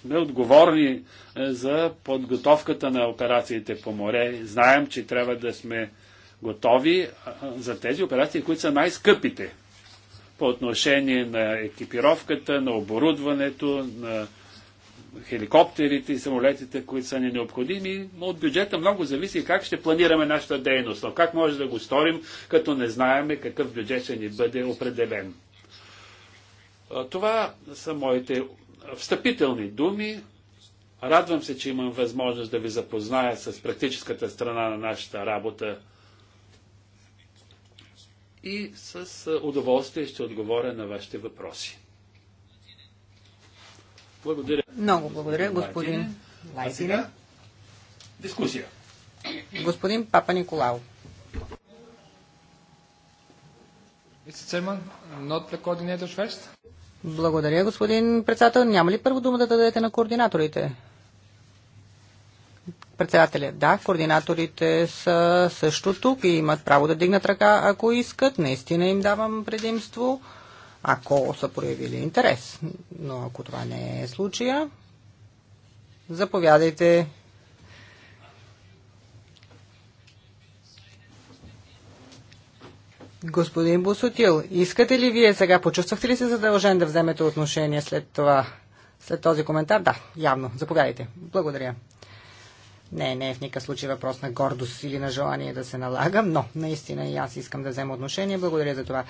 сме отговорни е, за подготовката на операциите по море. Знаем, че трябва да сме готови за тези операции, които са най-скъпите по отношение на екипировката, на оборудването, на хеликоптерите и самолетите, които са ни необходими. Но от бюджета много зависи как ще планираме нашата дейност, но как може да го сторим, като не знаеме какъв бюджет ще ни бъде определен. Това са моите встъпителни думи. Радвам се, че имам възможност да ви запозная с практическата страна на нашата работа и с удоволствие ще отговоря на вашите въпроси. Благодаря. Много благодаря, господин Лайтине. Дискусия. Господин Папа Николао. Mr. Chairman, not the coordinator's first. Благодаря, господин председател. Няма ли първо дума да дадете на координаторите? Председателя, да, координаторите са също тук и имат право да дигнат ръка, ако искат. Наистина им давам предимство, ако са проявили интерес. Но ако това не е случая, заповядайте, Господин Босотил, искате ли вие сега, почувствахте ли се задължен да вземете отношение след това, след този коментар? Да, явно. Заповядайте. Благодаря. Не, не е в никакъв случай въпрос на гордост или на желание да се налагам, но наистина и аз искам да взема отношение. Благодаря за това.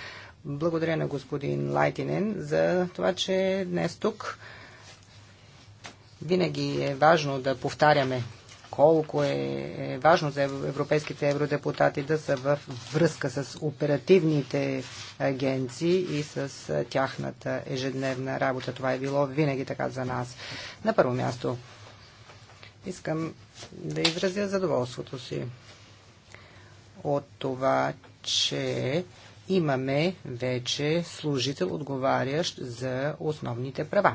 Благодаря на господин Лайтинен за това, че е днес тук винаги е важно да повтаряме колко е, е важно за европейските евродепутати да са в връзка с оперативните агенции и с е, тяхната ежедневна работа. Това е било винаги така за нас. На първо място искам да изразя задоволството си от това, че имаме вече служител, отговарящ за основните права.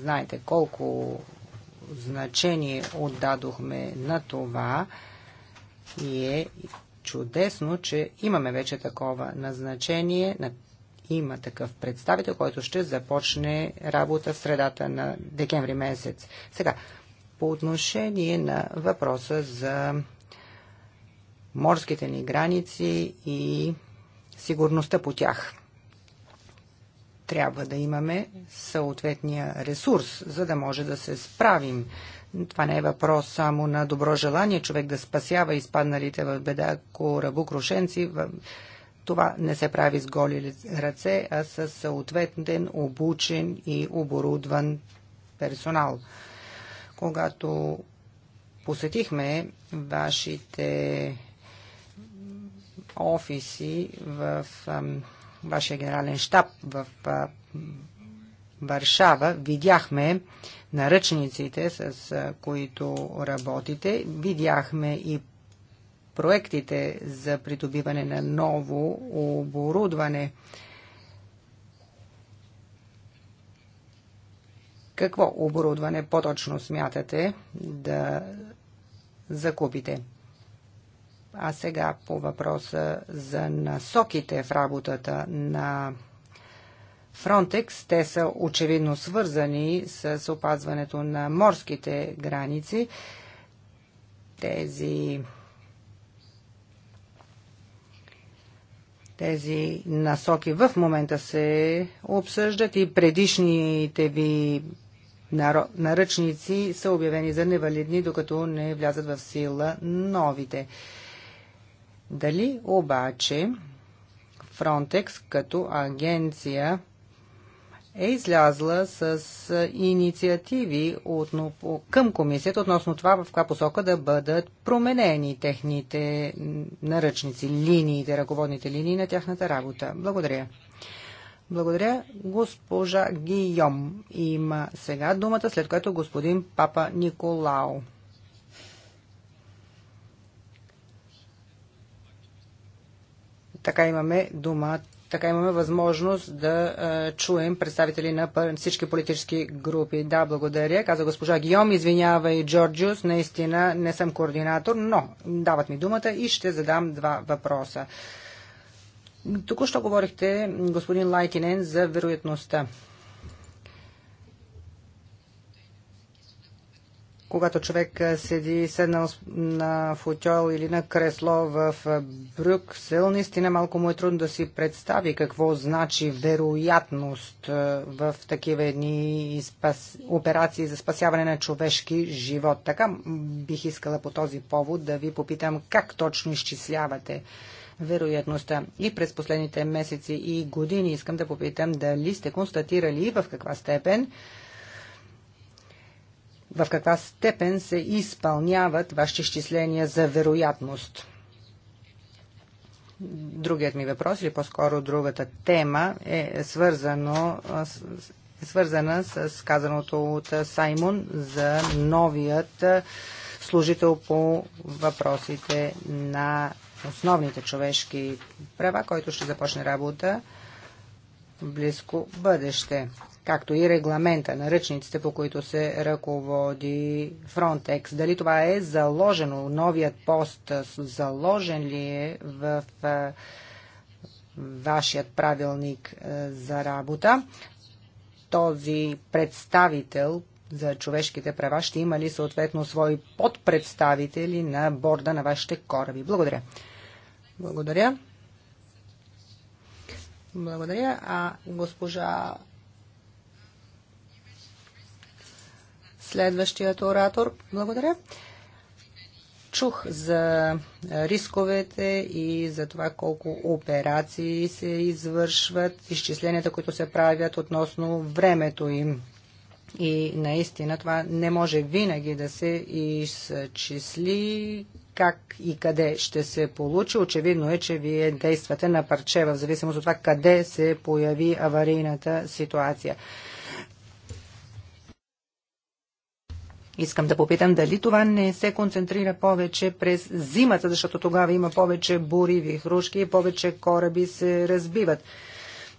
Знаете колко значение отдадохме на това и е чудесно, че имаме вече такова назначение. Има такъв представител, който ще започне работа в средата на декември месец. Сега, по отношение на въпроса за морските ни граници и сигурността по тях трябва да имаме съответния ресурс, за да може да се справим. Това не е въпрос само на добро желание човек да спасява изпадналите в беда корабокрушенци. Това не се прави с голи ръце, а с съответен обучен и оборудван персонал. Когато посетихме вашите офиси в вашия генерален штаб в Варшава, видяхме наръчниците, с които работите, видяхме и проектите за придобиване на ново оборудване. Какво оборудване по-точно смятате да закупите? А сега по въпроса за насоките в работата на Фронтекс. Те са очевидно свързани с опазването на морските граници. Тези тези насоки в момента се обсъждат и предишните ви наръчници са обявени за невалидни, докато не влязат в сила новите. Дали обаче Frontex като агенция е излязла с инициативи към комисията относно това в каква посока да бъдат променени техните наръчници, линиите, ръководните линии на тяхната работа. Благодаря. Благодаря. Госпожа Гийом има сега думата, след което господин Папа Николао. така имаме дума, така имаме възможност да чуем представители на всички политически групи. Да, благодаря. Каза госпожа Гиом, извинява и Джорджиус, наистина не съм координатор, но дават ми думата и ще задам два въпроса. Току-що говорихте, господин Лайтинен, за вероятността. когато човек седи седнал на футьол или на кресло в Брюксел, наистина малко му е трудно да си представи какво значи вероятност в такива едни спас... операции за спасяване на човешки живот. Така бих искала по този повод да ви попитам как точно изчислявате вероятността. И през последните месеци и години искам да попитам дали сте констатирали и в каква степен в каква степен се изпълняват вашите изчисления за вероятност? Другият ми въпрос, или по-скоро другата тема, е свързано е свързана с казаното от Саймон за новият служител по въпросите на основните човешки права, който ще започне работа в близко бъдеще както и регламента, на ръчниците, по които се ръководи Frontex. Дали това е заложено, новият пост заложен ли е в вашият правилник за работа? Този представител за човешките права ще има ли съответно свои подпредставители на борда на вашите кораби? Благодаря. Благодаря. Благодаря. А госпожа Следващият оратор. Благодаря. Чух за рисковете и за това колко операции се извършват, изчисленията, които се правят относно времето им. И наистина това не може винаги да се изчисли как и къде ще се получи. Очевидно е, че вие действате на парче в зависимост от това къде се появи аварийната ситуация. Искам да попитам дали това не се концентрира повече през зимата, защото тогава има повече бури, вихрушки и повече кораби се разбиват.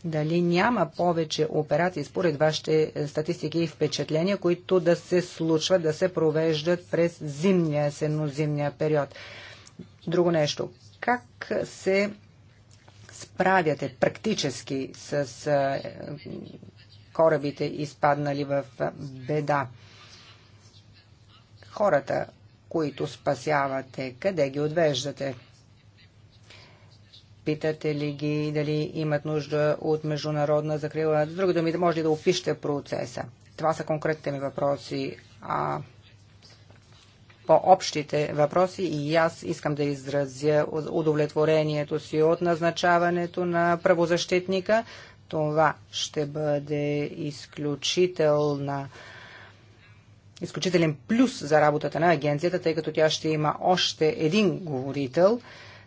Дали няма повече операции според вашите статистики и впечатления, които да се случват, да се провеждат през зимния, сенозимния период? Друго нещо. Как се справяте практически с корабите изпаднали в беда? хората, които спасявате? Къде ги отвеждате? Питате ли ги дали имат нужда от международна закрила? С други думи, може ли да опишете процеса? Това са конкретните ми въпроси. А по-общите въпроси и аз искам да изразя удовлетворението си от назначаването на правозащитника. Това ще бъде изключителна изключителен плюс за работата на агенцията, тъй като тя ще има още един говорител.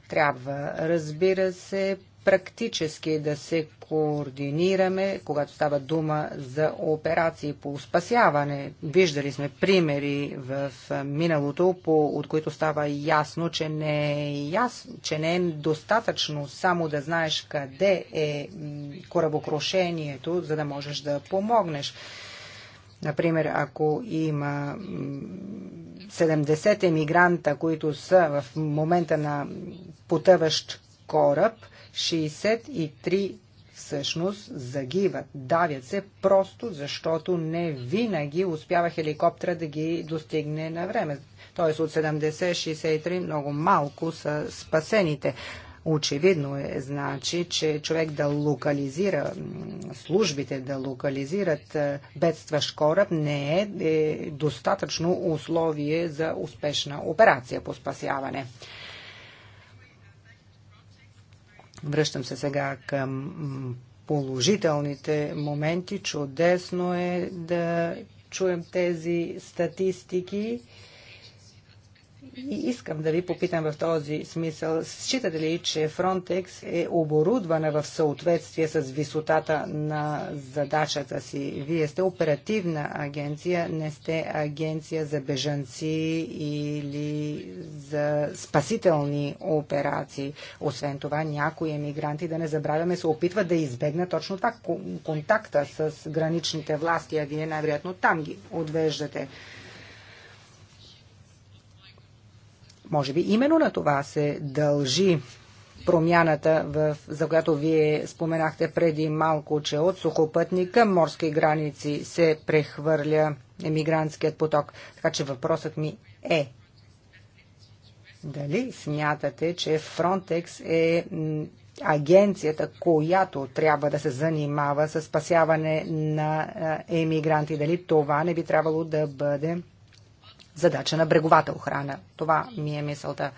Трябва, разбира се, практически да се координираме, когато става дума за операции по спасяване. Виждали сме примери в миналото, по, от които става ясно, че не, е ясно, че не е достатъчно само да знаеш къде е корабокрушението, за да можеш да помогнеш. Например, ако има 70 емигранта, които са в момента на потъващ кораб, 63 всъщност загиват, давят се, просто защото не винаги успява хеликоптера да ги достигне на време. Тоест от 70-63 много малко са спасените. Очевидно е, значи, че човек да локализира службите, да локализират е, бедстваш кораб не е, е достатъчно условие за успешна операция по спасяване. Връщам се сега към положителните моменти. Чудесно е да чуем тези статистики. И искам да ви попитам в този смисъл, считате ли, че Фронтекс е оборудвана в съответствие с висотата на задачата си? Вие сте оперативна агенция, не сте агенция за бежанци или за спасителни операции. Освен това, някои емигранти, да не забравяме, се опитват да избегнат точно това контакта с граничните власти, а вие най-вероятно там ги отвеждате. Може би именно на това се дължи промяната, в, за която вие споменахте преди малко, че от сухопътни към морски граници се прехвърля емигрантският поток. Така че въпросът ми е дали смятате, че Фронтекс е агенцията, която трябва да се занимава с спасяване на емигранти? Дали това не би трябвало да бъде задача на бреговата охрана. Това ми е мисълта.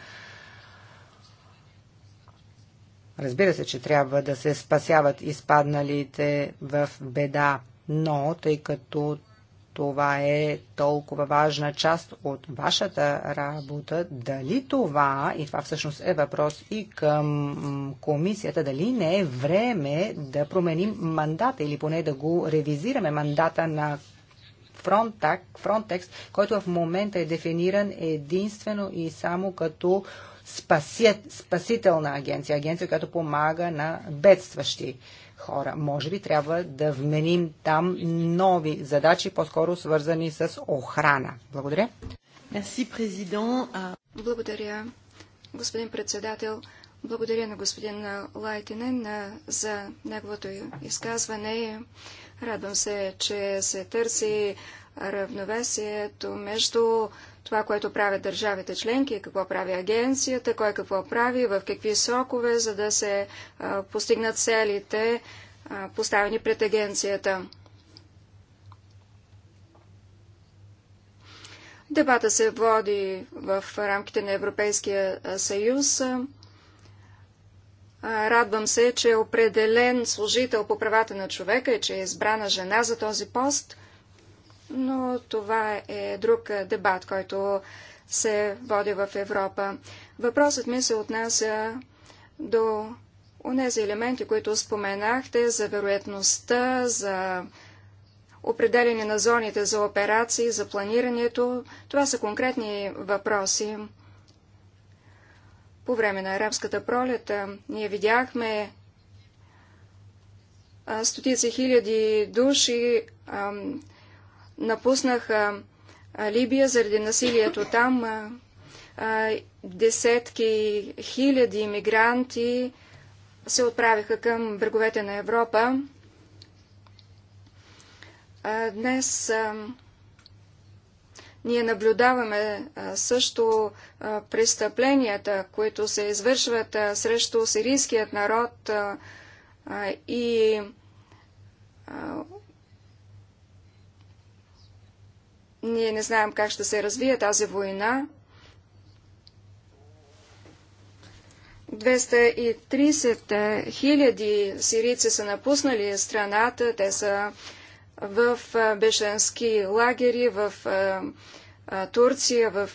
Разбира се, че трябва да се спасяват изпадналите в беда, но тъй като това е толкова важна част от вашата работа, дали това, и това всъщност е въпрос и към комисията, дали не е време да променим мандата или поне да го ревизираме мандата на Frontac, Frontex, който в момента е дефиниран единствено и само като спасят, спасителна агенция, агенция, която помага на бедстващи хора. Може би трябва да вменим там нови задачи, по-скоро свързани с охрана. Благодаря. Merci, президент. Благодаря, господин председател. Благодаря на господин Лайтинен за неговото изказване. Радвам се, че се търси равновесието между това, което правят държавите членки, какво прави агенцията, кой какво прави, в какви срокове, за да се постигнат целите, поставени пред агенцията. Дебата се води в рамките на Европейския съюз. Радвам се, че е определен служител по правата на човека и че е избрана жена за този пост, но това е друг дебат, който се води в Европа. Въпросът ми се отнася до онези елементи, които споменахте за вероятността, за определене на зоните за операции, за планирането. Това са конкретни въпроси. По време на арабската пролет ние видяхме стотици хиляди души напуснаха Либия заради насилието там. десетки хиляди иммигранти се отправиха към бреговете на Европа. днес ние наблюдаваме също престъпленията, които се извършват срещу сирийският народ и ние не знаем как ще се развие тази война. 230 хиляди сирийци са напуснали страната, те са в бешенски лагери, в Турция, в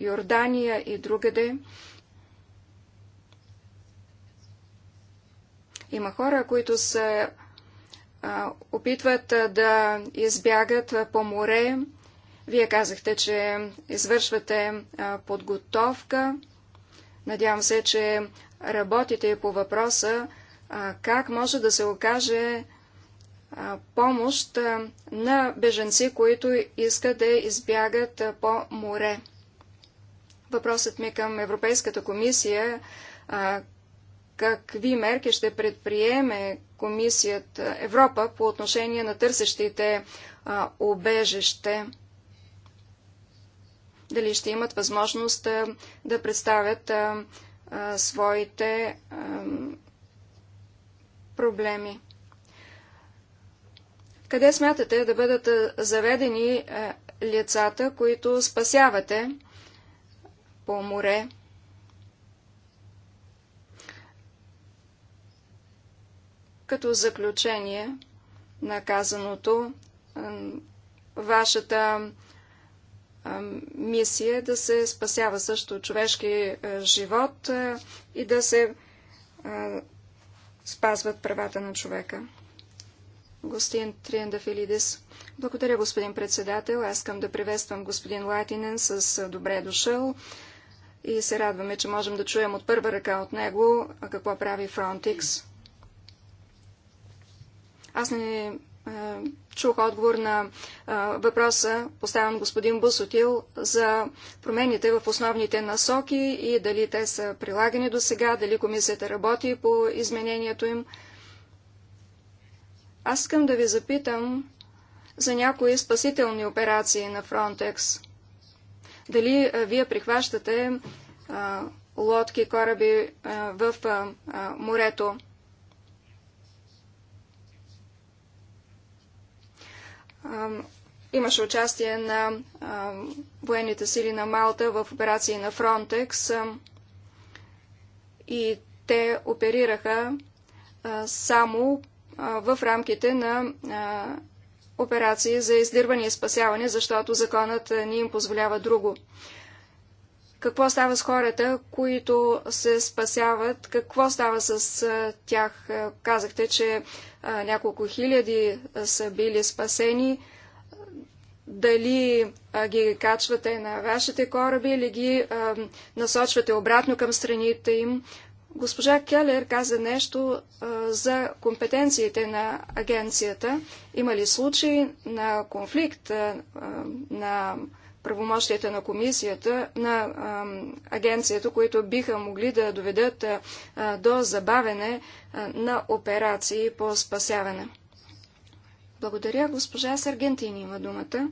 Йордания и другаде. Има хора, които се опитват да избягат по море. Вие казахте, че извършвате подготовка. Надявам се, че работите по въпроса как може да се окаже помощ на беженци, които искат да избягат по море. Въпросът ми към Европейската комисия какви мерки ще предприеме комисията Европа по отношение на търсещите обежище? Дали ще имат възможност да представят своите проблеми? Къде смятате да бъдат заведени лицата, които спасявате по море? Като заключение на казаното, вашата мисия е да се спасява също човешки живот и да се спазват правата на човека. Гостин Триендафилидис. Благодаря, господин председател. Аз искам да приветствам господин Латинен с добре е дошъл и се радваме, че можем да чуем от първа ръка от него какво прави Frontex. Аз не чух отговор на въпроса, поставен господин Бусотил, за промените в основните насоки и дали те са прилагани до сега, дали комисията работи по изменението им. Аз искам да ви запитам за някои спасителни операции на Фронтекс. Дали вие прихващате а, лодки, кораби а, в а, морето? имаше участие на а, военните сили на Малта в операции на Фронтекс а, и те оперираха а, само в рамките на операции за издирване и спасяване, защото законът не им позволява друго. Какво става с хората, които се спасяват? Какво става с тях? Казахте, че няколко хиляди са били спасени. Дали ги качвате на вашите кораби или ги насочвате обратно към страните им? Госпожа Келер каза нещо а, за компетенциите на агенцията. Има ли случаи на конфликт а, на правомощията на комисията, на а, агенцията, които биха могли да доведат а, до забавене а, на операции по спасяване? Благодаря. Госпожа Саргентини има думата.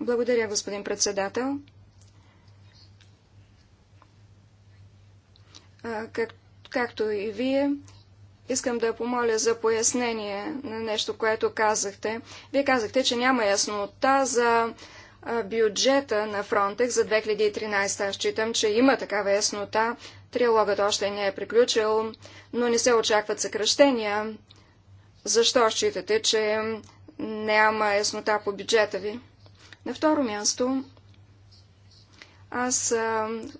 Благодаря, господин председател. как, както и вие. Искам да помоля за пояснение на нещо, което казахте. Вие казахте, че няма яснота за бюджета на Фронтекс за 2013. Аз считам, че има такава яснота. Триологът още не е приключил, но не се очакват съкръщения. Защо считате, че няма яснота по бюджета ви? На второ място, аз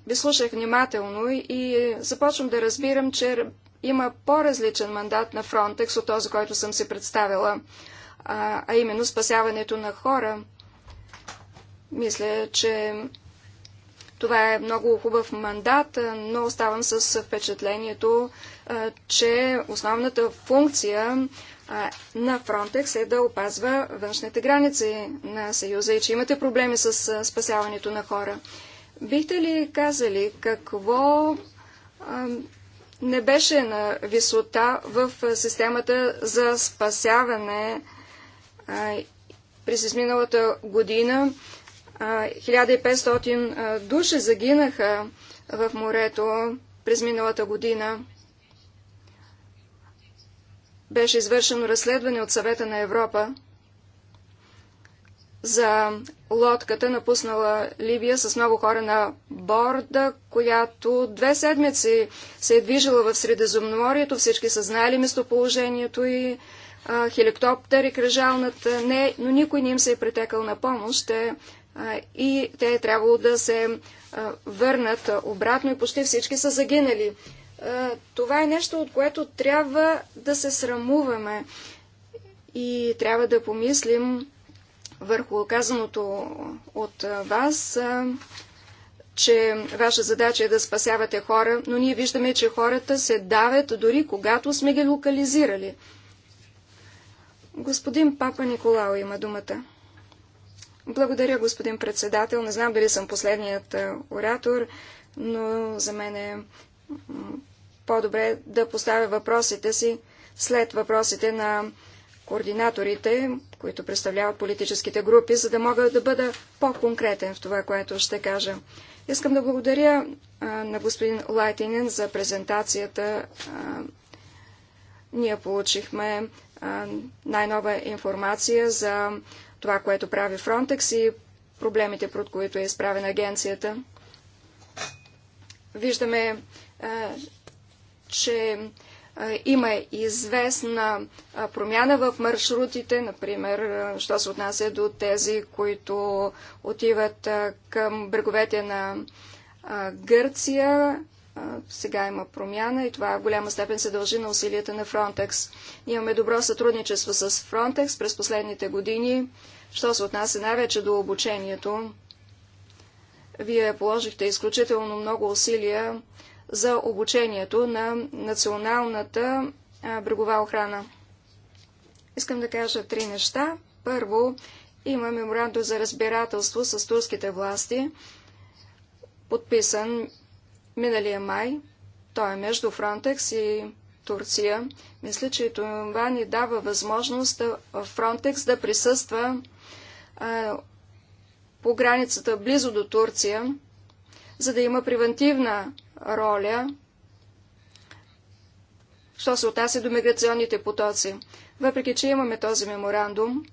ви слушах внимателно и започвам да разбирам, че има по-различен мандат на Фронтекс от този, който съм си представила, а, а именно спасяването на хора. Мисля, че това е много хубав мандат, но оставам с впечатлението, че основната функция на Фронтекс е да опазва външните граници на Съюза и че имате проблеми с спасяването на хора. Бихте ли казали какво а, не беше на висота в системата за спасяване а, през изминалата година? А, 1500 души загинаха в морето през миналата година. Беше извършено разследване от Съвета на Европа за лодката, напуснала Либия с много хора на борда, която две седмици се е движила в Средиземноморието. Всички са знаели местоположението и а, хеликоптер и кръжалната не, но никой не им се е притекал на помощ. Те, а, и те е трябвало да се а, върнат обратно и почти всички са загинали. А, това е нещо, от което трябва да се срамуваме и трябва да помислим върху казаното от вас, че ваша задача е да спасявате хора, но ние виждаме, че хората се давят дори когато сме ги локализирали. Господин Папа Николао има думата. Благодаря, господин председател. Не знам дали съм последният оратор, но за мен е по-добре да поставя въпросите си след въпросите на координаторите, които представляват политическите групи, за да мога да бъда по-конкретен в това, което ще кажа. Искам да благодаря а, на господин Лайтинен за презентацията. А, ние получихме най-нова информация за това, което прави Фронтекс и проблемите, пред които е изправена агенцията. Виждаме, а, че има известна промяна в маршрутите, например, що се отнася до тези, които отиват към бреговете на Гърция. Сега има промяна и това в голяма степен се дължи на усилията на Frontex. имаме добро сътрудничество с Frontex през последните години, що се отнася най-вече до обучението. Вие положихте изключително много усилия за обучението на националната брегова охрана. Искам да кажа три неща. Първо, има меморандум за разбирателство с турските власти, подписан миналия май. Той е между Фронтекс и Турция. Мисля, че това ни дава възможност Фронтекс да присъства а, по границата близо до Турция, за да има превентивна роля, що се отнася до миграционните потоци. Въпреки, че имаме този меморандум,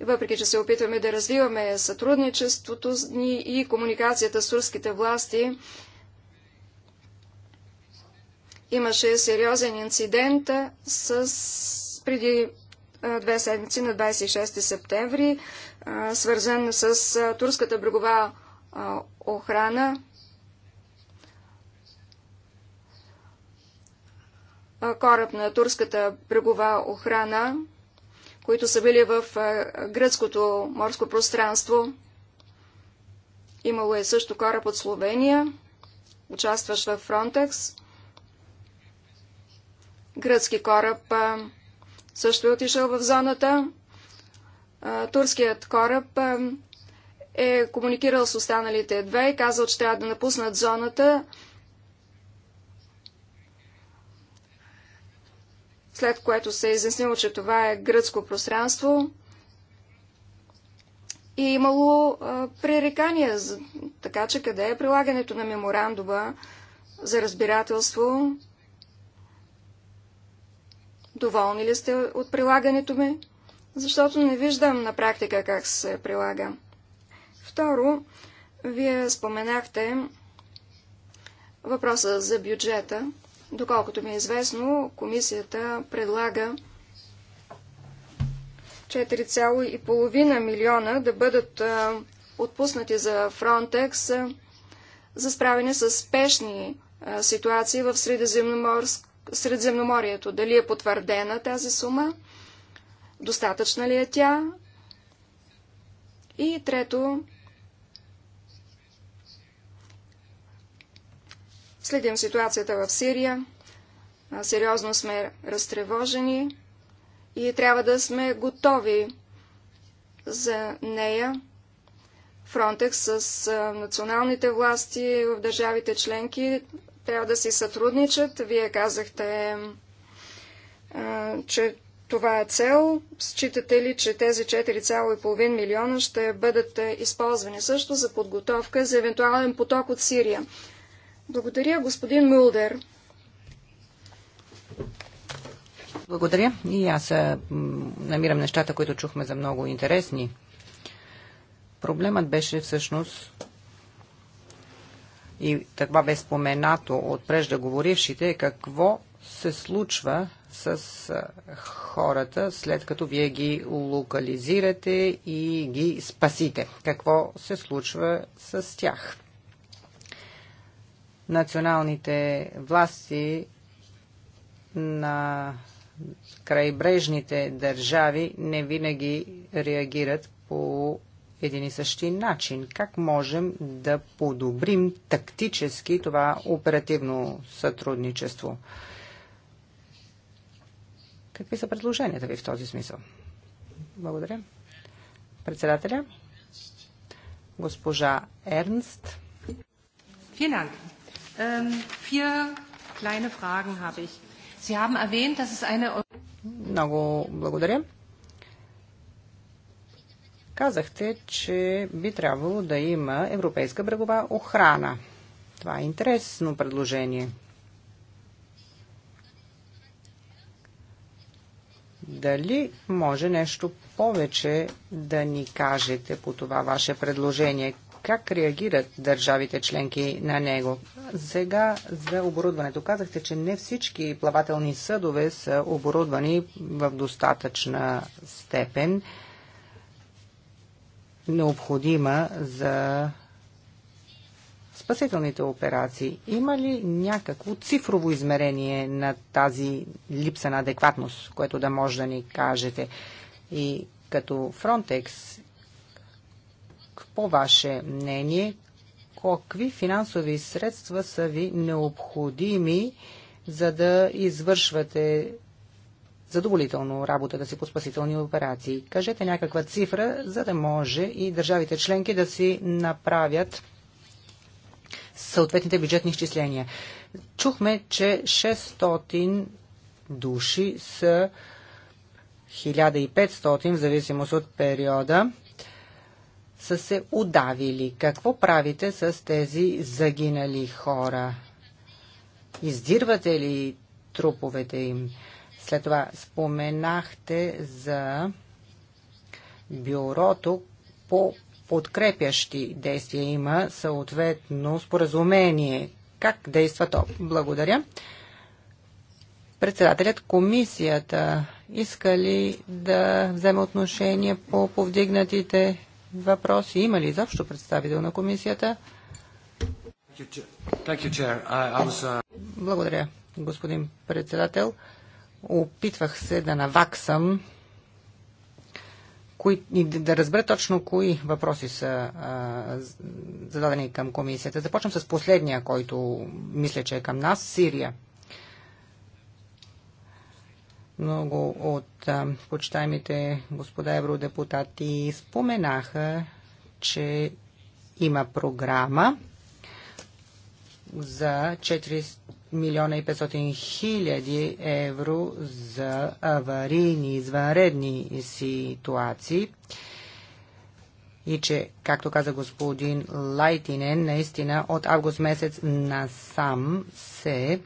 и въпреки, че се опитваме да развиваме сътрудничеството ни и комуникацията с турските власти, имаше сериозен инцидент с преди две седмици на 26 септември, свързан с турската брегова охрана, кораб на турската брегова охрана, които са били в гръцкото морско пространство. Имало е също кораб от Словения, участващ в Фронтекс. Гръцки кораб също е отишъл в зоната. Турският кораб е комуникирал с останалите две и казал, че трябва да напуснат зоната, след което се е изяснило, че това е гръцко пространство. И е имало а, пререкания, за... така че къде е прилагането на меморандума за разбирателство? Доволни ли сте от прилагането ми? Защото не виждам на практика как се прилага. Второ, вие споменахте въпроса за бюджета. Доколкото ми е известно, комисията предлага 4,5 милиона да бъдат отпуснати за Фронтекс за справяне с спешни ситуации в Средиземноморието. Дали е потвърдена тази сума? Достатъчна ли е тя? И трето, Следим ситуацията в Сирия. Сериозно сме разтревожени и трябва да сме готови за нея. Фронтекс с националните власти в държавите членки трябва да си сътрудничат. Вие казахте, че това е цел. Считате ли, че тези 4,5 милиона ще бъдат използвани също за подготовка за евентуален поток от Сирия? Благодаря, господин Мулдер. Благодаря. И аз намирам нещата, които чухме за много интересни. Проблемът беше всъщност и това бе споменато от преждаговорившите, какво се случва с хората, след като вие ги локализирате и ги спасите. Какво се случва с тях? националните власти на крайбрежните държави не винаги реагират по един и същи начин. Как можем да подобрим тактически това оперативно сътрудничество? Какви са предложенията ви в този смисъл? Благодаря. Председателя, госпожа Ернст. Финанс. Ähm, vier kleine Fragen habe ich. Sie haben erwähnt, dass es eine... Много благодаря. Казахте, че би трябвало да има европейска брегова охрана. Това е интересно предложение. Дали може нещо повече да ни кажете по това ваше предложение? как реагират държавите членки на него. Сега за оборудването. Казахте, че не всички плавателни съдове са оборудвани в достатъчна степен необходима за спасителните операции. Има ли някакво цифрово измерение на тази липса на адекватност, което да може да ни кажете? И като Frontex по ваше мнение, какви финансови средства са ви необходими, за да извършвате задоволително работата си по спасителни операции. Кажете някаква цифра, за да може и държавите членки да си направят съответните бюджетни изчисления. Чухме, че 600 души са 1500 в зависимост от периода са се удавили. Какво правите с тези загинали хора? Издирвате ли труповете им? След това споменахте за бюрото по подкрепящи действия. Има съответно споразумение. Как действа то? Благодаря. Председателят комисията иска ли да вземе отношение по повдигнатите въпроси. Има ли изобщо представител на комисията? Uh, Благодаря, господин председател. Опитвах се да наваксам кои, и да разбера точно кои въпроси са а, зададени към комисията. Започвам с последния, който мисля, че е към нас Сирия. Много от почитаемите господа евродепутати споменаха, че има програма за 4 милиона и 500 хиляди евро за аварийни, извънредни ситуации. И че, както каза господин Лайтинен, наистина от август месец насам се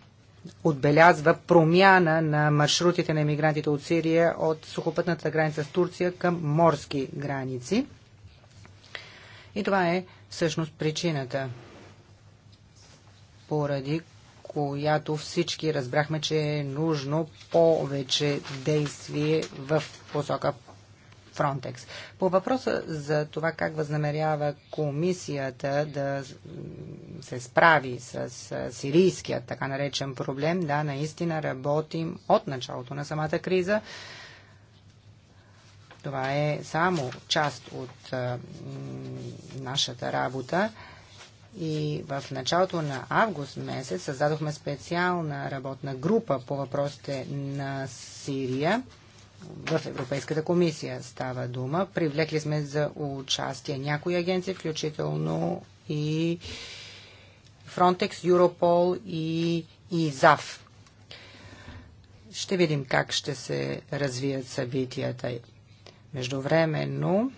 отбелязва промяна на маршрутите на емигрантите от Сирия от сухопътната граница с Турция към морски граници. И това е всъщност причината, поради която всички разбрахме, че е нужно повече действие в посока Фронтекс. По въпроса за това как възнамерява комисията да се справи с сирийският така наречен проблем, да, наистина работим от началото на самата криза. Това е само част от нашата работа. И в началото на август месец създадохме специална работна група по въпросите на Сирия в Европейската комисия става дума. Привлекли сме за участие някои агенции, включително и Frontex, Europol и ИЗАВ. Ще видим как ще се развият събитията. Междувременно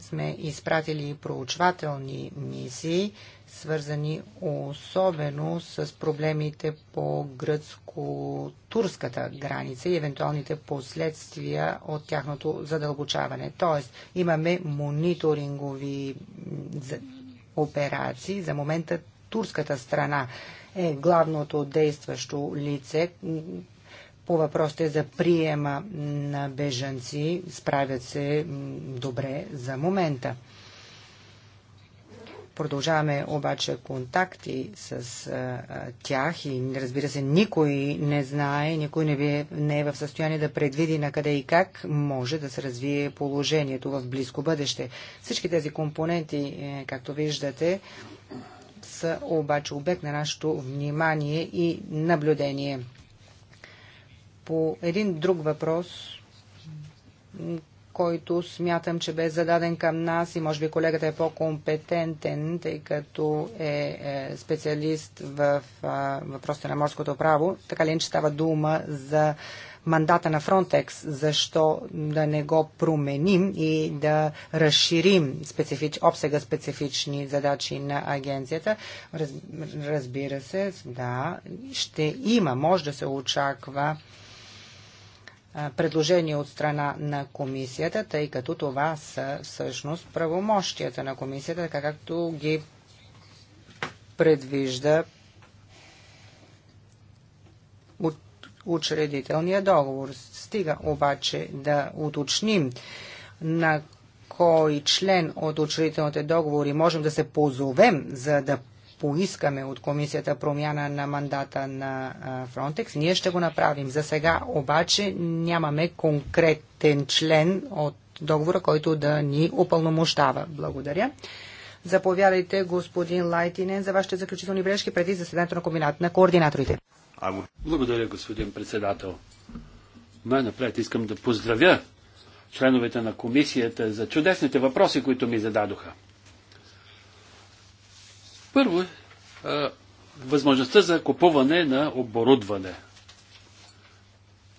сме изпратили проучвателни мисии свързани особено с проблемите по гръцко-турската граница и евентуалните последствия от тяхното задълбочаване. Тоест, имаме мониторингови операции. За момента турската страна е главното действащо лице по въпросите за приема на бежанци. Справят се добре за момента. Продължаваме обаче контакти с а, тях и разбира се, никой не знае, никой не, би, е, не е в състояние да предвиди на къде и как може да се развие положението в близко бъдеще. Всички тези компоненти, е, както виждате, са обаче обект на нашето внимание и наблюдение. По един друг въпрос, който смятам, че бе зададен към нас и може би колегата е по-компетентен, тъй като е, е специалист в въпросите на морското право. Така ли, че става дума за мандата на Фронтекс, защо да не го променим и да разширим специфич, обсега специфични задачи на агенцията. Раз, разбира се, да, ще има, може да се очаква предложение от страна на комисията, тъй като това са всъщност правомощията на комисията, така както ги предвижда от учредителния договор. Стига обаче да уточним на кой член от учредителните договори можем да се позовем, за да поискаме от комисията промяна на мандата на Фронтекс. Ние ще го направим. За сега обаче нямаме конкретен член от договора, който да ни опълномощава. Благодаря. Заповядайте, господин Лайтинен, за вашите заключителни бележки преди заседанието на комбинат на координаторите. Благодаря, господин председател. Най-напред искам да поздравя членовете на комисията за чудесните въпроси, които ми зададоха. Първо, е, възможността за купуване на оборудване.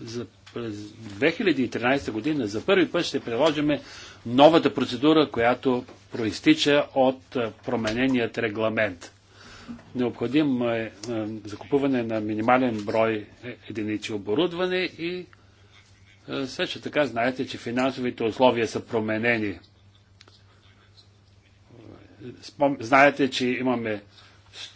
За през 2013 година за първи път ще приложиме новата процедура, която проистича от е, промененият регламент. Необходимо е, е закупуване на минимален брой единици оборудване и също така знаете, че финансовите условия са променени спом... знаете, че имаме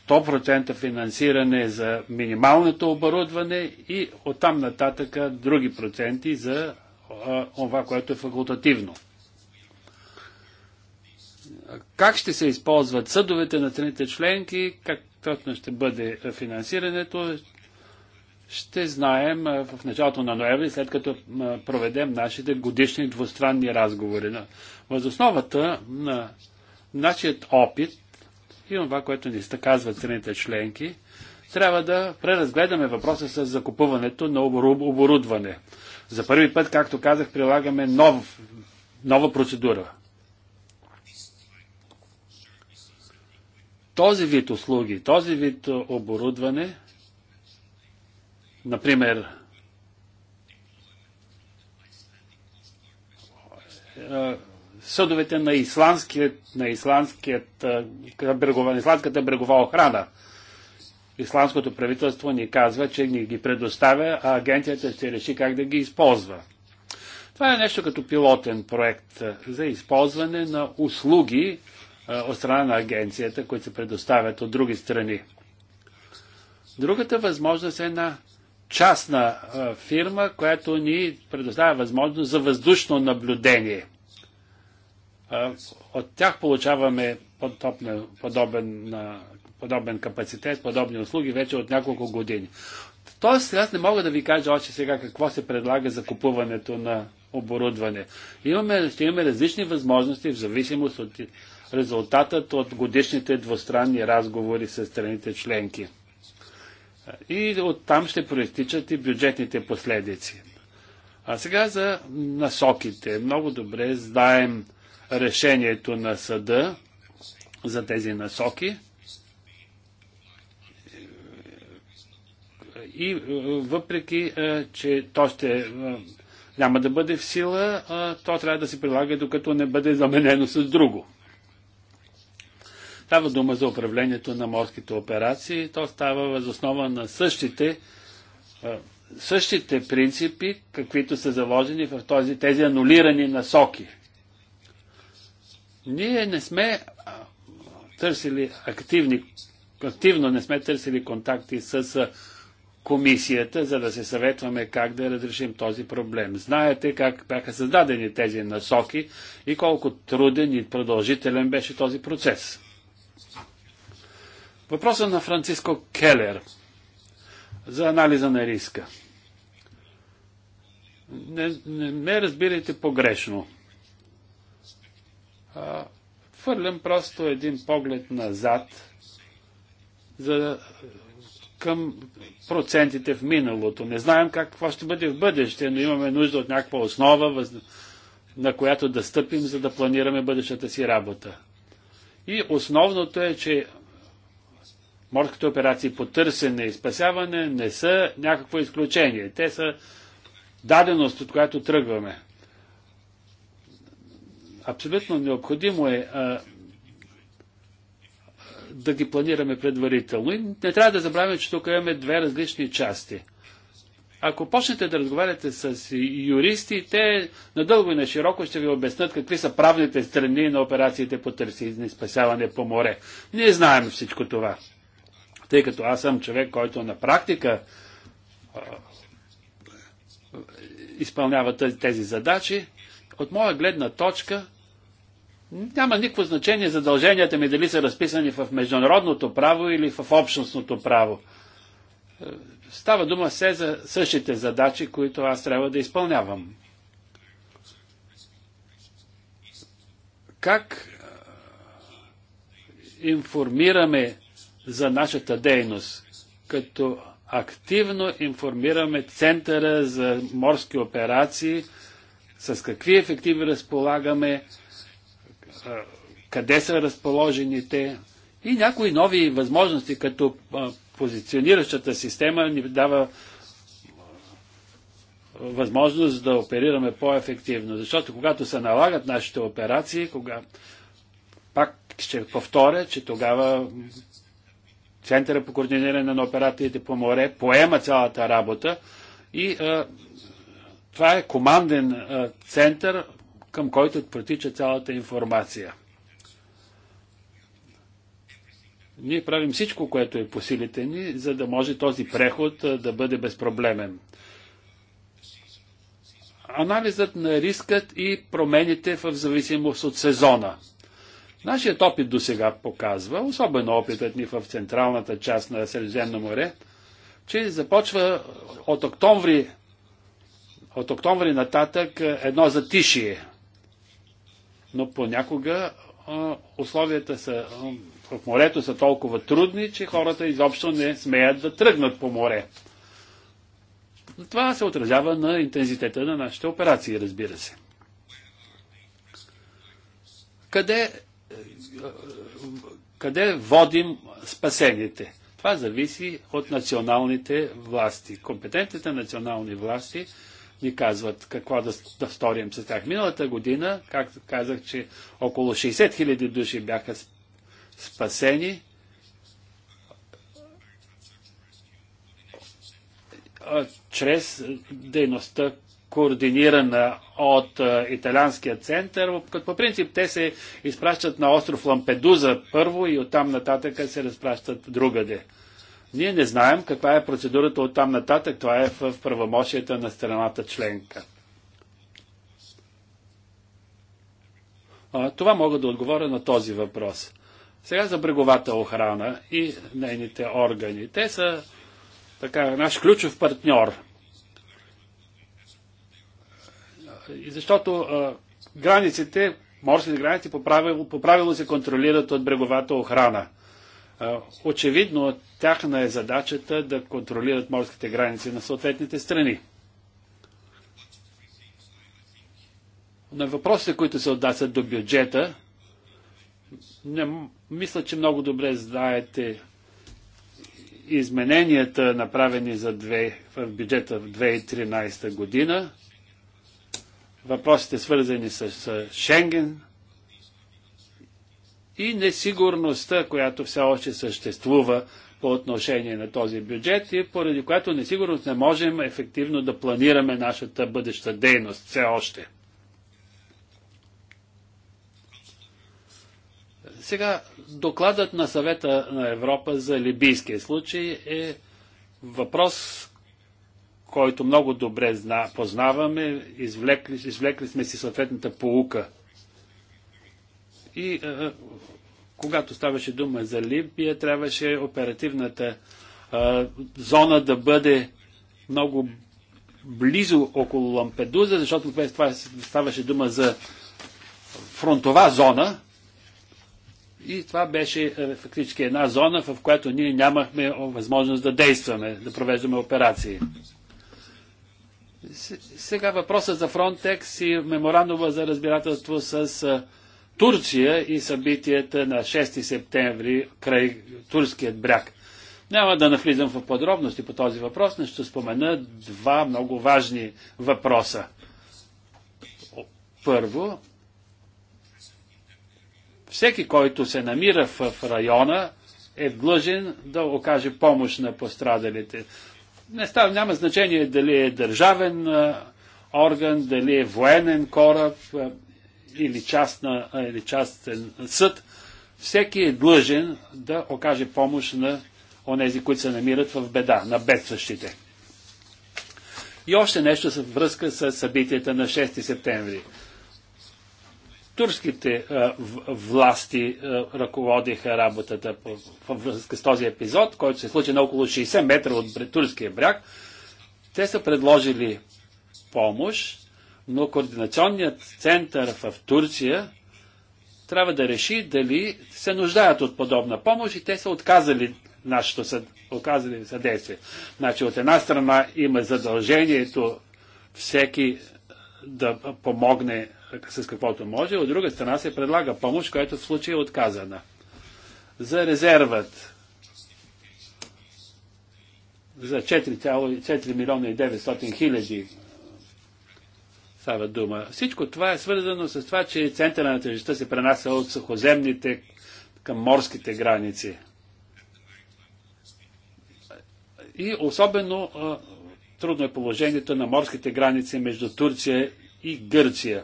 100% финансиране за минималното оборудване и оттам нататъка други проценти за това, което е факултативно. Как ще се използват съдовете на страните членки, как точно ще бъде финансирането, ще знаем в началото на ноември, след като проведем нашите годишни двустранни разговори. Възосновата на нашият опит и това, което ни казват страните членки, трябва да преразгледаме въпроса с закупуването на оборудване. За първи път, както казах, прилагаме нов, нова процедура. Този вид услуги, този вид оборудване, например, съдовете на, исландският, на, исландският, на исландската брегова охрана. Исландското правителство ни казва, че ни ги предоставя, а агенцията ще реши как да ги използва. Това е нещо като пилотен проект за използване на услуги от страна на агенцията, които се предоставят от други страни. Другата възможност е на частна фирма, която ни предоставя възможност за въздушно наблюдение – от тях получаваме подобен, подобен, подобен капацитет, подобни услуги вече от няколко години. Тоест, аз не мога да ви кажа още сега какво се предлага за купуването на оборудване. Имаме, ще имаме различни възможности в зависимост от резултатът от годишните двустранни разговори с страните членки. И оттам ще проистичат и бюджетните последици. А сега за насоките. Много добре знаем решението на съда за тези насоки. И е, въпреки, е, че то ще е, няма да бъде в сила, то трябва да се прилага, докато не бъде заменено с друго. Става дума за управлението на морските операции. То става възоснова на същите, същите принципи, каквито са заложени в този, тези анулирани насоки – ние не сме търсили активни, активно не сме търсили контакти с комисията, за да се съветваме как да разрешим този проблем. Знаете как бяха създадени тези насоки и колко труден и продължителен беше този процес. Въпросът на Франциско Келер за анализа на риска. Не, не ме разбирайте погрешно фърлям просто един поглед назад за, към процентите в миналото. Не знаем какво ще бъде в бъдеще, но имаме нужда от някаква основа, на която да стъпим, за да планираме бъдещата си работа. И основното е, че морските операции по търсене и спасяване не са някакво изключение. Те са даденост, от която тръгваме абсолютно необходимо е а, да ги планираме предварително. И не трябва да забравяме, че тук имаме две различни части. Ако почнете да разговаряте с юристи, те надълго и на широко ще ви обяснат какви са правните страни на операциите по търсене и спасяване по море. Ние знаем всичко това. Тъй като аз съм човек, който на практика а, изпълнява тези задачи, от моя гледна точка няма никакво значение задълженията ми дали са разписани в международното право или в общностното право. Става дума все за същите задачи, които аз трябва да изпълнявам. Как информираме за нашата дейност, като активно информираме Центъра за морски операции – с какви ефективи разполагаме, къде са разположените, и някои нови възможности, като позициониращата система ни дава възможност да оперираме по-ефективно. Защото когато се налагат нашите операции, кога... пак ще повторя, че тогава Центъра по координиране на операциите по море поема цялата работа и а, това е команден е, център, към който протича цялата информация. Ние правим всичко, което е по силите ни, за да може този преход е, да бъде безпроблемен. Анализът на рискът и промените в зависимост от сезона. Нашият опит до сега показва, особено опитът ни в централната част на Средиземно море, че започва от октомври от октомври нататък е, едно затишие. Но понякога условията са, в морето са толкова трудни, че хората изобщо не смеят да тръгнат по море. Това се отразява на интензитета на нашите операции, разбира се. Къде, е, къде водим спасените? Това зависи от националните власти. Компетентните национални власти ни казват какво да, да сторим с тях. Миналата година, както казах, че около 60 000 души бяха спасени. чрез дейността координирана от Италианския център. Като по принцип те се изпращат на остров Лампедуза първо и оттам нататък се разпращат другаде. Ние не знаем каква е процедурата от там нататък. Това е в правомощията на страната членка. Това мога да отговоря на този въпрос. Сега за бреговата охрана и нейните органи. Те са така, наш ключов партньор. И защото а, границите, морските граници по правило, по правило се контролират от бреговата охрана. Очевидно, тяхна е задачата да контролират морските граници на съответните страни. На въпросите, които се отдасят до бюджета, не, мисля, че много добре знаете измененията, направени за две, в бюджета в 2013 година, въпросите свързани с Шенген, и несигурността, която все още съществува по отношение на този бюджет и поради която несигурност не можем ефективно да планираме нашата бъдеща дейност все още. Сега, докладът на съвета на Европа за либийския случай е въпрос, който много добре познаваме, извлекли, извлекли сме си съответната поука – и а, е, е, когато ставаше дума за Либия, трябваше оперативната а, е, зона да бъде много близо около Лампедуза, защото без това ставаше дума за фронтова зона. И това беше фактически една зона, в която ние нямахме възможност да действаме, да провеждаме операции. Сега въпросът за Фронтекс и меморандума за разбирателство с Турция и събитията на 6 септември край турският бряг. Няма да навлизам в подробности по този въпрос, но ще спомена два много важни въпроса. Първо, всеки, който се намира в района, е длъжен да окаже помощ на пострадалите. Не става, няма значение дали е държавен орган, дали е военен кораб, или, частна, или частен съд, всеки е длъжен да окаже помощ на онези, които се намират в беда, на бедстващите. И още нещо с връзка с събитията на 6 септември. Турските а, власти а, ръководиха работата във връзка с този епизод, който се случи на около 60 метра от турския бряг. Те са предложили помощ но координационният център в Турция трябва да реши дали се нуждаят от подобна помощ и те са отказали нашето съд, оказали съдействие. Значи от една страна има задължението всеки да помогне с каквото може, от друга страна се предлага помощ, която в случая е отказана. За резервът за 4,4 милиона и 900 хиляди става дума. Всичко това е свързано с това, че центъра на тежестта се пренася от сухоземните към морските граници. И особено трудно е положението на морските граници между Турция и Гърция.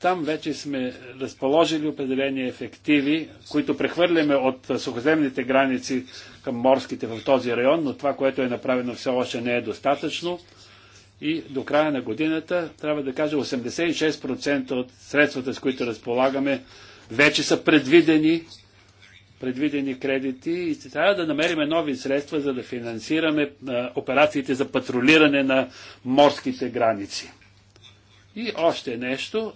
Там вече сме разположили определени ефективи, които прехвърляме от сухоземните граници към морските в този район, но това, което е направено все още не е достатъчно и до края на годината, трябва да кажа, 86% от средствата, с които разполагаме, вече са предвидени, предвидени кредити и трябва да намерим нови средства, за да финансираме а, операциите за патрулиране на морските граници. И още нещо,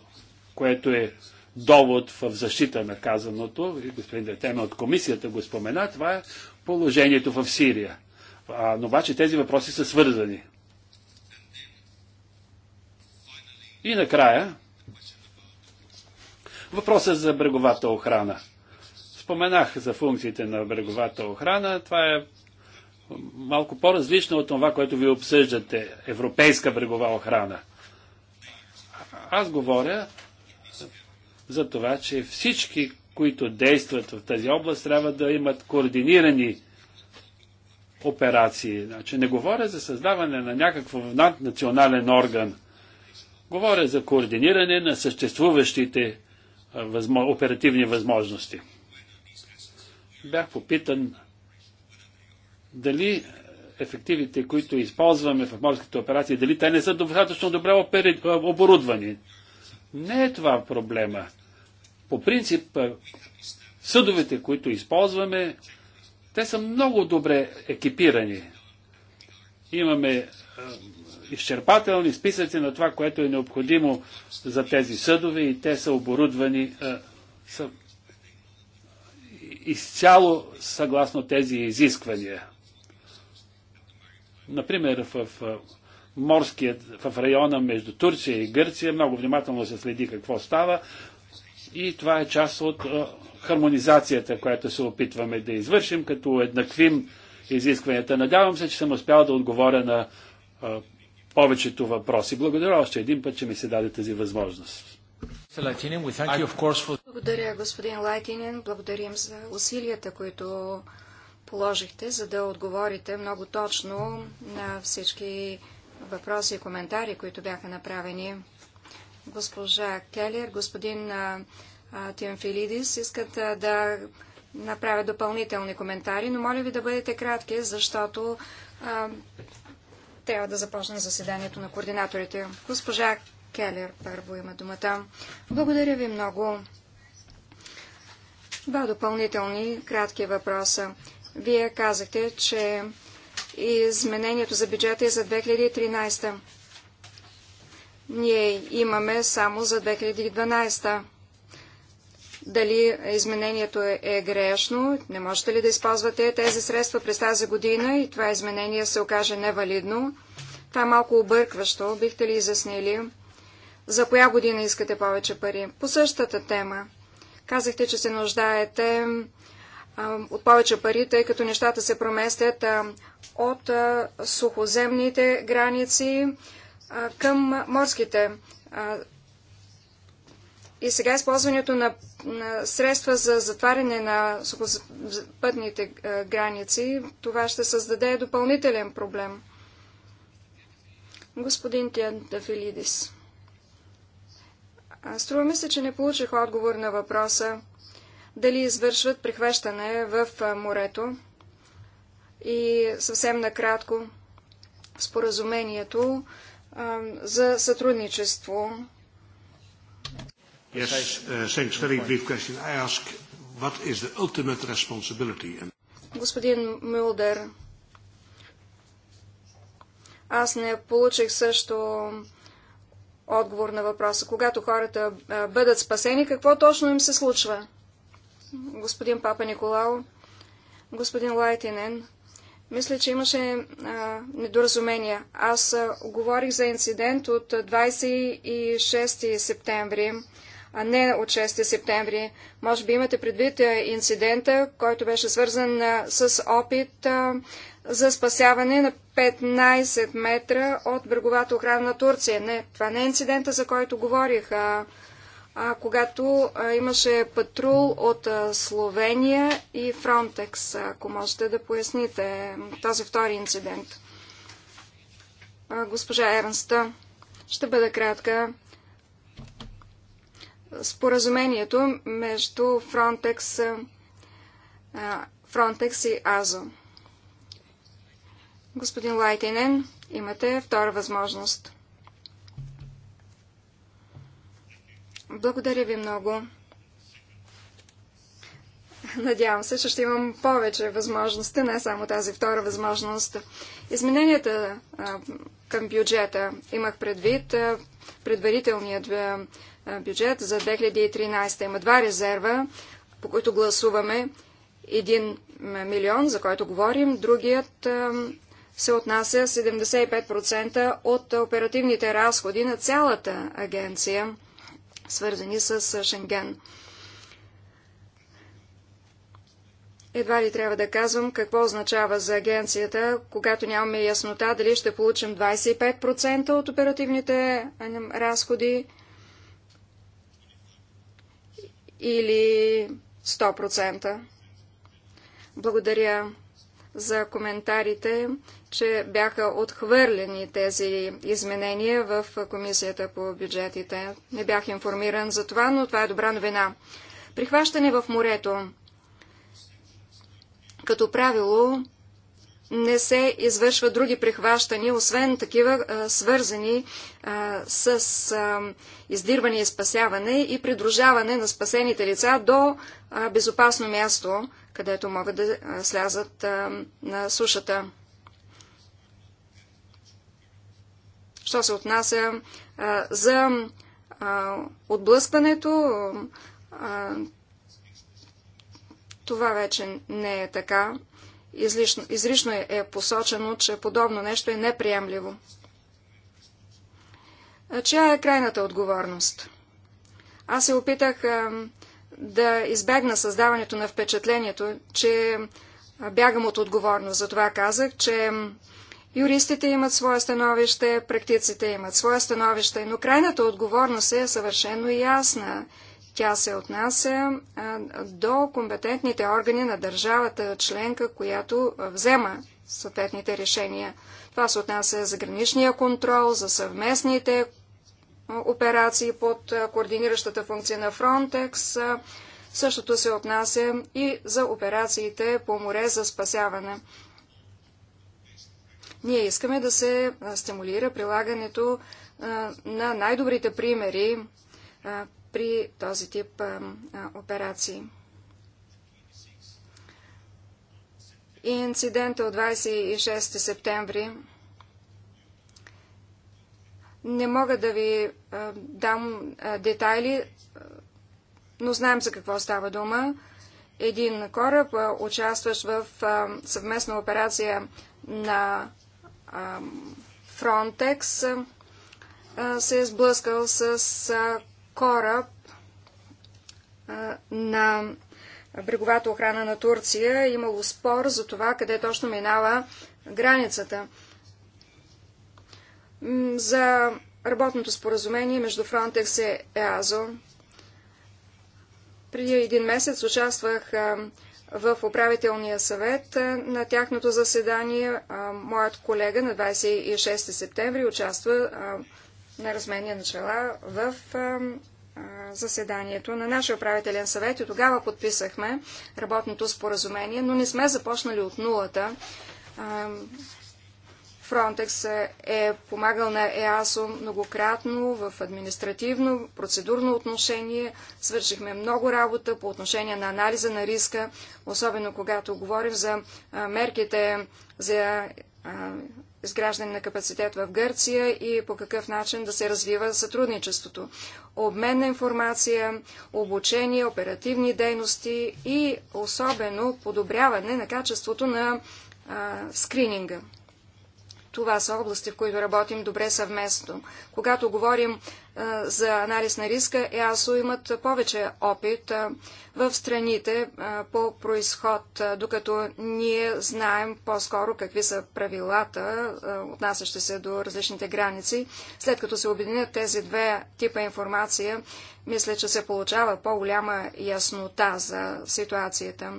което е довод в защита на казаното, и господин Детема от комисията го спомена, това е положението в Сирия. А, но обаче тези въпроси са свързани. И накрая, въпросът за бреговата охрана. Споменах за функциите на бреговата охрана. Това е малко по-различно от това, което ви обсъждате. Европейска брегова охрана. Аз говоря за това, че всички, които действат в тази област, трябва да имат координирани операции. Значи, не говоря за създаване на някакъв национален орган – Говоря за координиране на съществуващите възмо... оперативни възможности. Бях попитан дали ефективите, които използваме в морските операции, дали те не са достатъчно добре опери... оборудвани. Не е това проблема. По принцип, съдовете, които използваме, те са много добре екипирани. Имаме изчерпателни списъци на това, което е необходимо за тези съдове и те са оборудвани а, е, са изцяло съгласно тези изисквания. Например, в, в морският, в района между Турция и Гърция много внимателно се следи какво става и това е част от а, е, хармонизацията, която се опитваме да извършим, като еднаквим изискванията. Надявам се, че съм успял да отговоря на е, повечето въпроси. Благодаря още един път, че ми се даде тази възможност. Благодаря, господин Лайтинен. Благодарим за усилията, които положихте, за да отговорите много точно на всички въпроси и коментари, които бяха направени. Госпожа Келер, господин Филидис искат да направя допълнителни коментари, но моля ви да бъдете кратки, защото а, трябва да започне заседанието на координаторите. Госпожа Келер първо има думата. Благодаря ви много. Два допълнителни кратки въпроса. Вие казахте, че изменението за бюджета е за 2013. Ние имаме само за 2012 дали изменението е, е грешно, не можете ли да използвате тези средства през тази година и това изменение се окаже невалидно. Това е малко объркващо, бихте ли изяснили? За коя година искате повече пари? По същата тема. Казахте, че се нуждаете а, от повече пари, тъй като нещата се проместят а, от а, сухоземните граници към морските и сега използването на, на средства за затваряне на пътните е, граници, това ще създаде допълнителен проблем. Господин Дафилидис. Струва ми се, че не получих отговор на въпроса дали извършват прихващане в морето. И съвсем накратко споразумението а, за сътрудничество Yes, uh, thanks. Very brief question. I ask, what is the ultimate responsibility? And... Господин Мюлдер, аз не получих също отговор на въпроса. Когато хората бъдат спасени, какво точно им се случва? Господин Папа Николао, господин Лайтинен, мисля, че имаше а, недоразумение. Аз а, говорих за инцидент от 26 септември а не от 6 септември. Може би имате предвид е, инцидента, който беше свързан е, с опит е, за спасяване на 15 метра от бреговата охрана на Турция. Не, това не е инцидента, за който говорих, а, а когато а, имаше патрул от а, Словения и Фронтекс, ако можете да поясните този втори инцидент. А, госпожа Ернста, ще бъда кратка споразумението между Frontex, Frontex и АЗО. Господин Лайтенен, имате втора възможност. Благодаря ви много. Надявам се, че ще имам повече възможности, не само тази втора възможност. Измененията към бюджета имах предвид. предварителният бюджет за 2013. Има два резерва, по които гласуваме. Един милион, за който говорим, другият се отнася 75% от оперативните разходи на цялата агенция, свързани с Шенген. Едва ли трябва да казвам какво означава за агенцията, когато нямаме яснота дали ще получим 25% от оперативните разходи или 100%. Благодаря за коментарите, че бяха отхвърлени тези изменения в Комисията по бюджетите. Не бях информиран за това, но това е добра новина. Прихващане в морето. Като правило, не се извършва други прихващания, освен такива свързани с издирване и спасяване и придружаване на спасените лица до безопасно място, където могат да слязат на сушата. Що се отнася за отблъскването, това вече не е така излишно, изрично е, е посочено, че подобно нещо е неприемливо. Чия е крайната отговорност? Аз се опитах а, да избегна създаването на впечатлението, че бягам от отговорност. Затова казах, че юристите имат свое становище, практиците имат свое становище, но крайната отговорност е съвършено ясна тя се отнася до компетентните органи на държавата членка, която взема съответните решения. Това се отнася за граничния контрол, за съвместните операции под координиращата функция на Frontex. Същото се отнася и за операциите по море за спасяване. Ние искаме да се стимулира прилагането на най-добрите примери, при този тип операции. И инцидента от 26 септември не мога да ви а, дам а, детайли, но знаем за какво става дума. Един кораб, а, участващ в а, съвместна операция на Фронтекс, Frontex, се е сблъскал с а, кораб на бреговата охрана на Турция. Имало спор за това къде точно минава границата. За работното споразумение между Frontex и ЕАЗО. Преди един месец участвах в управителния съвет на тяхното заседание. Моят колега на 26 септември участва на разменния начала в заседанието на нашия управителен съвет и тогава подписахме работното споразумение, но не сме започнали от нулата. Фронтекс е помагал на ЕАСО многократно в административно, процедурно отношение. Свършихме много работа по отношение на анализа на риска, особено когато говорим за мерките за изграждане на капацитет в Гърция и по какъв начин да се развива сътрудничеството. Обмен на информация, обучение, оперативни дейности и особено подобряване на качеството на а, скрининга. Това са области, в които работим добре съвместно. Когато говорим за анализ на риска, ЕАСО имат повече опит в страните по происход, докато ние знаем по-скоро какви са правилата, отнасящи се до различните граници. След като се объединят тези две типа информация, мисля, че се получава по-голяма яснота за ситуацията.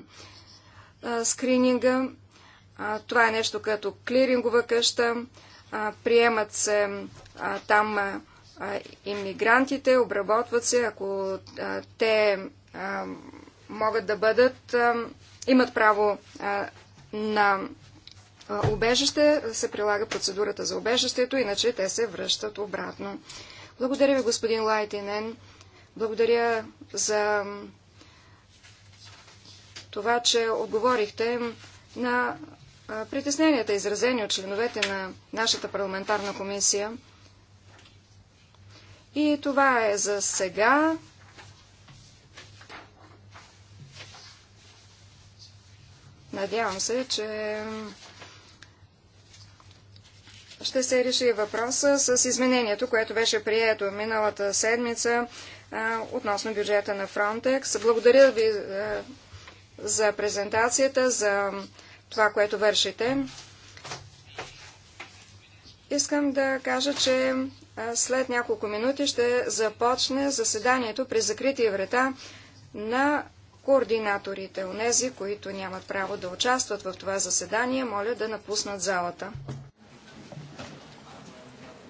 Скрининга това е нещо като клирингова къща. Приемат се там иммигрантите, обработват се, ако те могат да бъдат, имат право на убежище, се прилага процедурата за убежището, иначе те се връщат обратно. Благодаря ви, господин Лайтинен. Благодаря за това, че отговорихте на притесненията, изразени от членовете на нашата парламентарна комисия. И това е за сега. Надявам се, че ще се реши въпроса с изменението, което беше прието миналата седмица а, относно бюджета на Frontex. Благодаря ви а, за презентацията, за това, което вършите. Искам да кажа, че след няколко минути ще започне заседанието при закрити врата на координаторите. Онези, които нямат право да участват в това заседание, моля да напуснат залата.